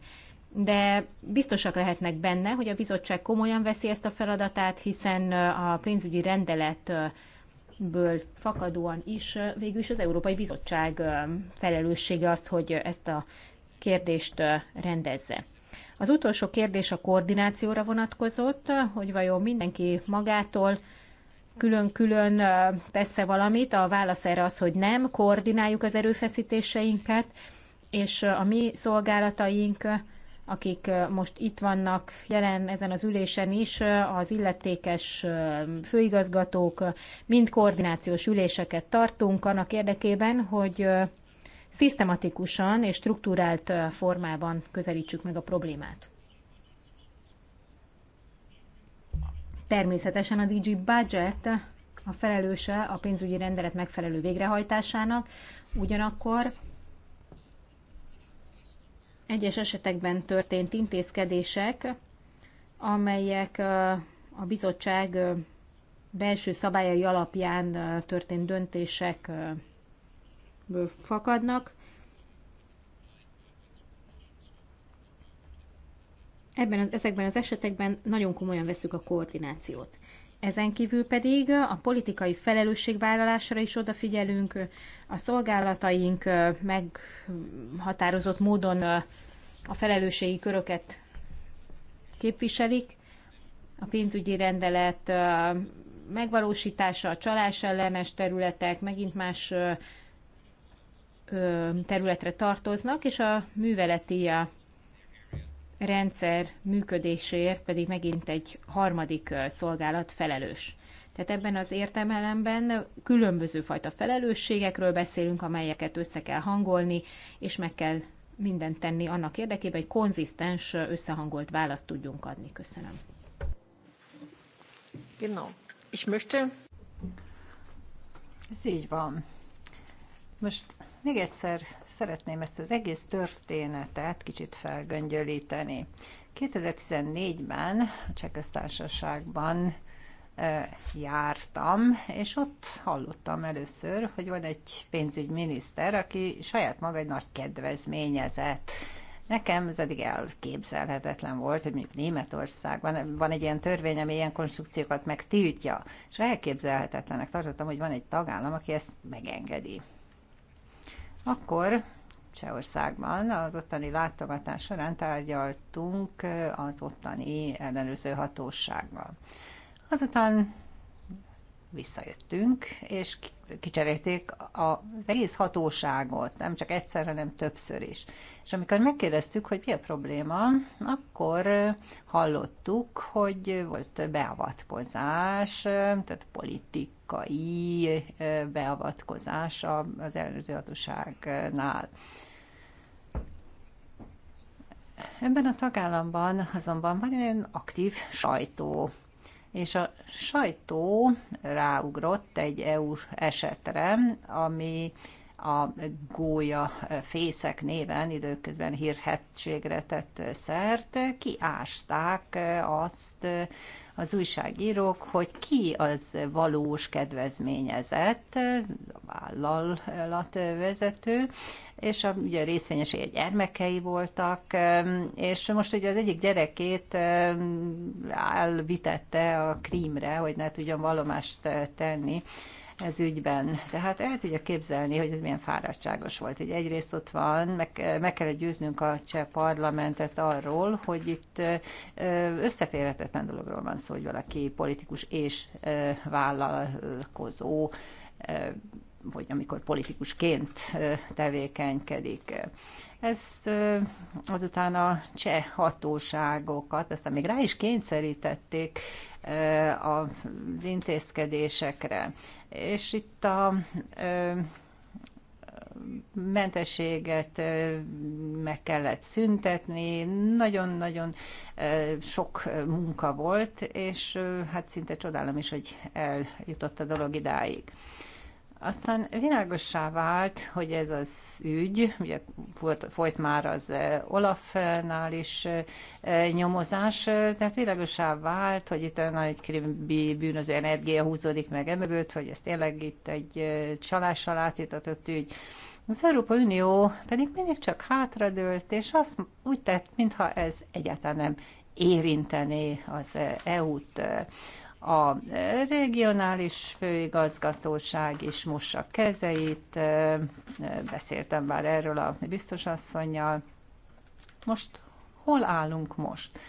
De biztosak lehetnek benne, hogy a bizottság komolyan veszi ezt a feladatát, hiszen a pénzügyi rendelet ebből fakadóan is végül is az Európai Bizottság felelőssége az, hogy ezt a kérdést rendezze. Az utolsó kérdés a koordinációra vonatkozott, hogy vajon mindenki magától külön-külön tesz-e valamit. A válasz erre az, hogy nem, koordináljuk az erőfeszítéseinket, és a mi szolgálataink akik most itt vannak jelen ezen az ülésen is, az illetékes főigazgatók, mind koordinációs üléseket tartunk annak érdekében, hogy szisztematikusan és struktúrált formában közelítsük meg a problémát. Természetesen a DG Budget a felelőse a pénzügyi rendelet megfelelő végrehajtásának, ugyanakkor egyes esetekben történt intézkedések, amelyek a bizottság belső szabályai alapján történt döntésekből fakadnak. Ebben, ezekben az esetekben nagyon komolyan veszük a koordinációt. Ezen kívül pedig a politikai felelősségvállalásra is odafigyelünk, a szolgálataink meghatározott módon a felelősségi köröket képviselik, a pénzügyi rendelet megvalósítása, a csalás ellenes területek megint más területre tartoznak, és a műveleti rendszer működéséért pedig megint egy harmadik szolgálat felelős. Tehát ebben az értelemben különböző fajta felelősségekről beszélünk, amelyeket össze kell hangolni, és meg kell mindent tenni annak érdekében, hogy konzisztens, összehangolt választ tudjunk adni. Köszönöm. Genau. Ich möchte... Ez így van. Most még egyszer szeretném ezt az egész történetet kicsit felgöngyölíteni. 2014-ben a Csekköztársaságban e, jártam, és ott hallottam először, hogy van egy pénzügyminiszter, aki saját maga egy nagy kedvezményezett. Nekem ez eddig elképzelhetetlen volt, hogy mondjuk Németországban van egy ilyen törvény, ami ilyen konstrukciókat megtiltja, és elképzelhetetlenek tartottam, hogy van egy tagállam, aki ezt megengedi. Akkor Csehországban az ottani látogatás során tárgyaltunk az ottani ellenőrző hatósággal. Azután visszajöttünk, és kicserélték az egész hatóságot, nem csak egyszer, hanem többször is. És amikor megkérdeztük, hogy mi a probléma, akkor hallottuk, hogy volt beavatkozás, tehát politik politikai beavatkozás az előző hatóságnál. Ebben a tagállamban azonban van egy aktív sajtó, és a sajtó ráugrott egy EU esetre, ami a gólya fészek néven időközben hírhetségre tett szert, kiásták azt az újságírók, hogy ki az valós kedvezményezett, a vállalatvezető, és a, ugye a részvényesei a gyermekei voltak, és most ugye az egyik gyerekét elvitette a krímre, hogy ne tudjon valomást eh, tenni ez ügyben. Tehát el tudja képzelni, hogy ez milyen fáradtságos volt. Így egyrészt ott van, meg, meg kellett győznünk a cseh parlamentet arról, hogy itt összeférhetetlen dologról van szó, hogy valaki politikus és vállalkozó, vagy amikor politikusként tevékenykedik. Ezt azután a cseh hatóságokat, aztán még rá is kényszerítették az intézkedésekre. És itt a mentességet meg kellett szüntetni, nagyon-nagyon sok munka volt, és hát szinte csodálom is, hogy eljutott a dolog idáig. Aztán világosá vált, hogy ez az ügy, ugye volt, folyt már az eh, Olafnál is eh, nyomozás, eh, tehát világosá vált, hogy itt a nagy krimi bűnöző energia húzódik meg emögött, hogy ez tényleg itt egy csalással átítatott ügy. Az Európa Unió pedig mindig csak hátradőlt, és azt úgy tett, mintha ez egyáltalán nem érintené az EU-t. A regionális főigazgatóság is mossa kezeit, beszéltem már erről a biztosasszonynal. Most hol állunk most?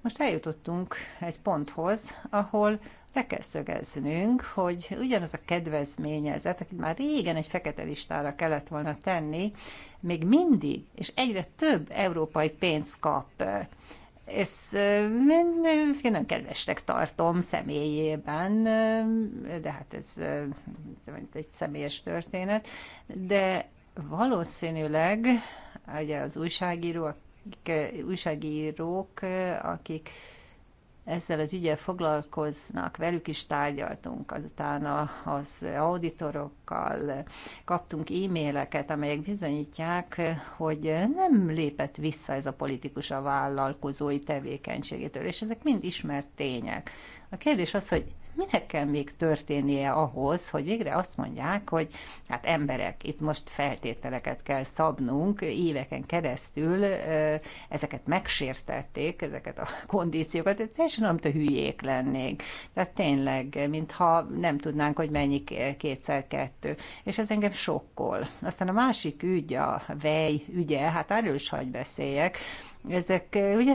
Most eljutottunk egy ponthoz, ahol le kell szögeznünk, hogy ugyanaz a kedvezményezet, akit már régen egy fekete listára kellett volna tenni, még mindig, és egyre több európai pénzt kap ezt én nagyon kedvesnek tartom személyében, de hát ez egy személyes történet, de valószínűleg ugye az újságírók, újságírók, akik ezzel az ügyel foglalkoznak, velük is tárgyaltunk, azután az auditorokkal kaptunk e-maileket, amelyek bizonyítják, hogy nem lépett vissza ez a politikus a vállalkozói tevékenységétől, és ezek mind ismert tények. A kérdés az, hogy minek kell még történnie ahhoz, hogy végre azt mondják, hogy hát emberek, itt most feltételeket kell szabnunk, éveken keresztül ezeket megsértették, ezeket a [laughs] kondíciókat, teljesen amit a hülyék lennénk. Tehát tényleg, mintha nem tudnánk, hogy mennyi kétszer kettő. És ez engem sokkol. Aztán a másik ügy, a vej ügye, hát erről is hagy beszéljek, ezek eh, ugye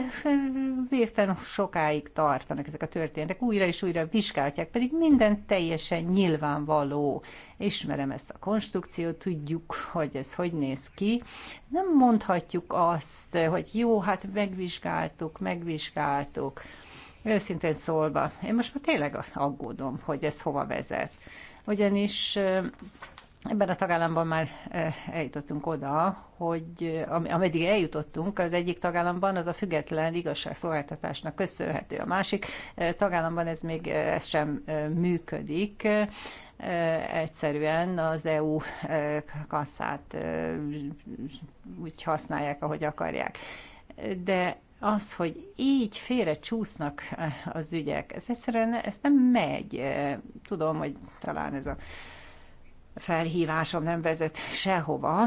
végtelen sokáig tartanak ezek a történetek, újra és újra vizsgálják, pedig minden teljesen nyilvánvaló. Ismerem ezt a konstrukciót, tudjuk, hogy ez hogy néz ki. Nem mondhatjuk azt, hogy jó, hát megvizsgáltuk, megvizsgáltuk. Őszintén szólva, én most már tényleg aggódom, hogy ez hova vezet. Ugyanis eh, Ebben a tagállamban már eh, eljutottunk oda, hogy eh, ameddig eljutottunk, az egyik tagállamban az a független igazságszolgáltatásnak köszönhető. A másik eh, tagállamban ez még ez sem működik. Egyszerűen az EU kasszát úgy használják, ahogy akarják. De az, hogy így félre csúsznak az ügyek, ez egyszerűen ez nem megy. Tudom, hogy talán ez a felhívásom nem vezet sehova,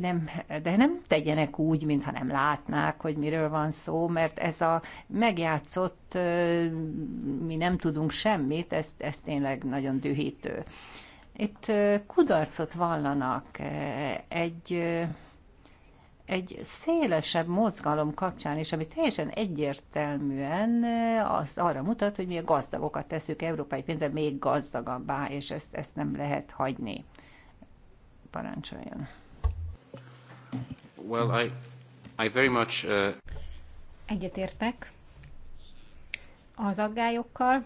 nem, de nem tegyenek úgy, mintha nem látnák, hogy miről van szó, mert ez a megjátszott, mi nem tudunk semmit, ez, ez tényleg nagyon dühítő. Itt kudarcot vallanak egy egy szélesebb mozgalom kapcsán is, ami teljesen egyértelműen eh, az arra mutat, hogy mi a gazdagokat teszük európai pénzre még gazdagabbá, és ezt, ezt nem lehet hagyni. Parancsoljon. Well, I, I very much, uh... Egyetértek az aggályokkal.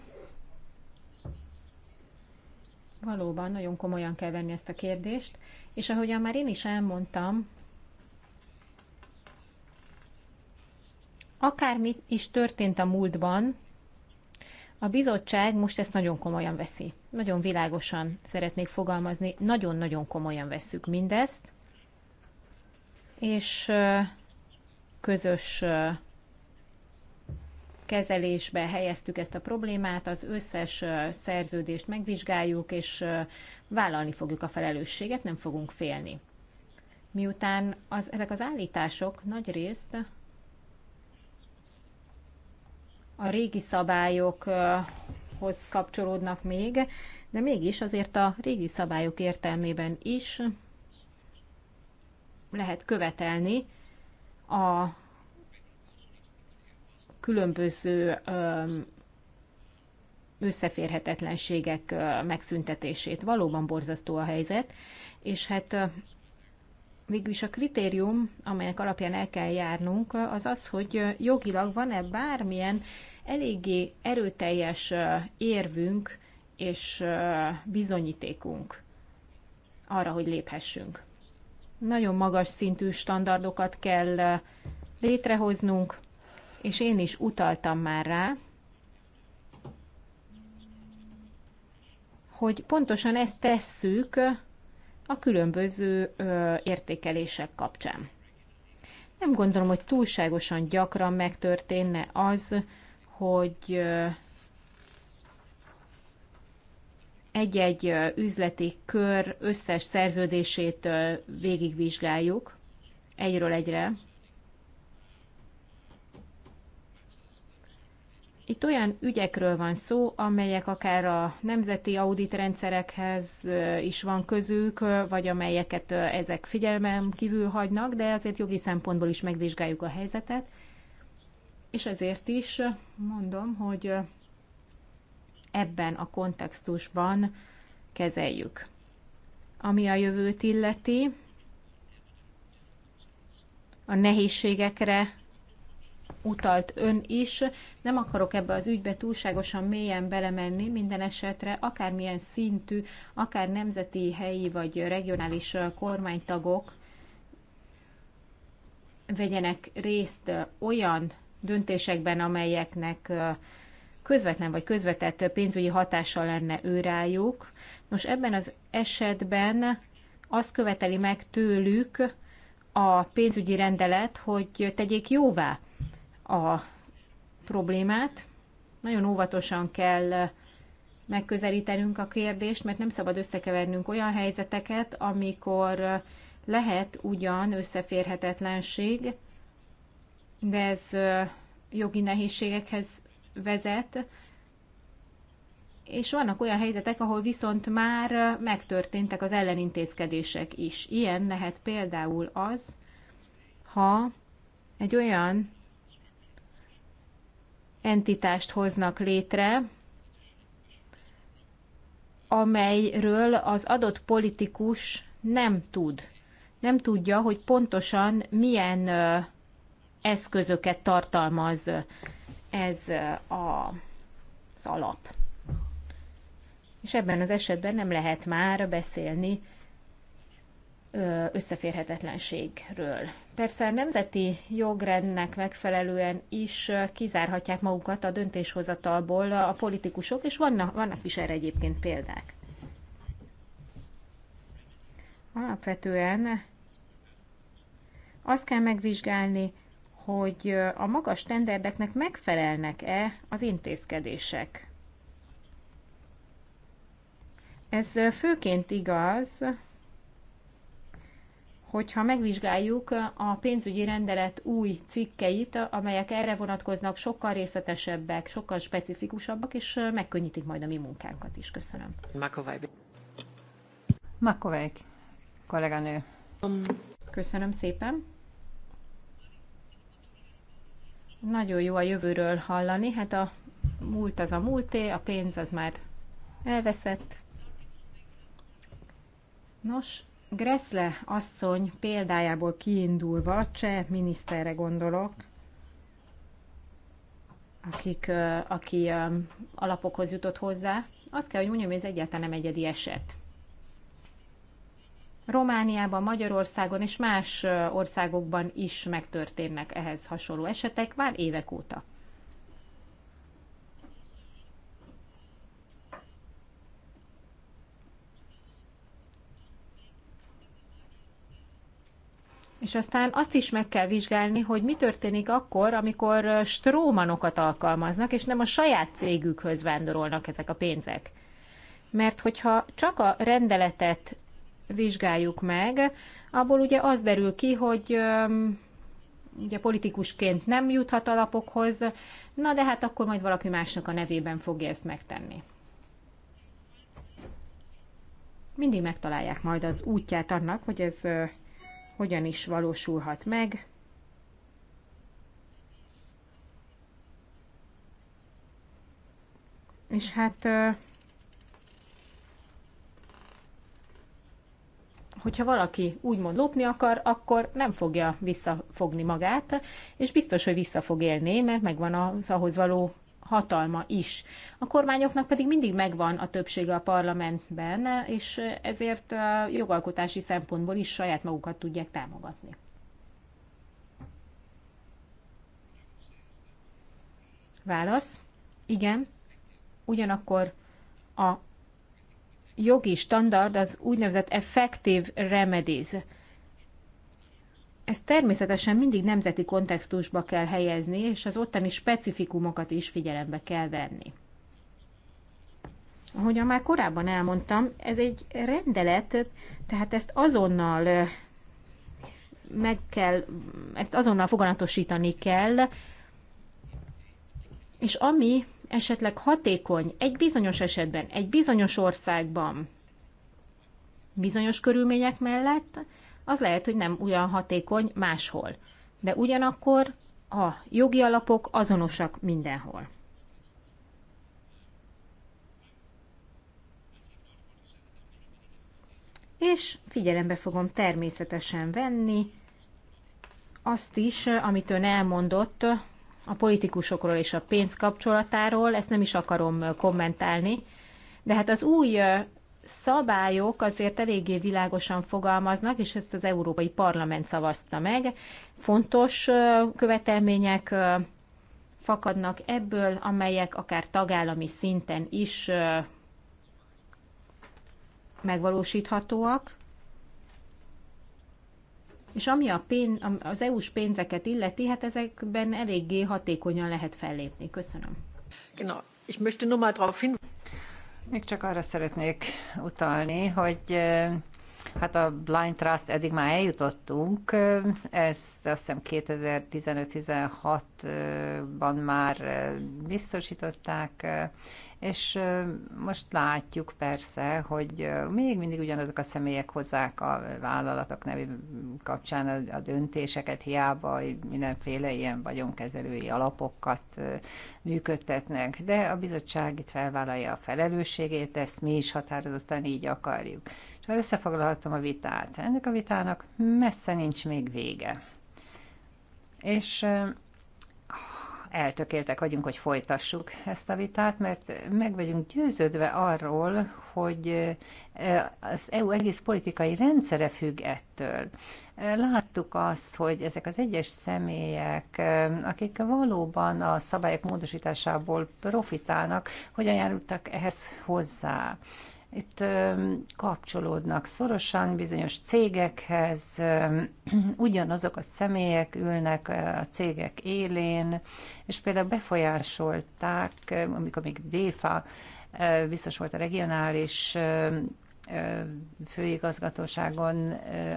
Valóban nagyon komolyan kell venni ezt a kérdést, és ahogyan már én is elmondtam, Akármi is történt a múltban, a bizottság most ezt nagyon komolyan veszi. Nagyon világosan szeretnék fogalmazni, nagyon-nagyon komolyan vesszük mindezt, és közös kezelésbe helyeztük ezt a problémát, az összes szerződést megvizsgáljuk, és vállalni fogjuk a felelősséget, nem fogunk félni. Miután az, ezek az állítások nagy részt a régi szabályokhoz kapcsolódnak még, de mégis azért a régi szabályok értelmében is lehet követelni a különböző összeférhetetlenségek megszüntetését. Valóban borzasztó a helyzet, és hát Végülis a kritérium, amelynek alapján el kell járnunk, az az, hogy jogilag van-e bármilyen eléggé erőteljes érvünk és bizonyítékunk arra, hogy léphessünk. Nagyon magas szintű standardokat kell létrehoznunk, és én is utaltam már rá, hogy pontosan ezt tesszük a különböző értékelések kapcsán. Nem gondolom, hogy túlságosan gyakran megtörténne az, hogy egy-egy üzleti kör összes szerződését végigvizsgáljuk egyről egyre, Itt olyan ügyekről van szó, amelyek akár a nemzeti auditrendszerekhez is van közük, vagy amelyeket ezek figyelmen kívül hagynak, de azért jogi szempontból is megvizsgáljuk a helyzetet. És ezért is mondom, hogy ebben a kontextusban kezeljük. Ami a jövőt illeti, a nehézségekre utalt ön is. Nem akarok ebbe az ügybe túlságosan mélyen belemenni, minden esetre akármilyen szintű, akár nemzeti, helyi vagy regionális kormánytagok vegyenek részt olyan döntésekben, amelyeknek közvetlen vagy közvetett pénzügyi hatása lenne őrájuk. Nos, ebben az esetben azt követeli meg tőlük a pénzügyi rendelet, hogy tegyék jóvá a problémát. Nagyon óvatosan kell megközelítenünk a kérdést, mert nem szabad összekevernünk olyan helyzeteket, amikor lehet ugyan összeférhetetlenség, de ez jogi nehézségekhez vezet, és vannak olyan helyzetek, ahol viszont már megtörténtek az ellenintézkedések is. Ilyen lehet például az, ha egy olyan entitást hoznak létre, amelyről az adott politikus nem tud. Nem tudja, hogy pontosan milyen eszközöket tartalmaz ez a, az alap. És ebben az esetben nem lehet már beszélni összeférhetetlenségről. Persze a nemzeti jogrendnek megfelelően is kizárhatják magukat a döntéshozatalból a politikusok, és vannak, vannak is erre egyébként példák. Alapvetően azt kell megvizsgálni, hogy a magas tenderdeknek megfelelnek-e az intézkedések. Ez főként igaz, hogyha megvizsgáljuk a pénzügyi rendelet új cikkeit, amelyek erre vonatkoznak, sokkal részletesebbek, sokkal specifikusabbak, és megkönnyítik majd a mi munkánkat is. Köszönöm. Makovej. Makovej, kolléganő. Köszönöm szépen. Nagyon jó a jövőről hallani. Hát a múlt az a múlté, a pénz az már elveszett. Nos, Gressle asszony példájából kiindulva, cseh miniszterre gondolok, akik, aki alapokhoz jutott hozzá, azt kell, hogy mondjam, hogy ez egyáltalán nem egyedi eset. Romániában, Magyarországon és más országokban is megtörténnek ehhez hasonló esetek már évek óta. És aztán azt is meg kell vizsgálni, hogy mi történik akkor, amikor strómanokat alkalmaznak, és nem a saját cégükhöz vándorolnak ezek a pénzek. Mert hogyha csak a rendeletet vizsgáljuk meg, abból ugye az derül ki, hogy ugye politikusként nem juthat alapokhoz, na de hát akkor majd valaki másnak a nevében fogja ezt megtenni. Mindig megtalálják majd az útját annak, hogy ez hogyan is valósulhat meg. És hát hogyha valaki úgymond lopni akar, akkor nem fogja visszafogni magát, és biztos, hogy vissza fog élni, mert megvan az ahhoz való hatalma is. A kormányoknak pedig mindig megvan a többsége a parlamentben, és ezért a jogalkotási szempontból is saját magukat tudják támogatni. Válasz. Igen. Ugyanakkor a jogi standard az úgynevezett effective remedies ezt természetesen mindig nemzeti kontextusba kell helyezni, és az ottani specifikumokat is figyelembe kell venni. Ahogyan már korábban elmondtam, ez egy rendelet, tehát ezt azonnal meg kell, ezt azonnal foganatosítani kell, és ami esetleg hatékony egy bizonyos esetben, egy bizonyos országban, bizonyos körülmények mellett, az lehet, hogy nem olyan hatékony máshol. De ugyanakkor a jogi alapok azonosak mindenhol. És figyelembe fogom természetesen venni azt is, amit ön elmondott a politikusokról és a pénz kapcsolatáról, ezt nem is akarom kommentálni, de hát az új szabályok azért eléggé világosan fogalmaznak, és ezt az Európai Parlament szavazta meg. Fontos követelmények fakadnak ebből, amelyek akár tagállami szinten is megvalósíthatóak. És ami a pén, az EU-s pénzeket illeti, hát ezekben eléggé hatékonyan lehet fellépni. Köszönöm. Genau. Ich möchte nur mal darauf hin... Még csak arra szeretnék utalni, hogy Hát a Blind Trust eddig már eljutottunk, ez azt hiszem 2015-16-ban már biztosították, és most látjuk persze, hogy még mindig ugyanazok a személyek hozzák a vállalatok nevű kapcsán a, a döntéseket, hiába mindenféle ilyen vagyonkezelői alapokat működtetnek, de a bizottság itt felvállalja a felelősségét, ezt mi is határozottan így akarjuk. És ha összefoglalhatom a vitát, ennek a vitának messze nincs még vége. És eltökéltek vagyunk, hogy folytassuk ezt a vitát, mert meg vagyunk győződve arról, hogy e, az EU egész politikai rendszere függ ettől. E, láttuk azt, hogy ezek az egyes személyek, e, akik valóban a szabályok módosításából profitálnak, hogyan járultak ehhez hozzá itt kapcsolódnak szorosan bizonyos cégekhez, [clears throat] ugyanazok a személyek ülnek a cégek élén, és például befolyásolták, amikor még DEFA biztos volt a regionális főigazgatóságon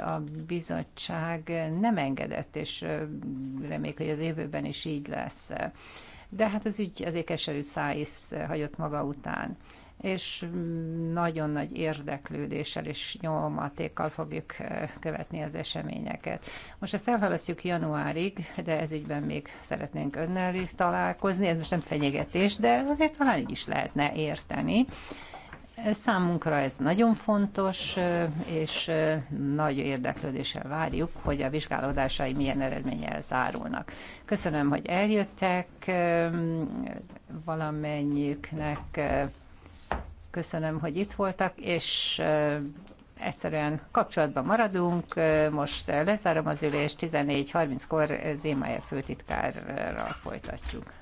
a bizottság nem engedett, és reméljük, hogy az jövőben is így lesz. De hát az ügy azért keserű szájsz hagyott maga után és nagyon nagy érdeklődéssel és nyomatékkal fogjuk követni az eseményeket. Most ezt elhalasztjuk januárig, de ez ügyben még szeretnénk önnel is találkozni, ez most nem fenyegetés, de azért talán így is lehetne érteni. Számunkra ez nagyon fontos, és nagy érdeklődéssel várjuk, hogy a vizsgálódásai milyen eredménnyel zárulnak. Köszönöm, hogy eljöttek valamennyiüknek köszönöm, hogy itt voltak, és egyszerűen kapcsolatban maradunk. Most lezárom az ülést, 14.30-kor Zémájer főtitkárral folytatjuk.